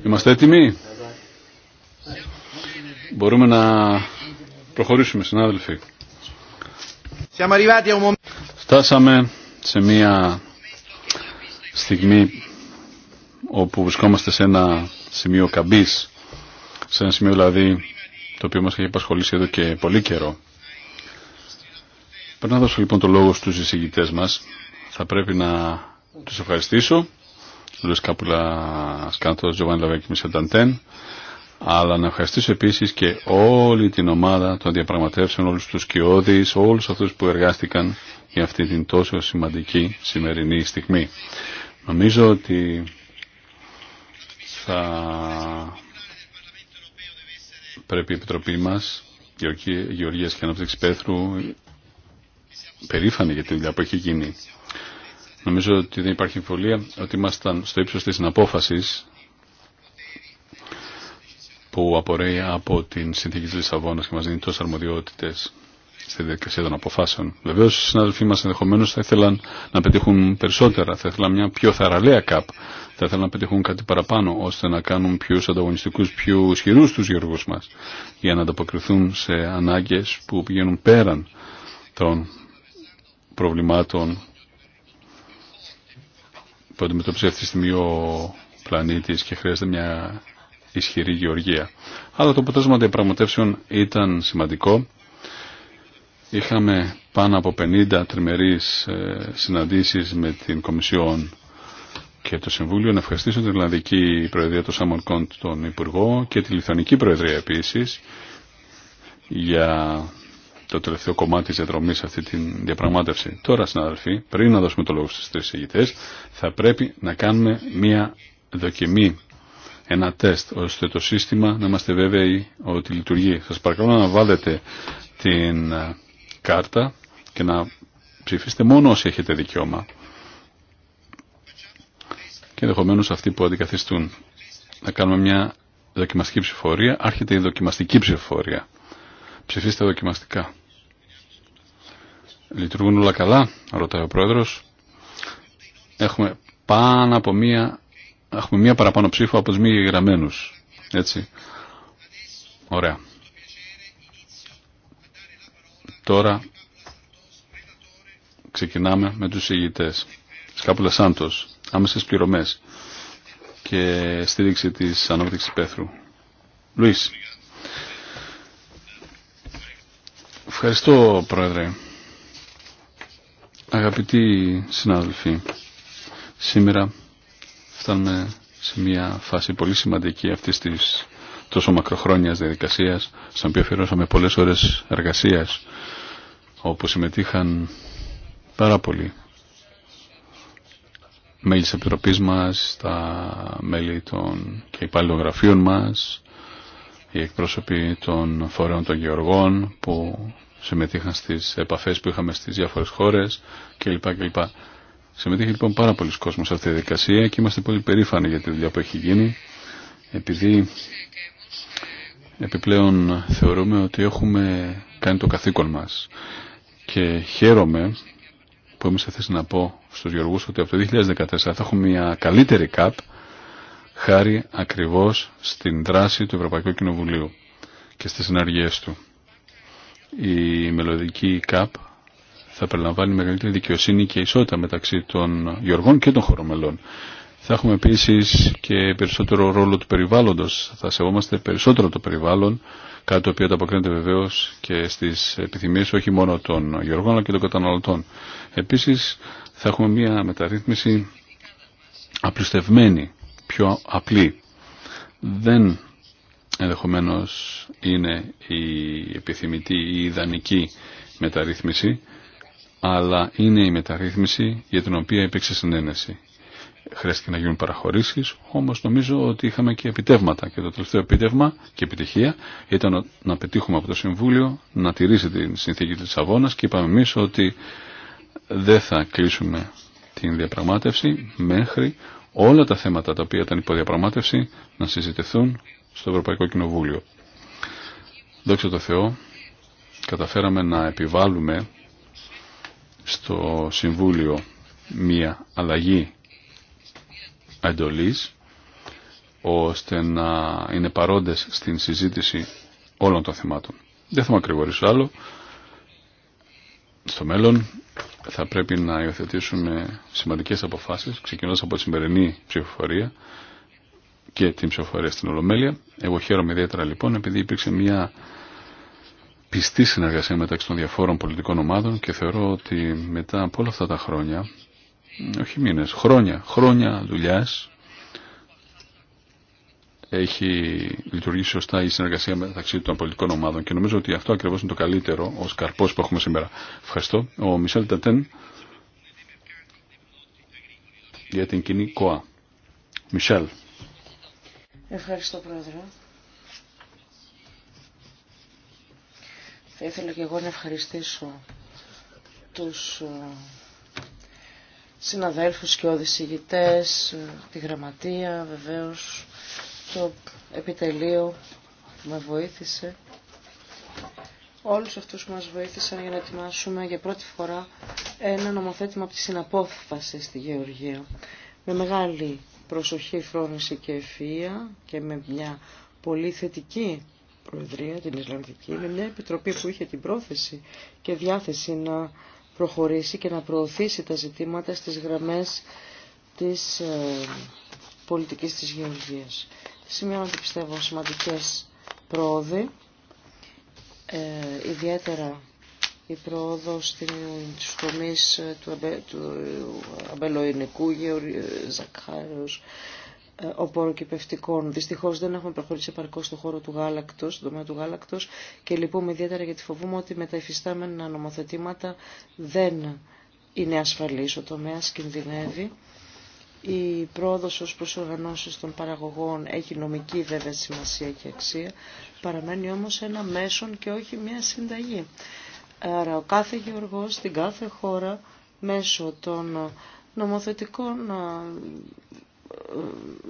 S3: Είμαστε έτοιμοι. Μπορούμε να προχωρήσουμε, συνάδελφοι. Φτάσαμε σε μια στιγμή όπου βρισκόμαστε σε ένα σημείο καμπής, σε ένα σημείο δηλαδή το οποίο μας έχει απασχολήσει εδώ και πολύ καιρό. Πρέπει να δώσω λοιπόν το λόγο στους εισηγητές μας, θα πρέπει να τους ευχαριστήσω. Λουίς Κάπουλα Σκάντος, Τζοβάνι Λαβέκη, Ταντέν, Αλλά να ευχαριστήσω επίσης και όλη την ομάδα των διαπραγματεύσεων, όλους τους κοιόδης, όλους αυτούς που εργάστηκαν για αυτή την τόσο σημαντική σημερινή στιγμή. Νομίζω ότι θα πρέπει η Επιτροπή μας, Γεωργία και Ανάπτυξη Πέθρου, περήφανη για την δουλειά που έχει γίνει Νομίζω ότι δεν υπάρχει εμφωλία ότι ήμασταν στο ύψος της συναπόφασης που απορρέει από την συνθήκη της Λισαβόνας και μας δίνει τόσες αρμοδιότητες στη διαδικασία των αποφάσεων. Βεβαίως οι συνάδελφοί μας ενδεχομένω θα ήθελαν να πετύχουν περισσότερα, θα ήθελαν μια πιο θαραλέα ΚΑΠ, θα ήθελαν να πετύχουν κάτι παραπάνω ώστε να κάνουν πιο ανταγωνιστικούς, πιο ισχυρούς τους γεωργούς μας για να ανταποκριθούν σε ανάγκες που πηγαίνουν πέραν των προβλημάτων που αντιμετωπίζει αυτή τη στιγμή ο πλανήτης και χρειάζεται μια ισχυρή γεωργία. Αλλά το αποτέλεσμα διαπραγματεύσεων ήταν σημαντικό. Είχαμε πάνω από 50 τριμερείς ε, συναντήσεις με την Κομισιόν και το Συμβούλιο. Να ευχαριστήσω την Ιρλανδική Προεδρία του Σάμον Κοντ, τον Υπουργό και τη Λιθανική Προεδρία επίσης για το τελευταίο κομμάτι της διαδρομής αυτή την διαπραγμάτευση. Τώρα, συναδελφοί, πριν να δώσουμε το λόγο στους τρεις ηγητές, θα πρέπει να κάνουμε μία δοκιμή, ένα τεστ, ώστε το σύστημα να είμαστε βέβαιοι ότι λειτουργεί. Σας παρακαλώ να βάλετε την ε, κάρτα και να ψηφίστε μόνο όσοι έχετε δικαίωμα και ενδεχομένω αυτοί που αντικαθιστούν. Να κάνουμε μια δοκιμαστική ψηφορία. Άρχεται η δοκιμαστική ψηφορία. Ψηφίστε δοκιμαστικά. Λειτουργούν όλα καλά, ρωτάει ο πρόεδρος. Έχουμε πάνω από μία, έχουμε μία παραπάνω ψήφο από τους μη γραμμένους. Έτσι. Ωραία. Τώρα ξεκινάμε με τους ηγητές. Σκάπουλα Σάντος, άμεσες πληρωμές και στήριξη της ανάπτυξης Πέθρου. Λουίς. Ευχαριστώ, Πρόεδρε. Αγαπητοί συνάδελφοι, σήμερα φτάνουμε σε μια φάση πολύ σημαντική αυτή τη τόσο μακροχρόνια διαδικασία στην οποία αφιερώσαμε πολλέ ώρε εργασίας, όπου συμμετείχαν πάρα πολλοί μέλη τη επιτροπή μα, τα μέλη των και υπάλληλων γραφείων μας, οι εκπρόσωποι των φορέων των γεωργών που συμμετείχαν στις επαφές που είχαμε στις διάφορες χώρες κλπ. κλπ. Συμμετείχε λοιπόν πάρα πολλοί κόσμο σε αυτή τη δικασία και είμαστε πολύ περήφανοι για τη δουλειά που έχει γίνει επειδή επιπλέον θεωρούμε ότι έχουμε κάνει το καθήκον μας και χαίρομαι που είμαι σε θέση να πω στους Γεωργούς ότι από το 2014 θα έχουμε μια καλύτερη ΚΑΠ χάρη ακριβώς στην δράση του Ευρωπαϊκού Κοινοβουλίου και στις συνεργίες του η μελλοντική ΚΑΠ θα περιλαμβάνει μεγαλύτερη δικαιοσύνη και ισότητα μεταξύ των γεωργών και των χωρομελών. Θα έχουμε επίση και περισσότερο ρόλο του περιβάλλοντο. Θα σεβόμαστε περισσότερο το περιβάλλον, κάτι το οποίο ανταποκρίνεται βεβαίω και στι επιθυμίε όχι μόνο των γεωργών αλλά και των καταναλωτών. Επίση θα έχουμε μια μεταρρύθμιση απλουστευμένη, πιο απλή. Δεν ενδεχομένως είναι η επιθυμητή ή η ιδανική μεταρρύθμιση, αλλά είναι η μεταρρύθμιση για την οποία υπήρξε συνένεση. Χρειάστηκε να γίνουν παραχωρήσει, όμω νομίζω ότι είχαμε και επιτεύγματα. Και το τελευταίο επιτεύγμα και επιτυχία ήταν να πετύχουμε από το Συμβούλιο να τηρήσει την συνθήκη τη Αβώνα και είπαμε εμεί ότι δεν θα κλείσουμε την διαπραγμάτευση μέχρι όλα τα θέματα τα οποία ήταν υποδιαπραγμάτευση να συζητηθούν στο Ευρωπαϊκό Κοινοβούλιο. Δόξα τω Θεώ, καταφέραμε να επιβάλλουμε στο Συμβούλιο μία αλλαγή εντολής ώστε να είναι παρόντες στην συζήτηση όλων των θεμάτων. Δεν θα μακρηγορήσω άλλο. Στο μέλλον θα πρέπει να υιοθετήσουμε σημαντικές αποφάσεις, ξεκινώντας από τη σημερινή ψηφοφορία, και την ψηφοφορία στην Ολομέλεια. Εγώ χαίρομαι ιδιαίτερα λοιπόν επειδή υπήρξε μια πιστή συνεργασία μεταξύ των διαφόρων πολιτικών ομάδων και θεωρώ ότι μετά από όλα αυτά τα χρόνια, όχι μήνες, χρόνια, χρόνια δουλειά έχει λειτουργήσει σωστά η συνεργασία μεταξύ των πολιτικών ομάδων και νομίζω ότι αυτό ακριβώς είναι το καλύτερο ως καρπός που έχουμε σήμερα. Ευχαριστώ. Ο Μισελ Τατέν για την κοινή ΚΟΑ. Μισελ.
S2: Ευχαριστώ, Πρόεδρε. Θα ήθελα και εγώ να ευχαριστήσω τους ε, συναδέλφους και οδησηγητές, ε, τη γραμματεία βεβαίως, το επιτελείο που με βοήθησε. Όλους αυτούς που μας βοήθησαν για να ετοιμάσουμε για πρώτη φορά ένα νομοθέτημα από τη συναπόφαση στη Γεωργία. Με μεγάλη προσοχή, φρόνηση και ευφυΐα και με μια πολύ θετική Προεδρία, την Ισλανδική, με μια επιτροπή που είχε την πρόθεση και διάθεση να προχωρήσει και να προωθήσει τα ζητήματα στις γραμμές της ε, πολιτικής της γεωργίας. Σημειώνονται πιστεύω σημαντικές πρόοδοι, ε, ιδιαίτερα η πρόοδο στους τομείς του, αμπε, του αμπελοϊνικού ε, και πευτικών. Δυστυχώς δεν έχουμε προχωρήσει επαρκώς στον χώρο του γάλακτο, στον τομέα του Γάλακτο. και λυπούμε ιδιαίτερα γιατί φοβούμε ότι με τα υφιστάμενα νομοθετήματα δεν είναι ασφαλή, ο τομέα, κινδυνεύει. Η πρόοδο ω προ οργανώσει των παραγωγών έχει νομική βέβαια σημασία και αξία, παραμένει όμω ένα μέσον και όχι μια συνταγή. Άρα ο κάθε γεωργός στην κάθε χώρα μέσω των ε, νομοθετικών ε, ε,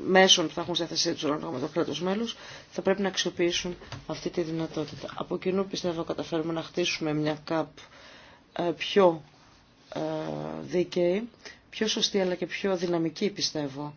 S2: μέσων που θα έχουν σε θέση του ανάλογα με το κράτο θα πρέπει να αξιοποιήσουν αυτή τη δυνατότητα. Από κοινού πιστεύω καταφέρουμε να χτίσουμε μια ΚΑΠ πιο δίκαιη, πιο σωστή αλλά και πιο δυναμική πιστεύω.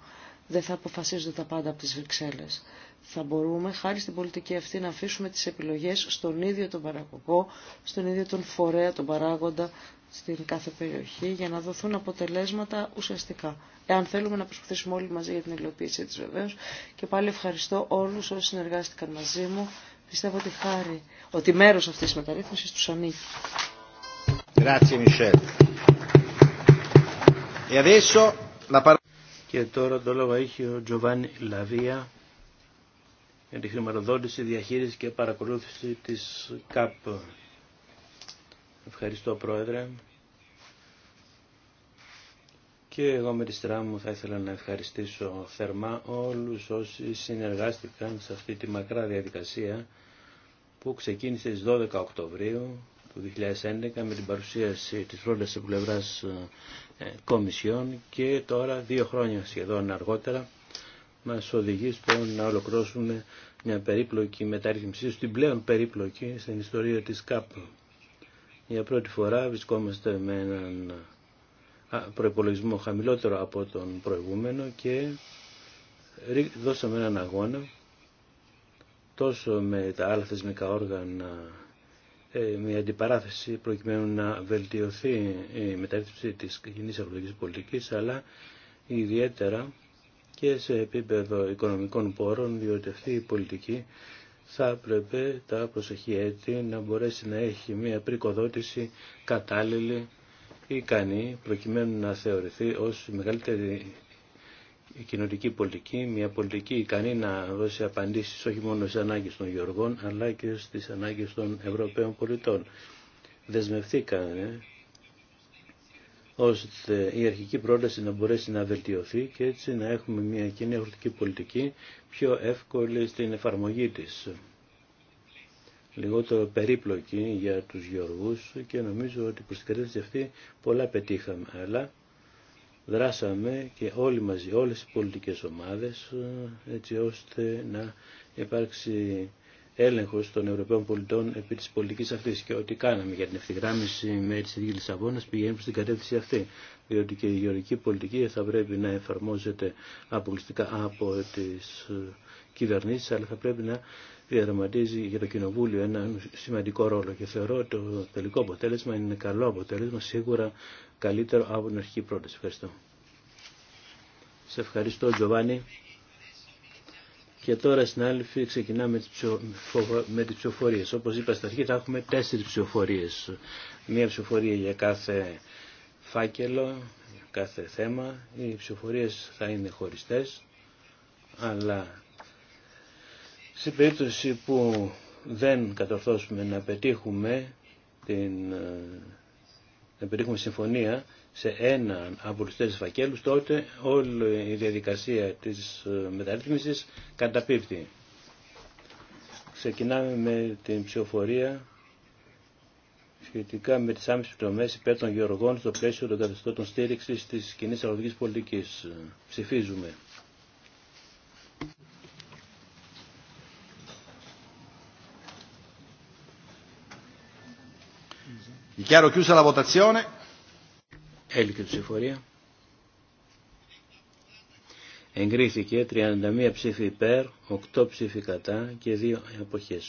S2: Δεν θα αποφασίζονται τα πάντα από τις Βρυξέλλες θα μπορούμε χάρη στην πολιτική αυτή να αφήσουμε τις επιλογές στον ίδιο τον παραγωγό, στον ίδιο τον φορέα, τον παράγοντα, στην κάθε περιοχή για να δοθούν αποτελέσματα ουσιαστικά. Εάν θέλουμε να προσπαθήσουμε όλοι μαζί για την υλοποίησή της βεβαίως και πάλι ευχαριστώ όλους όσοι συνεργάστηκαν μαζί μου. Πιστεύω ότι χάρη, ότι μέρος αυτής της μεταρρύθμισης τους ανήκει.
S1: E και τώρα το λόγο έχει ο Τζοβάνι Λαβία για τη χρηματοδότηση, διαχείριση και παρακολούθηση της ΚΑΠ. Ευχαριστώ Πρόεδρε. Και εγώ με τη σειρά μου θα ήθελα να ευχαριστήσω θερμά όλους όσοι συνεργάστηκαν σε αυτή τη μακρά διαδικασία που ξεκίνησε στις 12 Οκτωβρίου του 2011 με την παρουσίαση της πρότασης πλευράς ε, κομισιών και τώρα δύο χρόνια σχεδόν αργότερα μας οδηγεί στο να ολοκληρώσουμε μια περίπλοκη μεταρρύθμιση στην πλέον περίπλοκη στην ιστορία της ΚΑΠ. Για πρώτη φορά βρισκόμαστε με έναν προπολογισμό χαμηλότερο από τον προηγούμενο και δώσαμε έναν αγώνα τόσο με τα άλλα θεσμικά όργανα ε, μια αντιπαράθεση προκειμένου να βελτιωθεί η μεταρρύθμιση της κοινή ευρωπαϊκής πολιτικής αλλά ιδιαίτερα και σε επίπεδο οικονομικών πόρων, διότι αυτή η πολιτική θα έπρεπε τα προσεχή έτη να μπορέσει να έχει μια πρικοδότηση κατάλληλη ή ικανή προκειμένου να θεωρηθεί ως η μεγαλύτερη κοινωνική πολιτική, μια πολιτική ικανή να δώσει απαντήσεις όχι μόνο στις ανάγκες των γεωργών αλλά και στις ανάγκες των Ευρωπαίων πολιτών. Δεσμευθήκανε ώστε η αρχική πρόταση να μπορέσει να βελτιωθεί και έτσι να έχουμε μια κοινή αγροτική πολιτική πιο εύκολη στην εφαρμογή της. Λιγότερο περίπλοκη για τους γεωργούς και νομίζω ότι προς την κατεύθυνση αυτή πολλά πετύχαμε, αλλά δράσαμε και όλοι μαζί, όλες οι πολιτικές ομάδες, ε, έτσι ώστε να υπάρξει Έλεγχο των Ευρωπαίων πολιτών επί τη πολιτική αυτή και ό,τι κάναμε για την ευθυγράμμιση με τη Συνθήκη Λισαβόνα πηγαίνει προς την κατεύθυνση αυτή. Διότι και η γεωρική πολιτική θα πρέπει να εφαρμόζεται αποκλειστικά από τι ε, κυβερνήσει, αλλά θα πρέπει να διαδραματίζει για το Κοινοβούλιο ένα σημαντικό ρόλο και θεωρώ ότι το τελικό αποτέλεσμα είναι καλό αποτέλεσμα, σίγουρα καλύτερο από την αρχική πρόταση. Ευχαριστώ. Σε ευχαριστώ Τζοβάνι. Και τώρα, στην άλλη ξεκινάμε με τις ψηφοφορίες. Όπως είπα στην αρχή, θα έχουμε τέσσερις ψηφοφορίες. Μία ψηφοφορία για κάθε φάκελο, για κάθε θέμα. Οι ψηφοφορίες θα είναι χωριστές, αλλά σε περίπτωση που δεν κατορθώσουμε να πετύχουμε την ε, να πετύχουμε συμφωνία, σε έναν από τους τέσσερις φακέλους, τότε όλη η διαδικασία της ε, μεταρρύθμισης καταπίπτει. Ξεκινάμε με την ψηφοφορία σχετικά με τις άμεσες πτωμές υπέρ των γεωργών στο πλαίσιο των καθεστώτων στήριξης της κοινή αγροτικής πολιτικής. Ψηφίζουμε.
S3: Dichiaro chiusa la votazione
S1: του ψηφορία. Εγκρίθηκε 31 ψήφοι υπέρ, 8 ψήφοι κατά και 2 εποχέ.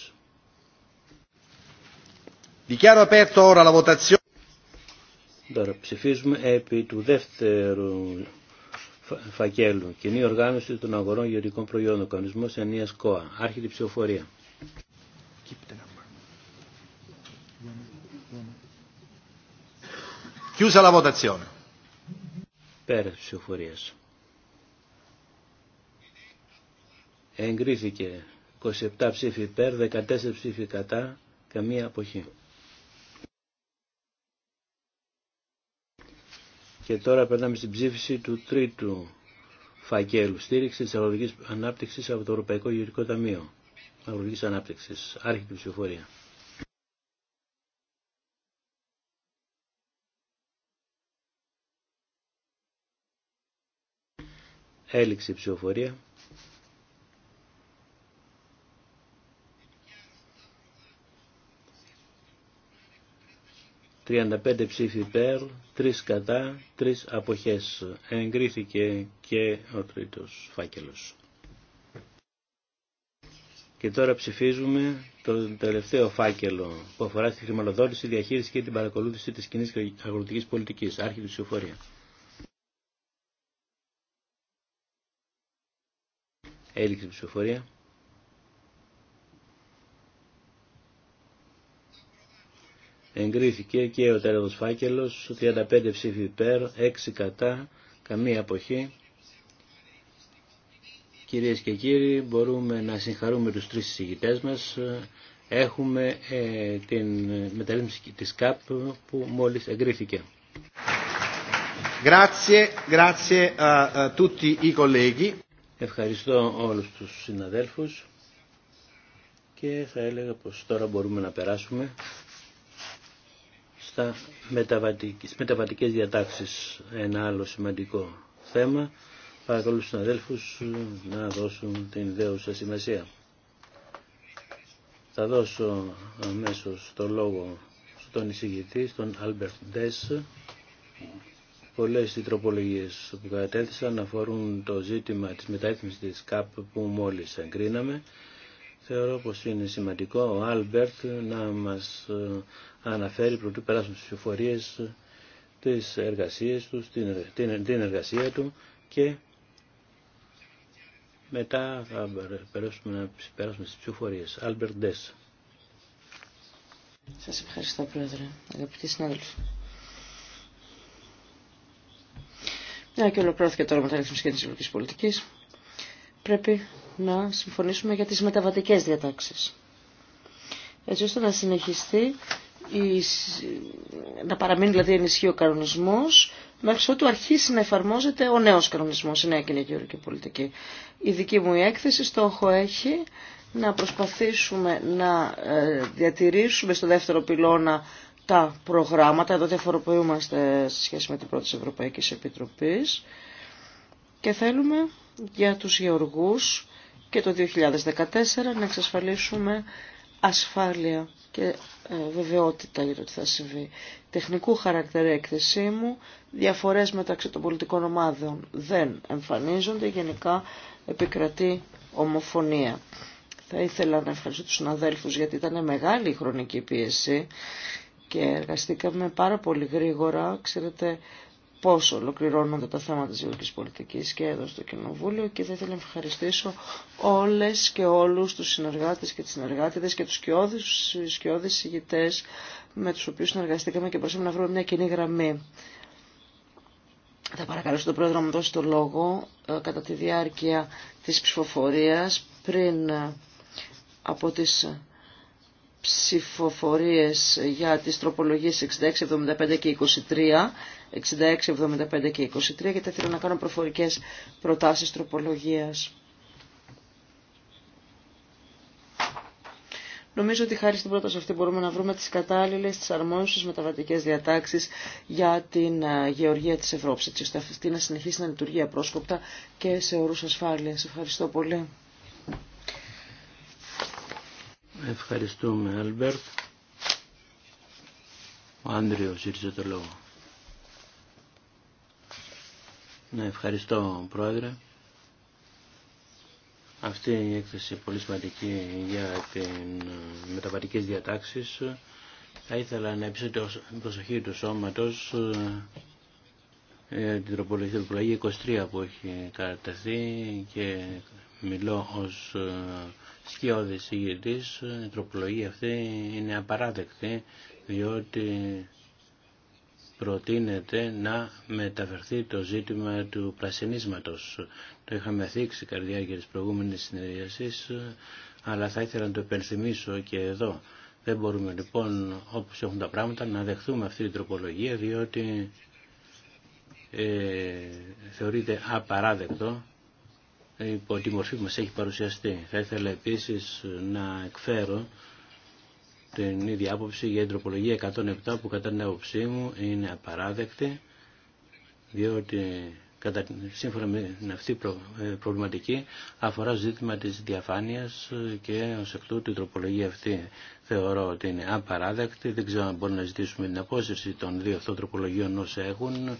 S1: Τώρα ψηφίζουμε επί του δεύτερου φακέλου. Κοινή οργάνωση των αγορών γεωργικών προϊόντων. Κανονισμό ενία ΚΟΑ. Άρχιτη ψηφοφορία. Chiusa la votazione. Πέρα Εγκρίθηκε 27 ψήφοι υπέρ, 14 ψήφοι κατά, καμία αποχή. Και τώρα περνάμε στην ψήφιση του τρίτου φακέλου. Στήριξη της αγροτική ανάπτυξη από το Ευρωπαϊκό Γεωργικό Ταμείο. Αγροτική ανάπτυξη. Άρχιτη ψηφοφορία. Έληξη ψηφοφορία. ...35 ψήφοι υπέρ, 3 κατά, 3 αποχές. Εγκρίθηκε και ο τρίτος φάκελος. Και τώρα ψηφίζουμε το τελευταίο φάκελο που αφορά στη χρηματοδότηση, διαχείριση και την παρακολούθηση της κοινή αγροτικής πολιτικής. Άρχη ψηφοφορία. Έληξη ψηφοφορία. Εγκρίθηκε και ο τέλος φάκελος, 35 ψήφοι υπέρ, 6 κατά, καμία αποχή. Κυρίες και κύριοι, μπορούμε να συγχαρούμε τους τρεις συζητητές μας. Έχουμε ε, την μεταρρύθμιση της ΚΑΠ που μόλις εγκρίθηκε. Grazie, grazie a ε, ε, tutti i colleghi. Ευχαριστώ όλους τους συναδέλφους και θα έλεγα πως τώρα μπορούμε να περάσουμε στα μεταβατικές, μεταβατικές διατάξεις ένα άλλο σημαντικό θέμα παρακαλώ τους συναδέλφους να δώσουν την δέουσα σημασία. Θα δώσω αμέσως το λόγο στον εισηγητή, στον Άλμπερτ Ντές Πολλές οι τροπολογίες που κατέθεσαν αφορούν το ζήτημα της μεταρρύθμισης της ΚΑΠ που μόλις εγκρίναμε. Θεωρώ πως είναι σημαντικό ο Άλμπερτ να μας ε, αναφέρει πρωτού περάσουμε στις ψηφοφορίες ε, τις εργασίες του, την εργασία του και μετά θα περάσουμε, να περάσουμε στις ψηφοφορίες. Άλμπερτ Ντέσσα.
S2: Σας ευχαριστώ Πρόεδρε, αγαπητοί συνάδελφοι. Ναι, και ολοκληρώθηκε τώρα μεταρρύθμιση και τη ευρωπαϊκή πολιτική, πρέπει να συμφωνήσουμε για τι μεταβατικέ διατάξει. Έτσι ώστε να συνεχιστεί, η... να παραμείνει δηλαδή ενισχύει ο κανονισμό, μέχρι ότου αρχίσει να εφαρμόζεται ο νέο κανονισμό, η νέα κοινή γεωργική πολιτική. Η δική μου έκθεση στόχο έχει να προσπαθήσουμε να ε, διατηρήσουμε στο δεύτερο πυλώνα τα προγράμματα, εδώ διαφοροποιούμαστε σε σχέση με την πρώτη ευρωπαϊκή Επιτροπή, και θέλουμε για τους γεωργούς και το 2014 να εξασφαλίσουμε ασφάλεια και ε, βεβαιότητα για το τι θα συμβεί. Τεχνικού χαρακτήρα έκθεσή μου, διαφορές μεταξύ των πολιτικών ομάδων δεν εμφανίζονται, γενικά επικρατεί ομοφωνία. Θα ήθελα να ευχαριστώ τους συναδέλφους γιατί ήταν μεγάλη η χρονική πίεση και εργαστήκαμε πάρα πολύ γρήγορα. Ξέρετε πόσο ολοκληρώνονται τα θέματα της γεωργικής πολιτικής και εδώ στο Κοινοβούλιο και θα ήθελα να ευχαριστήσω όλες και όλους τους συνεργάτες και τις συνεργάτητες και τους σκιώδεις, σκιώδεις με τους οποίους συνεργαστήκαμε και μπορούσαμε να βρούμε μια κοινή γραμμή. Θα παρακαλώ τον Πρόεδρο να μου δώσει το λόγο ε, κατά τη διάρκεια της ψηφοφορίας πριν ε, από τις ψηφοφορίες για τις τροπολογίες 66, 75 και 23, 66, 75 και 23, γιατί θέλω να κάνω προφορικές προτάσεις τροπολογίας. Νομίζω ότι χάρη στην πρόταση αυτή μπορούμε να βρούμε τις κατάλληλες, τις αρμόνισες μεταβατικές διατάξεις για την ε, γεωργία της Ευρώπης, έτσι ώστε αυτή να συνεχίσει να λειτουργεί απρόσκοπτα και σε όρους ασφάλειας. Ευχαριστώ πολύ.
S1: Ευχαριστούμε, Άλμπερτ. Ο Άνδριος ζήτησε το λόγο. Ναι, ευχαριστώ, Πρόεδρε. Αυτή η έκθεση πολύ σημαντική για την ε, μεταβατικές διατάξεις. Θα ήθελα να επίσω την προσοχή του σώματος ε, την τροπολογική τροπολογία 23 που έχει κατατεθεί και μιλώ ως ε, σκιώδης ηγετής, η τροπολογία αυτή είναι απαράδεκτη διότι προτείνεται να μεταφερθεί το ζήτημα του πρασινίσματος. Το είχαμε θίξει καρδιά τη τις συνεδρίαση, αλλά θα ήθελα να το υπενθυμίσω και εδώ. Δεν μπορούμε λοιπόν όπως έχουν τα πράγματα να δεχθούμε αυτή την τροπολογία διότι ε, θεωρείται απαράδεκτο υπό ε, τη μορφή που μας έχει παρουσιαστεί. Θα ήθελα επίσης να εκφέρω την ίδια άποψη για την τροπολογία 107 που κατά την άποψή μου είναι απαράδεκτη διότι κατά, σύμφωνα με αυτή ε, προβληματική αφορά ζήτημα της διαφάνειας και ως εκ τούτου η τροπολογία αυτή θεωρώ ότι είναι απαράδεκτη. Δεν ξέρω αν μπορούμε να ζητήσουμε την απόσυρση των δύο αυτών τροπολογιών όσο έχουν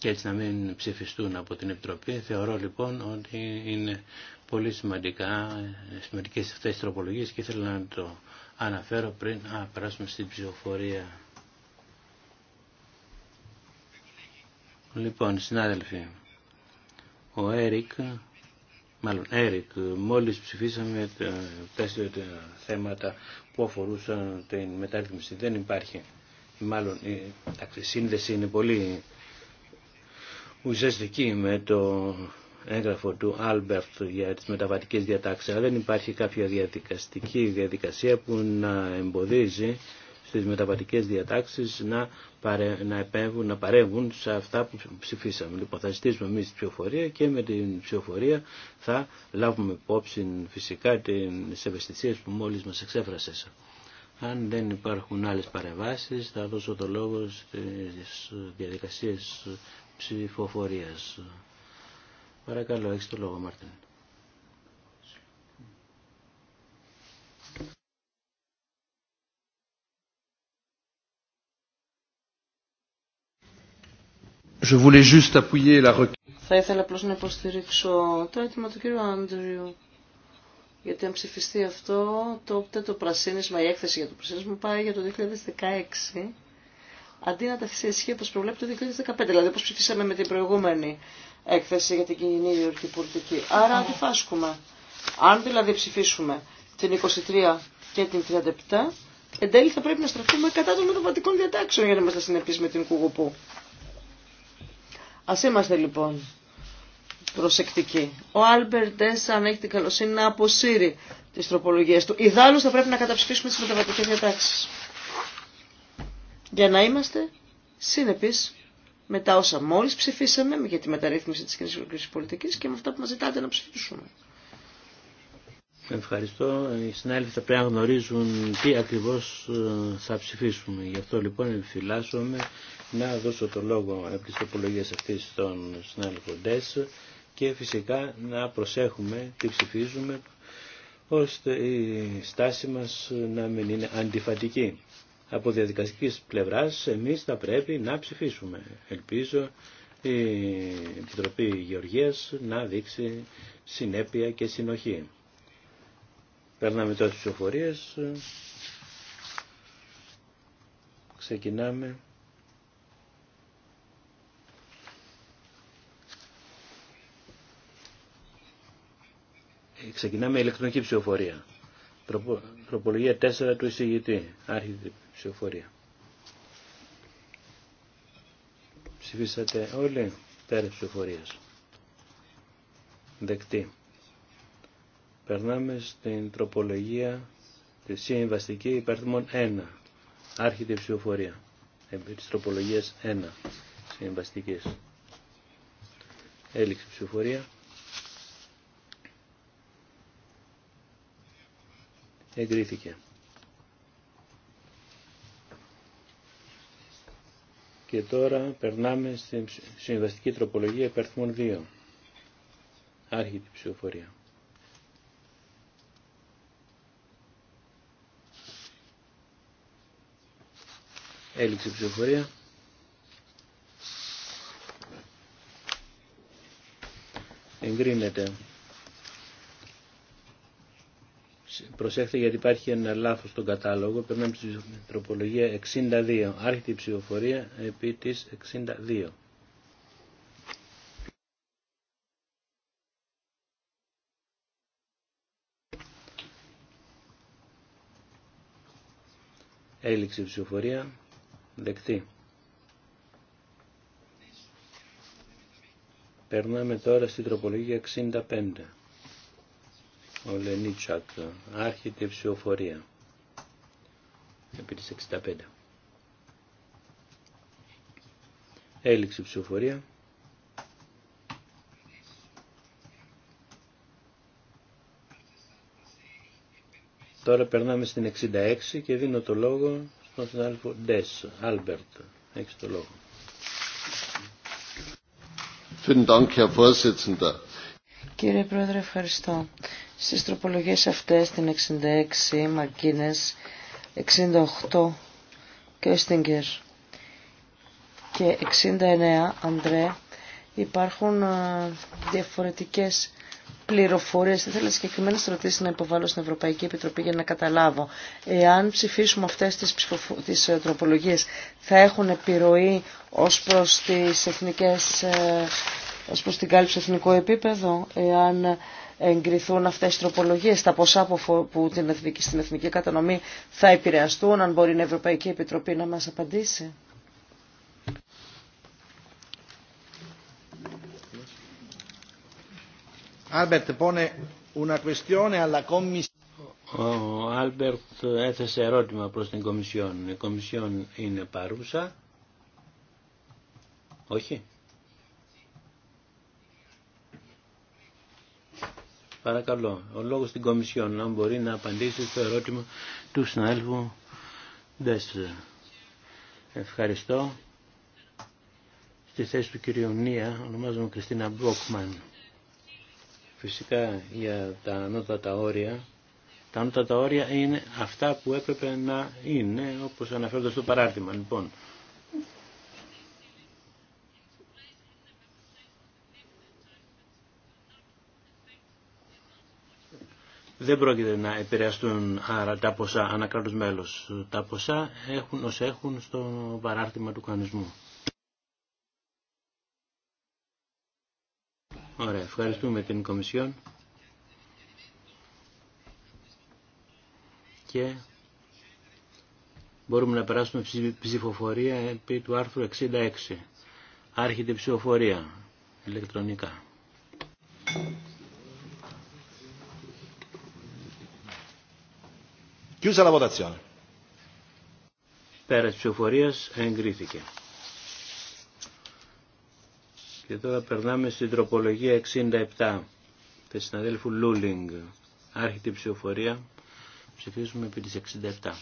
S1: και έτσι να μην ψηφιστούν από την Επιτροπή. Θεωρώ λοιπόν ότι είναι πολύ σημαντικά, ε, σημαντικές αυτές οι τροπολογίες και ήθελα να το αναφέρω πριν να περάσουμε στην ψηφοφορία. Λοιπόν, συνάδελφοι, ο Έρικ, μάλλον Έρικ, μόλις ψηφίσαμε ε, τέσσερα ε, θέματα που αφορούσαν την μετάρρυθμιση. Δεν υπάρχει, μάλλον η σύνδεση είναι πολύ ουσιαστική με το έγγραφο του Άλμπερτ για τις μεταβατικές διατάξεις, αλλά δεν υπάρχει κάποια διαδικαστική διαδικασία που να εμποδίζει στις μεταβατικές διατάξεις να, παρε, να να παρέμβουν σε αυτά που ψηφίσαμε. Λοιπόν, θα ζητήσουμε εμείς τη ψηφοφορία και με την ψηφοφορία θα λάβουμε υπόψη φυσικά τις ευαισθησίες που μόλις μας εξέφρασες. Αν δεν υπάρχουν άλλες παρεμβάσεις θα δώσω το λόγο στις διαδικασίες ψηφοφορίας. Παρακαλώ, έχεις το λόγο Μάρτιν.
S2: Θα ήθελα απλώ να υποστηρίξω το αίτημα του κύριου Άντριου. Γιατί αν ψηφιστεί αυτό, τότε το πρασίνισμα, η έκθεση για το πρασίνισμα πάει για το 2016 αντί να τεθεί σε ισχύ όπως προβλέπει το 2015, δηλαδή όπω ψηφίσαμε με την προηγούμενη έκθεση για την κοινή ιδιορκή πολιτική. Άρα αντιφάσκουμε. Αν δηλαδή ψηφίσουμε την 23 και την 37, εν τέλει θα πρέπει να στραφούμε κατά των μεταβατικών διατάξεων για να είμαστε συνεπεί με την Κουγουπού. Α είμαστε λοιπόν προσεκτικοί. Ο Άλμπερτ Ντέσσα, αν έχει την καλοσύνη, να αποσύρει τις τροπολογίες του. Ιδάλω θα πρέπει να καταψηφίσουμε τι μεταβατικέ διατάξει για να είμαστε συνεπείς με τα όσα μόλις ψηφίσαμε για τη μεταρρύθμιση της κοινωνικής πολιτικής και με αυτά που μας ζητάτε να ψηφίσουμε.
S1: Ευχαριστώ. Οι συνάδελφοι θα πρέπει να γνωρίζουν τι ακριβώς ε, θα ψηφίσουμε. Γι' αυτό λοιπόν επιφυλάσσομαι να δώσω το λόγο από τις τοπολογίες αυτής των συνάδελφο και φυσικά να προσέχουμε τι ψηφίζουμε ώστε η στάση μας να μην είναι αντιφατική από διαδικαστικής πλευράς εμείς θα πρέπει να ψηφίσουμε. Ελπίζω η Επιτροπή Γεωργίας να δείξει συνέπεια και συνοχή. Περνάμε τώρα στις ψηφοφορίες. Ξεκινάμε. Ξεκινάμε ηλεκτρονική ψηφοφορία. Τροπολογία 4 του εισηγητή. Άρχιτε ψηφοφορία. Ψηφίσατε όλοι πέρα ψηφοφορία. Δεκτή. Περνάμε στην τροπολογία τη συμβαστική υπαριθμών 1. Άρχεται η ψηφοφορία. Επί της τροπολογίας 1. Συμβαστική. Έληξη ψηφοφορία. Εγκρίθηκε. Και τώρα περνάμε στην συμβαστική τροπολογία υπερθμών 2. Άρχιτη ψηφοφορία. Έληξη ψηφοφορία. Εγκρίνεται. προσέξτε γιατί υπάρχει ένα λάθος στον κατάλογο. Περνάμε στη τροπολογία 62. Άρχεται η ψηφοφορία επί της 62. Έληξε ψηφοφορία. Δεκτή. Περνάμε τώρα στην τροπολογία 65. Ο Λενίτσακ. Άρχιτε ψηφοφορία. Επί της 65. Έληξη ψηφοφορία. Τώρα περνάμε στην 66 και δίνω το λόγο στον συνάδελφο Ντες, Άλμπερτ. Έχεις το λόγο.
S2: Κύριε Πρόεδρε, ευχαριστώ. Στις τροπολογίες αυτές, την 66, Μαρκίνες, 68 Κέστιγκερ και 69, Αντρέ, υπάρχουν ε, διαφορετικές πληροφορίες. Δεν θέλω συγκεκριμένε ρωτήσεις να υποβάλω στην Ευρωπαϊκή Επιτροπή για να καταλάβω. Εάν ψηφίσουμε αυτές τις, ψηφοφο... τις ε, τροπολογίες, θα έχουν επιρροή ως προς τις εθνικές ε, ως προς την κάλυψη εθνικό επίπεδο, εάν εγκριθούν αυτές οι τροπολογίες, τα ποσά που την στην εθνική κατανομή θα επηρεαστούν, αν μπορεί η Ευρωπαϊκή Επιτροπή να μας απαντήσει.
S1: Ο Άλμπερτ έθεσε ερώτημα προς την Κομισιόν. Η Κομισιόν είναι παρούσα. Όχι. Παρακαλώ, ο λόγος στην Κομισιόν, αν μπορεί να απαντήσει στο ερώτημα του συνάδελφου Ντέσσερ. Ευχαριστώ. Στη θέση του κυρίου Νία ονομάζομαι Κριστίνα Μπόκμαν. Φυσικά για τα ανώτατα όρια. Τα ανώτατα όρια είναι αυτά που έπρεπε να είναι, όπως αναφέρονται στο παράρτημα. Λοιπόν, δεν πρόκειται να επηρεαστούν άρα τα ποσά ανακράτους μέλος. Τα ποσά έχουν ως έχουν στο παράρτημα του κανονισμού. Ωραία, ευχαριστούμε την Κομισιόν. Και μπορούμε να περάσουμε ψηφοφορία επί του άρθρου 66. Άρχεται ψηφοφορία ηλεκτρονικά. Chiusa la votazione. Πέρα ψηφοφορίας εγκρίθηκε. Και τώρα περνάμε στην τροπολογία 67 της συναδέλφου Λούλινγκ. Άρχιτη ψηφοφορία. Ψηφίζουμε επί της 67.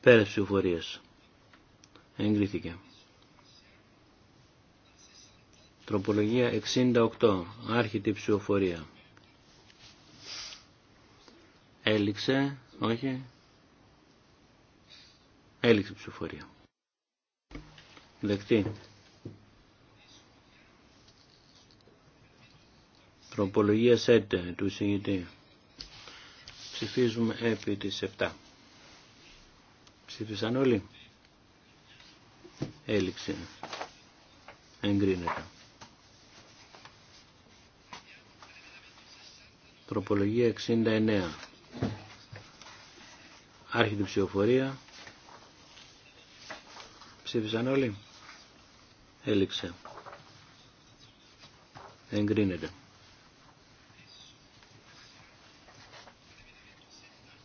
S1: Πέρα ψηφοφορίας. Εγκρίθηκε. Τροπολογία 68. Άρχιτη ψηφοφορία. Έληξε, όχι. Έληξε ψηφοφορία. Δεκτή. Τροπολογία ΣΕΤΕ του εισηγητή. Ψηφίζουμε επί της 7. Ψήφισαν όλοι. Έληξε. Εγκρίνεται. Τροπολογία 69 Άρχεται ψηφοφορία. Ψήφισαν όλοι. Έληξε. Εγκρίνεται.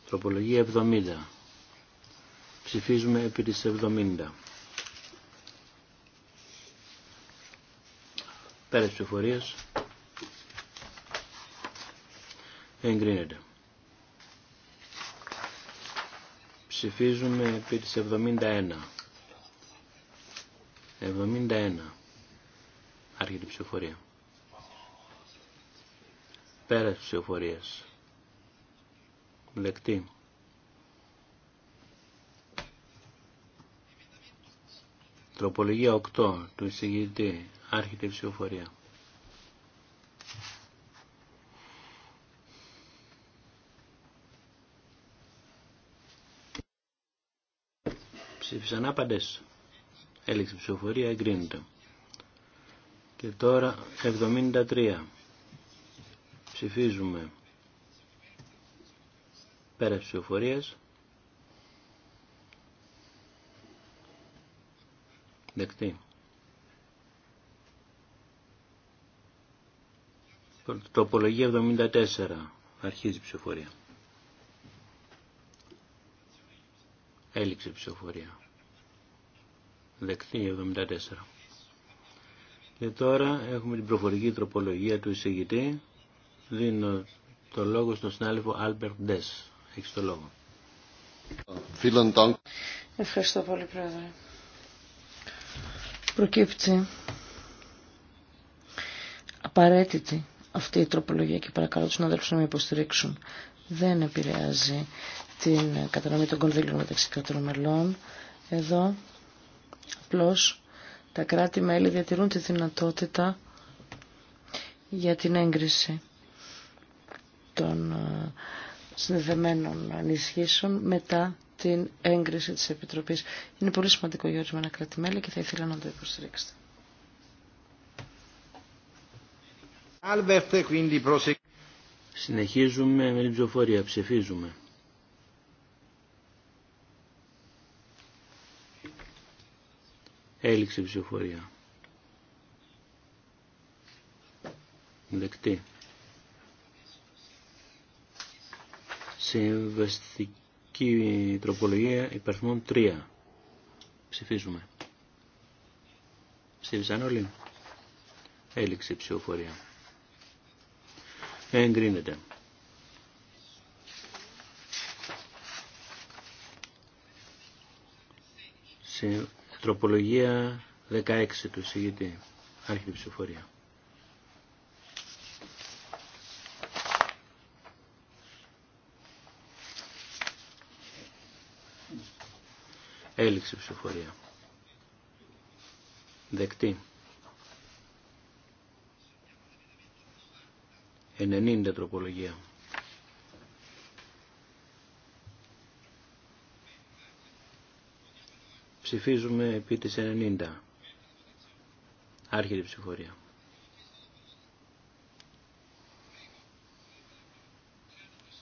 S1: Τροπολογία 70. Ψηφίζουμε επί της 70. Πέρας ψηφοφορίας. Εγκρίνεται. Ψηφίζουμε επί της 71. 71. Άρχεται η ψηφοφορία. Πέρα της ψηφοφορίας. Δεκτή. Τροπολογία 8 του εισηγητή. Άρχεται η ψηφοφορία. Ψήφισαν άπαντες. Έληξη ψηφοφορία εγκρίνεται. Και τώρα 73. Ψηφίζουμε πέρα ψηφοφορία. Δεκτή. Τοπολογία 74. Αρχίζει ψηφοφορία. Έληξε ψηφοφορία. Δεκτή 74. Και τώρα έχουμε την προφορική τροπολογία του εισηγητή. Δίνω το λόγο στον συνάδελφο Άλμπερτ Ντες. Έχεις το λόγο.
S2: Ευχαριστώ πολύ, Πρόεδρε. Προκύπτει απαραίτητη αυτή η τροπολογία και παρακαλώ τους συναδέλφους να με υποστηρίξουν. Δεν επηρεάζει την κατανομή των κονδύλων μεταξύ κρατών μελών. Εδώ Απλώς τα κράτη-μέλη διατηρούν τη δυνατότητα για την έγκριση των ε, συνδεδεμένων ανισχύσεων μετά την έγκριση της Επιτροπής. Είναι πολύ σημαντικό για ορισμένα κράτη-μέλη και θα ήθελα να το υποστηρίξετε.
S1: Συνεχίζουμε με την Ψηφίζουμε. Έληξε ψηφοφορία. Δεκτή. Συμβαστική τροπολογία υπερθμών 3. Ψηφίζουμε. Ψήφισαν όλοι. Έληξε ψηφοφορία. Εγκρίνεται. Τροπολογία 16 του Σιγητή. Άρχιτη ψηφοφορία. Έληξη ψηφοφορία. Δεκτή. 90 τροπολογία. Ψηφίζουμε επί της 90. Άρχιτη η ψηφορία.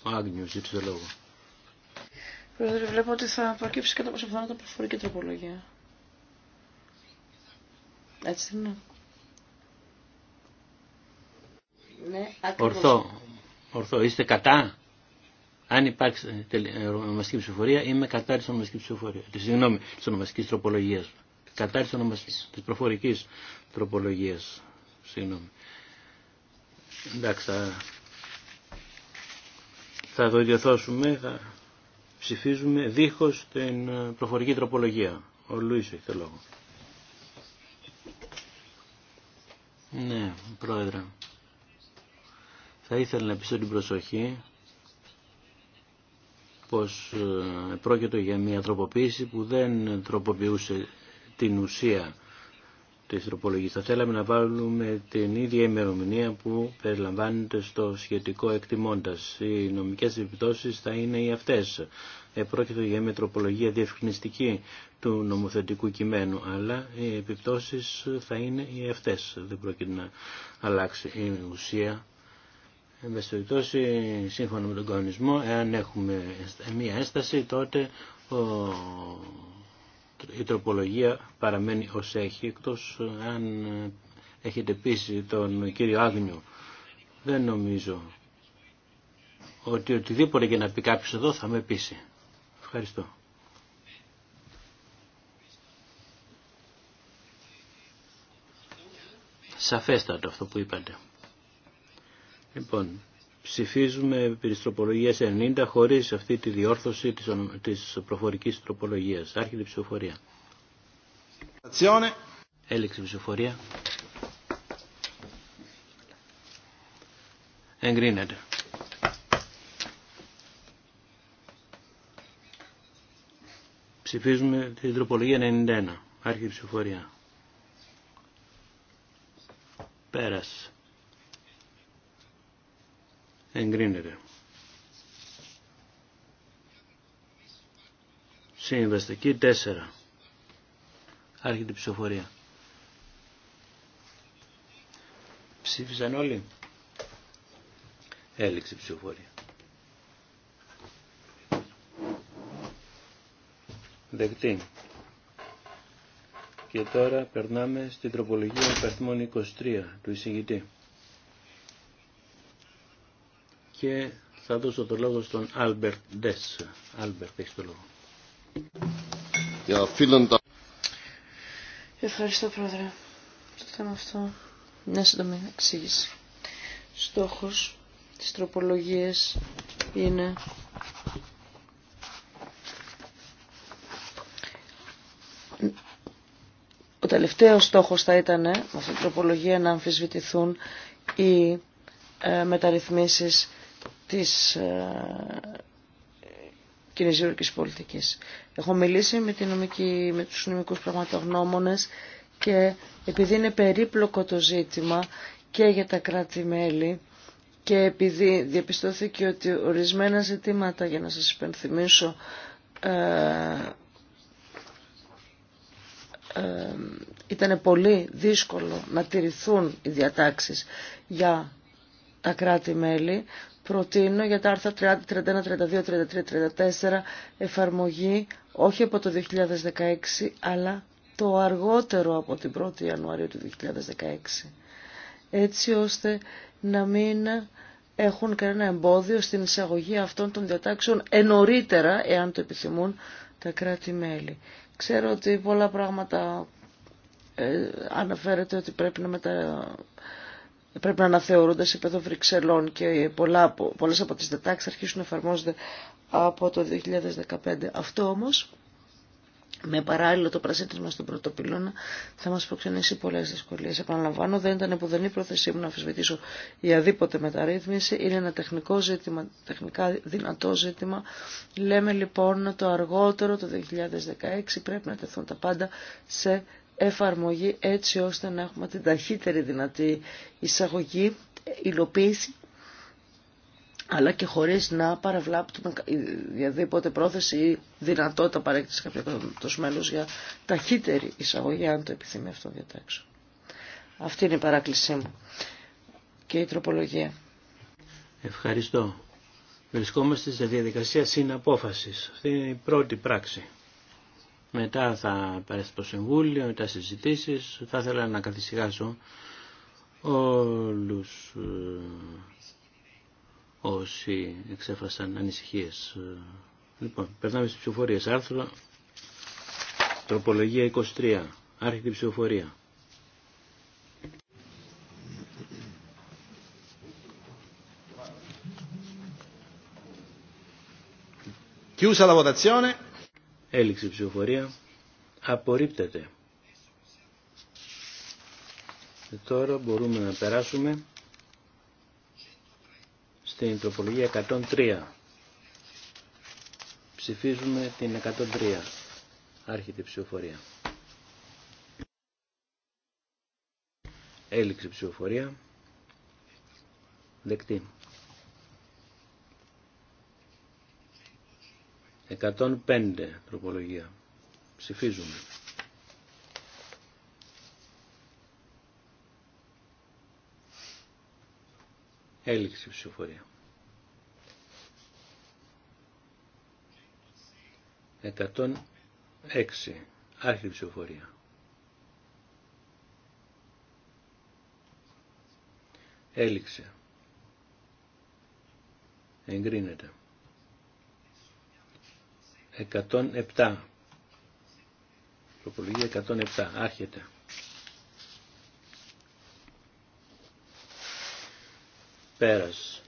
S1: Ο Άγνιος, ζήτησε το
S2: λόγο. Πρόεδρε, βλέπω ότι θα προκύψει κατά πόσο πιθανότητα προφορική τροπολογία. Έτσι είναι. Ναι, Ορθό.
S1: Ορθό. Είστε κατά αν υπάρξει ε, ονομαστική ψηφοφορία, είμαι κατά ονομαστική ψηφοφορία. Τη Συγγνώμη, τη τη τροπολογίας. Κατά τη ονομαστική της προφορικής τροπολογίας. Συγγνώμη. Εντάξει, θα, θα το ιδιωθώσουμε, θα ψηφίζουμε δίχως την ε, προφορική τροπολογία. Ο Λουί έχει το λόγο. Ναι, πρόεδρε. Θα ήθελα να πιστώ την προσοχή πως ε, πρόκειται για μια τροποποίηση που δεν τροποποιούσε την ουσία της τροπολογής. Θα θέλαμε να βάλουμε την ίδια ημερομηνία που περιλαμβάνεται στο σχετικό εκτιμώντας. Οι νομικές επιπτώσεις θα είναι οι αυτές. Ε, πρόκειται για μια τροπολογία διευκρινιστική του νομοθετικού κειμένου, αλλά οι επιπτώσεις θα είναι οι αυτές. Δεν πρόκειται να αλλάξει η ουσία Εν σύμφωνα με τον κανονισμό, εάν έχουμε μία ένσταση, τότε η τροπολογία παραμένει ως έχει, εκτός αν έχετε πείσει τον κύριο Άγνιο. Δεν νομίζω ότι οτιδήποτε και να πει κάποιος εδώ θα με πείσει. Ευχαριστώ. Σαφέστατο αυτό που είπατε. Λοιπόν, ψηφίζουμε επί τροπολογία 90 χωρίς αυτή τη διόρθωση της, της προφορικής τροπολογίας. Άρχιτε η ψηφοφορία. Έλεξη ψηφοφορία. Εγκρίνεται. Ψηφίζουμε την τροπολογία 91. Άρχιτε η ψηφοφορία. Πέρασε εγκρίνεται. Συμβαστική 4. Άρχεται η ψηφοφορία. Ψήφισαν όλοι. Έληξε η ψηφοφορία. Δεκτή. Και τώρα περνάμε στην τροπολογία υπαρθμών 23 του εισηγητή και θα δώσω το λόγο στον Άλμπερτ Ντες. Άλμπερτ, έχεις το λόγο.
S2: Ευχαριστώ, Πρόεδρε. Το θέμα αυτό, μια σύντομη εξήγηση. Στόχος της τροπολογίας είναι ο τελευταίος στόχος θα ήταν με αυτή την τροπολογία να αμφισβητηθούν οι ε, μεταρρυθμίσεις της ε, κινησιορικής πολιτικής. Έχω μιλήσει με, την νομική, με τους νομικούς πραγματογνώμονες και επειδή είναι περίπλοκο το ζήτημα και για τα κράτη-μέλη και επειδή διαπιστώθηκε ότι ορισμένα ζητήματα, για να σας υπενθυμίσω, ε, ε, ήταν πολύ δύσκολο να τηρηθούν οι διατάξεις για τα κράτη-μέλη, προτείνω για τα άρθρα 30, 31, 32, 33, 34 εφαρμογή όχι από το 2016 αλλά το αργότερο από την 1η Ιανουαρίου του 2016 έτσι ώστε να μην έχουν κανένα εμπόδιο στην εισαγωγή αυτών των διατάξεων ενωρίτερα, εάν το επιθυμούν, τα κράτη-μέλη. Ξέρω ότι πολλά πράγματα ε, αναφέρεται ότι πρέπει να μετα πρέπει να αναθεωρούνται σε επίπεδο Βρυξελών και πολλά, πολλές από τις δετάξεις αρχίσουν να εφαρμόζονται από το 2015. Αυτό όμως με παράλληλο το πρασίτισμα στον πρωτοπυλώνα, θα μας προξενήσει πολλές δυσκολίες. Επαναλαμβάνω, δεν ήταν που δεν η πρόθεσή μου να αφισβητήσω η αδίποτε μεταρρύθμιση. Είναι ένα τεχνικό ζήτημα, τεχνικά δυνατό ζήτημα. Λέμε λοιπόν το αργότερο, το 2016, πρέπει να τεθούν τα πάντα σε εφαρμογή έτσι ώστε να έχουμε την ταχύτερη δυνατή εισαγωγή, υλοποίηση αλλά και χωρίς να παραβλάπτουμε οποιαδήποτε πρόθεση ή δυνατότητα παρέκτηση κάποιο το για ταχύτερη εισαγωγή, αν το επιθυμεί αυτό διατάξω. Αυτή είναι η παράκλησή μου και η τροπολογία.
S1: Ευχαριστώ. Βρισκόμαστε σε διαδικασία συναπόφασης. Αυτή είναι η πρώτη πράξη μετά θα πέρασε το Συμβούλιο, μετά συζητήσεις. Θα ήθελα να καθησυχάσω όλους ε, όσοι εξέφρασαν ανησυχίες. Λοιπόν, περνάμε στις ψηφοφορίες. Άρθρο, τροπολογία 23, η ψηφοφορία. Chiusa la votazione. Έληξη ψηφοφορία. Απορρίπτεται. Ε, τώρα μπορούμε να περάσουμε στην τροπολογία 103. Ψηφίζουμε την 103. Άρχεται η ψηφοφορία. Έληξη ψηφοφορία. Δεκτή. 105 τροπολογία. Ψηφίζουμε. Έληξη ψηφοφορία. 106. Άρχη ψηφοφορία. Έληξε. Εγκρίνεται. 107. Τροπολογία 107. Άρχεται. Πέρας.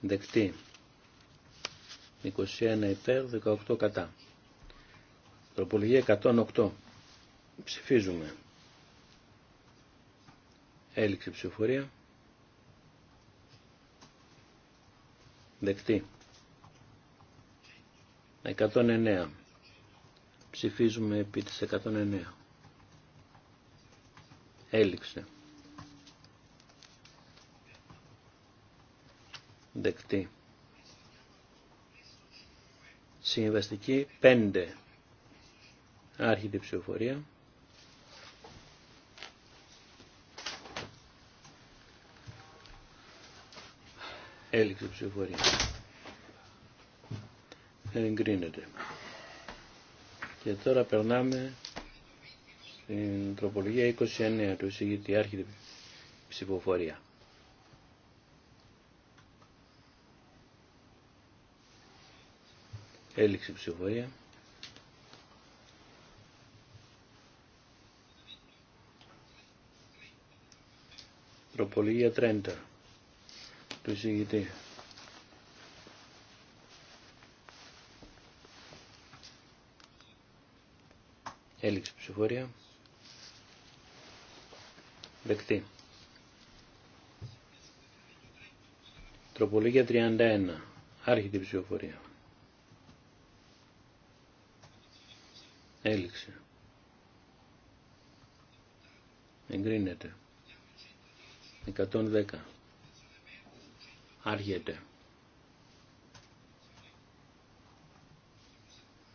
S1: Δεκτή. 21 υπέρ, 18 κατά. Τροπολογία 108. Ψηφίζουμε. Έληξε ψηφοφορία. Δεκτή. 109. Ψηφίζουμε επί της 109. Έληξε. Δεκτή. Συμβαστική 5. Άρχιτη ψηφοφορία. Έληξε ψηφοφορία. Εγκρίνεται. Και τώρα περνάμε στην τροπολογία 29 του εισηγητή άρχιτη ψηφοφορία. Έληξη ψηφοφορία. Τροπολογία 30 του εισηγητή. Έληξη ψηφορία. Δεκτή. Τροπολογία 31. Άρχιτη ψηφοφορία. Έληξε. Εγκρίνεται. 110. Άργεται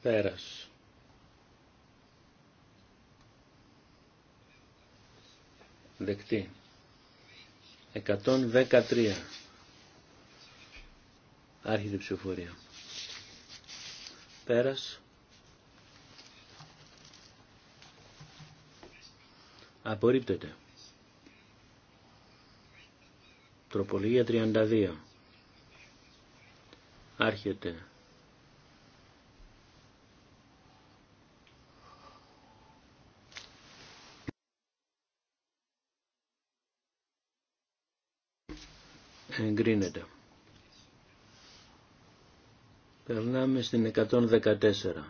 S1: Πέρας. Δεκτή. 113. Άρχεται η ψηφοφορία. Πέρας. Απορρίπτεται. Τροπολογία 32. Άρχεται. Εγκρίνεται. Περνάμε στην 114.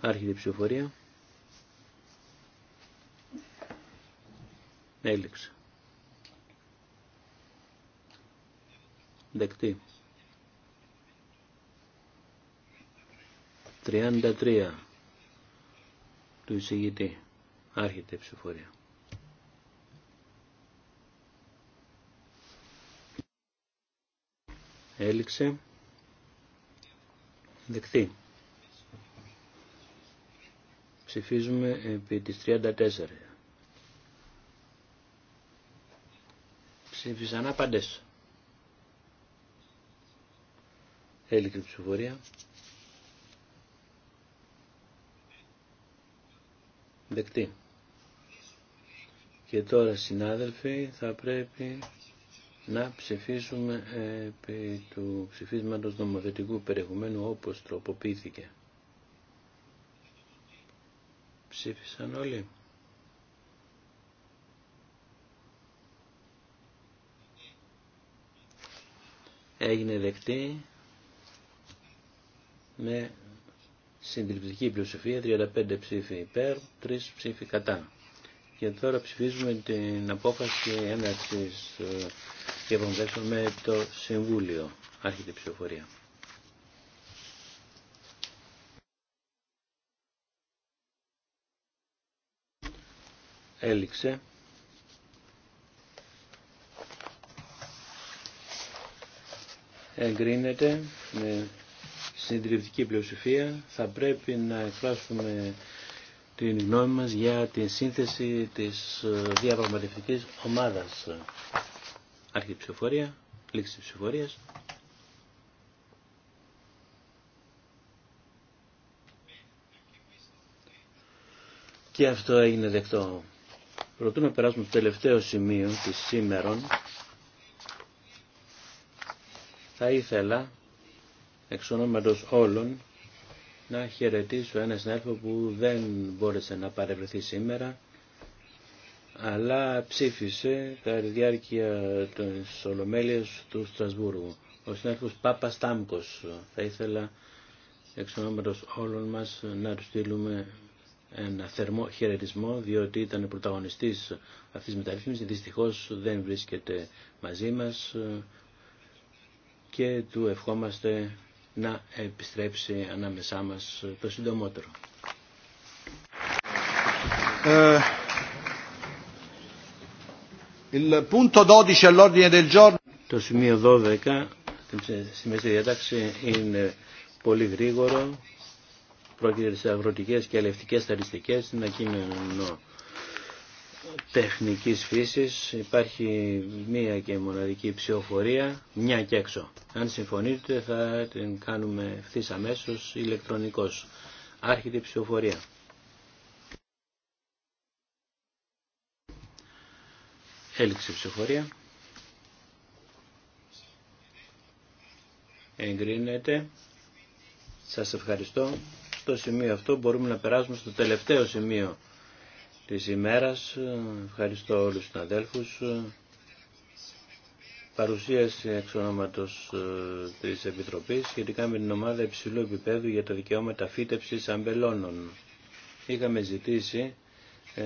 S1: Άρχεται η ψηφοφορία. Έλλειψη. Δεκτή. 33 του εισηγητή. Άρχεται η ψηφορία. Έληξε. Δεκτή. Ψηφίζουμε επί της 34. Ψήφισαν άπαντες. Έλικρη ψηφοφορία. Δεκτή. Και τώρα συνάδελφοι θα πρέπει να ψηφίσουμε επί του ψηφίσματος νομοθετικού περιεχομένου όπως τροποποιήθηκε. Ψήφισαν όλοι. έγινε δεκτή με συντριπτική πλειοσοφία, 35 ψήφοι υπέρ, 3 ψήφοι κατά. Και τώρα ψηφίζουμε την απόφαση έναρξης ε, διαπραγματεύσεων με το Συμβούλιο. άρχιτη ψηφοφορία. Έληξε. εγκρίνεται με συντηρητική πλειοψηφία. Θα πρέπει να εκφράσουμε την γνώμη μας για τη σύνθεση της ε, διαπραγματευτικής ομάδας. Άρχη ψηφοφορία, λήξη ψηφοφορίας. Και αυτό έγινε δεκτό. Προτού να περάσουμε στο τελευταίο σημείο της σήμερων, θα ήθελα εξ ονόματος όλων να χαιρετήσω ένα συνάδελφο που δεν μπόρεσε να παρευρεθεί σήμερα αλλά ψήφισε κατά τη διάρκεια των Ολομέλειας του Στρασβούργου. Ο συνάδελφος Πάπα Στάμκος θα ήθελα εξ ονόματος όλων μας να του στείλουμε ένα θερμό χαιρετισμό διότι ήταν πρωταγωνιστής αυτής της μεταρρύθμισης δυστυχώς δεν βρίσκεται μαζί μας και του ευχόμαστε να επιστρέψει ανάμεσά μας το συντομότερο. Ε, το σημείο 12 στη μέση διατάξη είναι πολύ γρήγορο. Πρόκειται σε αγροτικές και αλευτικές σταριστικές. στην ακίνηνο τεχνικής φύσης υπάρχει μία και μοναδική ψηφοφορία, μια και έξω. Αν συμφωνείτε θα την κάνουμε ευθύς αμέσως ηλεκτρονικός. Άρχεται η ψηφοφορία. Έληξε ψηφοφορία. Εγκρίνεται. Σας ευχαριστώ. Στο σημείο αυτό μπορούμε να περάσουμε στο τελευταίο σημείο της ημέρας. Ευχαριστώ όλους τους αδέλφους. Παρουσίαση εξ ονόματος ε, της Επιτροπής σχετικά με την ομάδα υψηλού επίπεδου για τα δικαιώματα φύτευσης αμπελώνων. Είχαμε ζητήσει ε,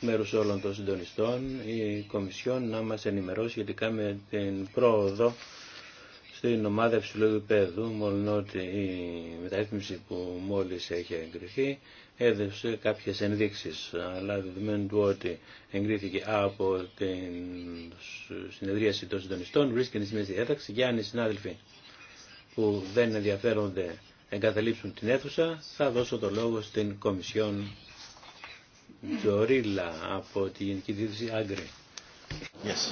S1: μέρους όλων των συντονιστών η Κομισιόν να μας ενημερώσει σχετικά με την πρόοδο στην ομάδα υψηλού επίπεδου, μόνο ότι η μεταρρύθμιση που μόλις έχει εγκριθεί έδευσε κάποιες ενδείξεις, αλλά δεδομένου του ότι εγκρίθηκε από την συνεδρίαση των συντονιστών, βρίσκεται στη μέση ένταξη και αν οι συνάδελφοι που δεν ενδιαφέρονται εγκαταλείψουν την αίθουσα, θα δώσω το λόγο στην Κομισιόν Τζορίλα από τη Γενική Διεύθυνση Άγκρη. Yes,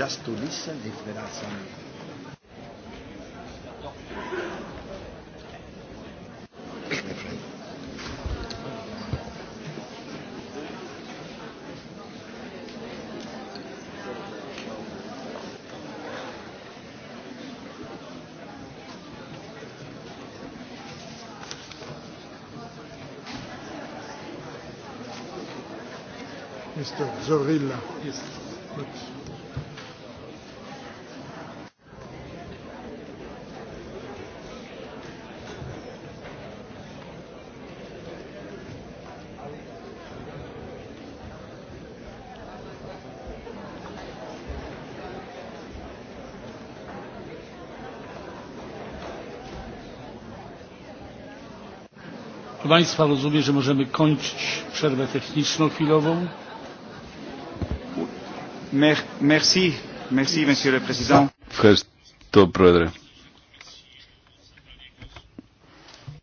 S3: Just to listen if there Mr. Zorilla.
S1: państwa rozumiem że
S3: możemy kończyć przerwę techniczną chwilową. Ευχαριστώ, Πρόεδρε.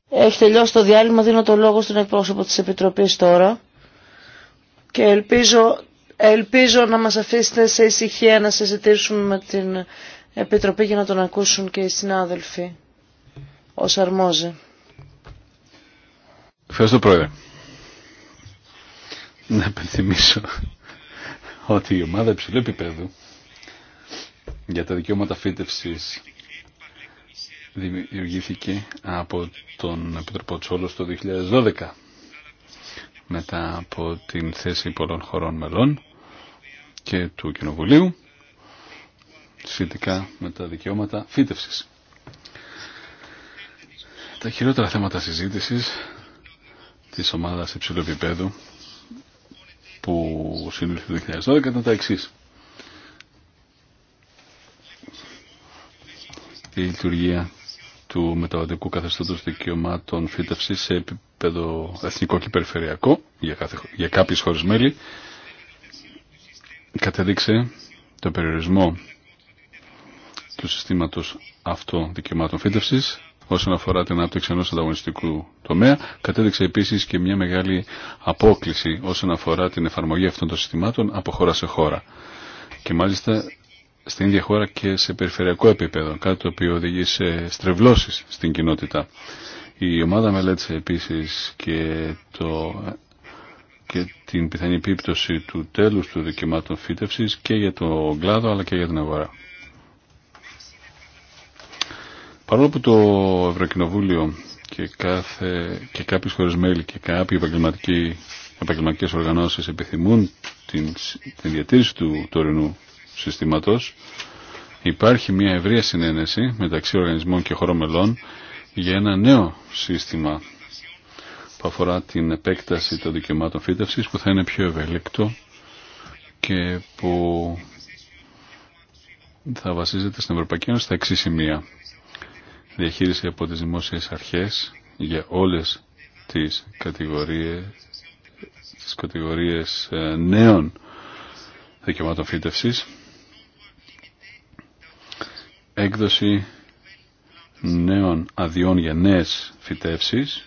S2: Έχει τελειώσει το διάλειμμα, δίνω το λόγο στον εκπρόσωπο της Επιτροπής τώρα και ελπίζω, ελπίζω να μας αφήσετε σε ησυχία να συζητήσουμε με την Επιτροπή για να τον ακούσουν και οι συνάδελφοι ως αρμόζε.
S3: Ευχαριστώ Πρόεδρε. Να υπενθυμίσω ότι η ομάδα υψηλού επίπεδου για τα δικαιώματα φύτευσης δημιουργήθηκε από τον Επιτροπό Τσόλο το 2012 μετά από την θέση πολλών χωρών μελών και του Κοινοβουλίου σχετικά με τα δικαιώματα φύτευσης. Τα χειρότερα θέματα συζήτησης της ομάδας υψηλού επίπεδου που συνήλθε το 2012 ήταν τα εξή. Η λειτουργία του μεταβατικού καθεστώτος δικαιωμάτων φύτευση σε επίπεδο εθνικό και περιφερειακό για, κάθε, για κάποιες χώρες μέλη κατέδειξε το περιορισμό του συστήματος αυτό δικαιωμάτων φύτευσης όσον αφορά την άπτυξη ενός ανταγωνιστικού τομέα. Κατέδειξε επίσης και μια μεγάλη απόκληση όσον αφορά την εφαρμογή αυτών των συστημάτων από χώρα σε χώρα. Και μάλιστα στην ίδια χώρα και σε περιφερειακό επίπεδο, κάτι το οποίο οδηγεί σε στρεβλώσεις στην κοινότητα. Η ομάδα μελέτησε επίσης και, το, και την πιθανή επίπτωση του τέλους του δικαιωμάτων φύτευσης και για τον κλάδο αλλά και για την αγορά. Παρόλο που το Ευρωκοινοβούλιο και, κάθε, και κάποιες χώρες μέλη και κάποιοι επαγγελματικοί, επαγγελματικές οργανώσεις επιθυμούν την, την διατήρηση του τωρινού συστήματος, υπάρχει μια ευρεία συνένεση μεταξύ οργανισμών και χωρών μελών για ένα νέο σύστημα που αφορά την επέκταση των δικαιωμάτων φύτευσης που θα είναι πιο ευέλικτο και που θα βασίζεται στην Ευρωπαϊκή Ένωση στα εξή σημεία διαχείριση από τις δημόσιες αρχές για όλες τις κατηγορίες, τις κατηγορίες ε, νέων δικαιωμάτων φύτευσης, έκδοση νέων αδειών για νέες φυτεύσεις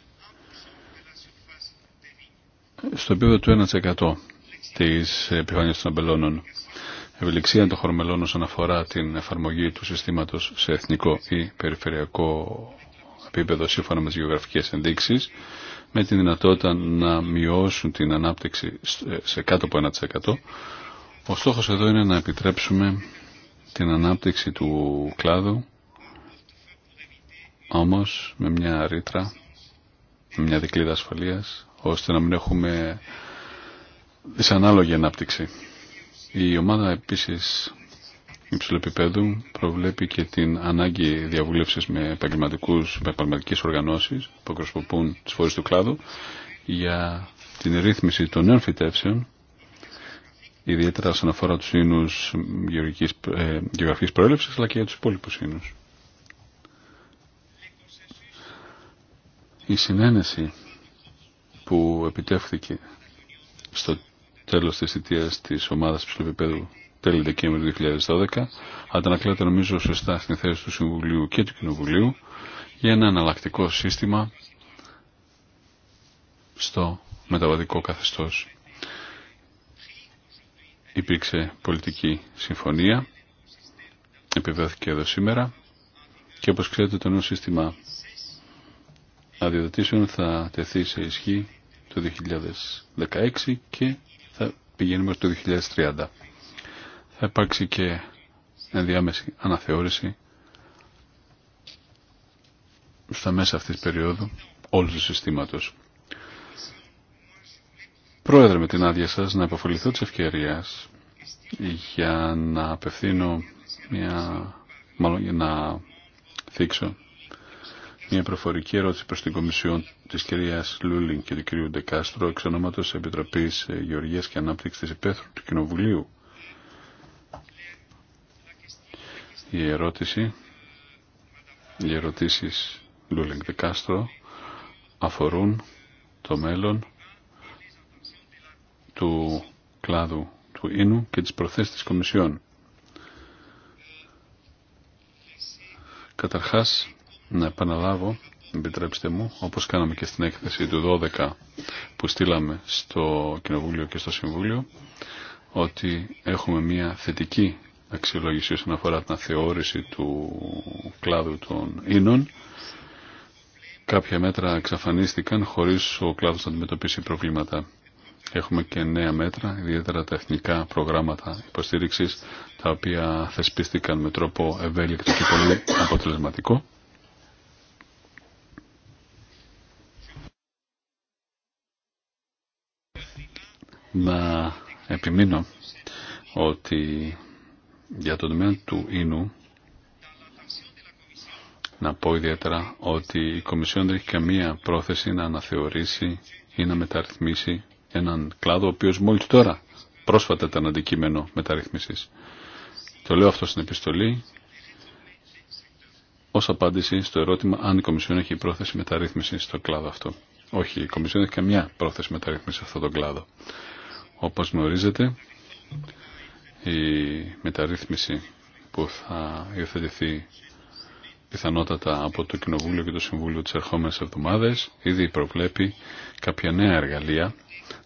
S3: στο επίπεδο του 1% της επιφάνειας των αμπελώνων ευελιξία των χορμελών όσον αφορά την εφαρμογή του συστήματος σε εθνικό ή περιφερειακό επίπεδο σύμφωνα με τις γεωγραφικές ενδείξεις με τη δυνατότητα να μειώσουν την ανάπτυξη σε κάτω από 1%. Ο στόχος εδώ είναι να επιτρέψουμε την ανάπτυξη του κλάδου όμως με μια ρήτρα, με μια δικλίδα ασφαλείας ώστε να μην έχουμε δυσανάλογη ανάπτυξη. Η ομάδα επίσης υψηλού επίπεδου προβλέπει και την ανάγκη διαβούλευσης με επαγγελματικούς, με επαγγελματικές οργανώσεις που εκπροσωπούν τις φορές του κλάδου για την ρύθμιση των νέων φυτεύσεων ιδιαίτερα σαν αφορά τους ίνους ε, γεωγραφικής, ε, προέλευσης αλλά και για τους υπόλοιπους ίνους. Η συνένεση που επιτεύχθηκε στο Τέλο τη θητεία τη ομάδα ψηλού τέλη Δεκέμβρη 2012, αντανακλάται νομίζω σωστά στην θέση του Συμβουλίου και του Κοινοβουλίου για ένα αναλλακτικό σύστημα στο μεταβατικό καθεστώς. Υπήρξε πολιτική συμφωνία, επιβεβαιώθηκε εδώ σήμερα και όπω ξέρετε το νέο σύστημα αδειοδοτήσεων θα τεθεί σε ισχύ το 2016 και θα πηγαίνουμε στο 2030. Θα υπάρξει και ενδιάμεση αναθεώρηση στα μέσα αυτής της περίοδου όλου του συστήματος. Πρόεδρε με την άδεια σας να υποφεληθώ της ευκαιρίας για να απευθύνω μια, μάλλον για να θίξω μια προφορική ερώτηση προς την Κομισιόν της κυρίας Λούλιν και του κυρίου Ντεκάστρο εξ ονόματος Επιτροπής ε, Γεωργίας και Ανάπτυξης της Υπέθρου του Κοινοβουλίου. Η ερώτηση, οι ερωτήσεις Λούλιν Ντεκάστρο αφορούν το μέλλον του κλάδου του Ίνου και τις προθέσεις της Κομισιόν. Καταρχάς, να επαναλάβω, επιτρέψτε μου, όπως κάναμε και στην έκθεση του 12 που στείλαμε στο Κοινοβούλιο και στο Συμβούλιο, ότι έχουμε μια θετική αξιολόγηση όσον αφορά την αθεώρηση του κλάδου των ίνων. Κάποια μέτρα εξαφανίστηκαν χωρίς ο κλάδος να αντιμετωπίσει προβλήματα. Έχουμε και νέα μέτρα, ιδιαίτερα τα εθνικά προγράμματα υποστήριξης, τα οποία θεσπίστηκαν με τρόπο ευέλικτο και πολύ αποτελεσματικό. να επιμείνω ότι για τον τομέα του ίνου να πω ιδιαίτερα ότι η Κομισιόν δεν έχει καμία πρόθεση να αναθεωρήσει ή να μεταρρυθμίσει έναν κλάδο ο οποίος μόλις τώρα πρόσφατα ήταν αντικείμενο μεταρρύθμισης. Το λέω αυτό στην επιστολή ως απάντηση στο ερώτημα αν η Κομισιόν έχει πρόθεση μεταρρύθμιση στο κλάδο αυτό. Όχι, η Κομισιόν έχει καμιά πρόθεση μεταρρύθμιση σε αυτόν τον κλάδο. Όπως γνωρίζετε, η μεταρρύθμιση που θα υιοθετηθεί πιθανότατα από το Κοινοβούλιο και το Συμβούλιο τις ερχόμενες εβδομάδες ήδη προβλέπει κάποια νέα εργαλεία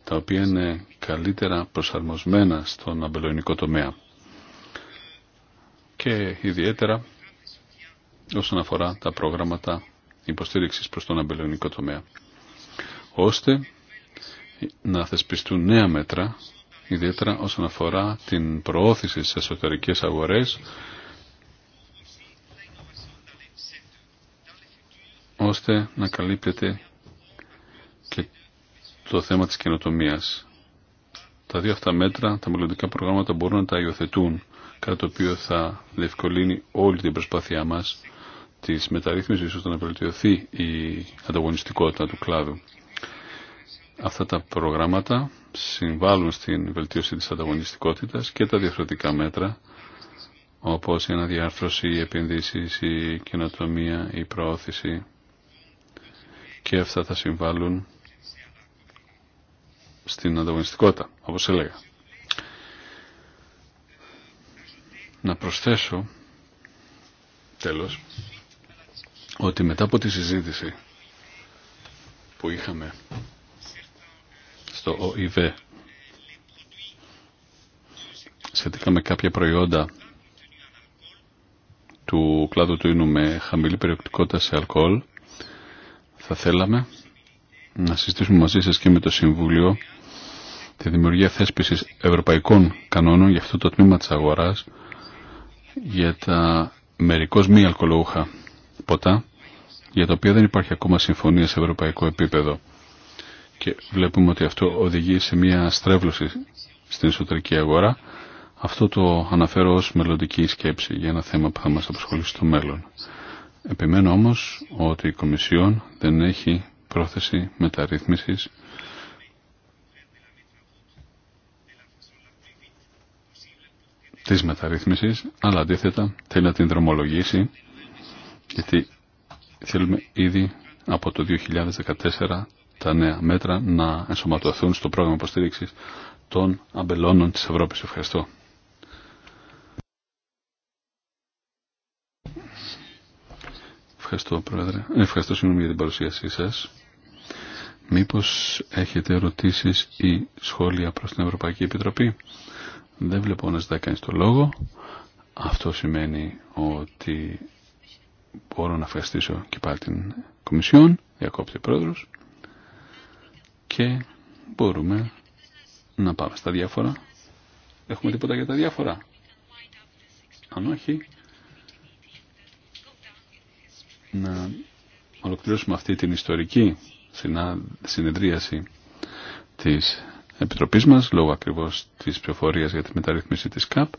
S3: τα οποία είναι καλύτερα προσαρμοσμένα στον αμπελοϊνικό τομέα και ιδιαίτερα όσον αφορά τα προγράμματα υποστήριξης προς τον αμπελοϊνικό τομέα ώστε να θεσπιστούν νέα μέτρα, ιδιαίτερα όσον αφορά την προώθηση στις εσωτερικές αγορές, ώστε να καλύπτεται και το θέμα της καινοτομίας. Τα δύο αυτά μέτρα, τα μελλοντικά προγράμματα μπορούν να τα υιοθετούν, κατά το οποίο θα διευκολύνει όλη την προσπάθειά μας της μεταρρύθμισης ώστε να βελτιωθεί η ανταγωνιστικότητα του κλάδου. Αυτά τα προγράμματα συμβάλλουν στην βελτίωση της ανταγωνιστικότητας και τα διαφορετικά μέτρα όπως η αναδιάρθρωση, οι επενδύσεις, η καινοτομία, η προώθηση και αυτά θα συμβάλλουν στην ανταγωνιστικότητα, όπως έλεγα. Να προσθέσω τέλος ότι μετά από τη συζήτηση που είχαμε στο ΟΗΒ σχετικά με κάποια προϊόντα του κλάδου του ίνου με χαμηλή περιοκτικότητα σε αλκοόλ θα θέλαμε να συζητήσουμε μαζί σας και με το Συμβούλιο τη δημιουργία θέσπισης ευρωπαϊκών κανόνων για αυτό το τμήμα της αγοράς για τα μερικώς μη αλκοολούχα ποτά για τα οποία δεν υπάρχει ακόμα συμφωνία σε ευρωπαϊκό επίπεδο και βλέπουμε ότι αυτό οδηγεί σε μια στρέβλωση στην εσωτερική αγορά. Αυτό το αναφέρω ως μελλοντική σκέψη για ένα θέμα που θα μας απασχολήσει στο μέλλον. Επιμένω όμως ότι η Κομισιόν δεν έχει πρόθεση μεταρρύθμισης της μεταρρύθμισης, αλλά αντίθετα θέλει να την δρομολογήσει, γιατί θέλουμε ήδη από το 2014 τα νέα μέτρα να ενσωματωθούν στο πρόγραμμα υποστήριξη των αμπελώνων της Ευρώπης. Ευχαριστώ. Ευχαριστώ, Πρόεδρε. Ευχαριστώ, συγγνώμη για την παρουσίασή σας. Μήπως έχετε ερωτήσεις ή σχόλια προς την Ευρωπαϊκή Επιτροπή. Δεν βλέπω να ζητάει κανείς το λόγο. Αυτό σημαίνει ότι μπορώ να ευχαριστήσω και πάλι την Κομισιόν, διακόπτει ο Πρόεδρος και μπορούμε να πάμε στα διάφορα. Έχουμε τίποτα για τα διάφορα. Αν όχι, να ολοκληρώσουμε αυτή την ιστορική συνεδρίαση της Επιτροπής μας, λόγω ακριβώς της πληροφορίας για τη μεταρρύθμιση της ΚΑΠ.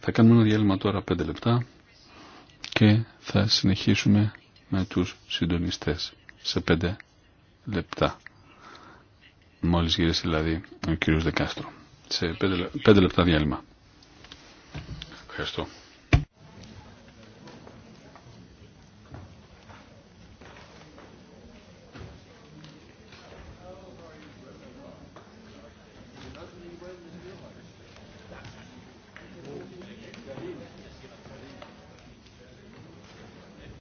S3: Θα κάνουμε ένα διάλειμμα τώρα 5 λεπτά και θα συνεχίσουμε με τους συντονιστές σε 5 λεπτά. Μόλις γύρισε δηλαδή ο κύριος Δεκάστρο. Σε πέντε, πέντε λεπτά διάλειμμα. Ευχαριστώ.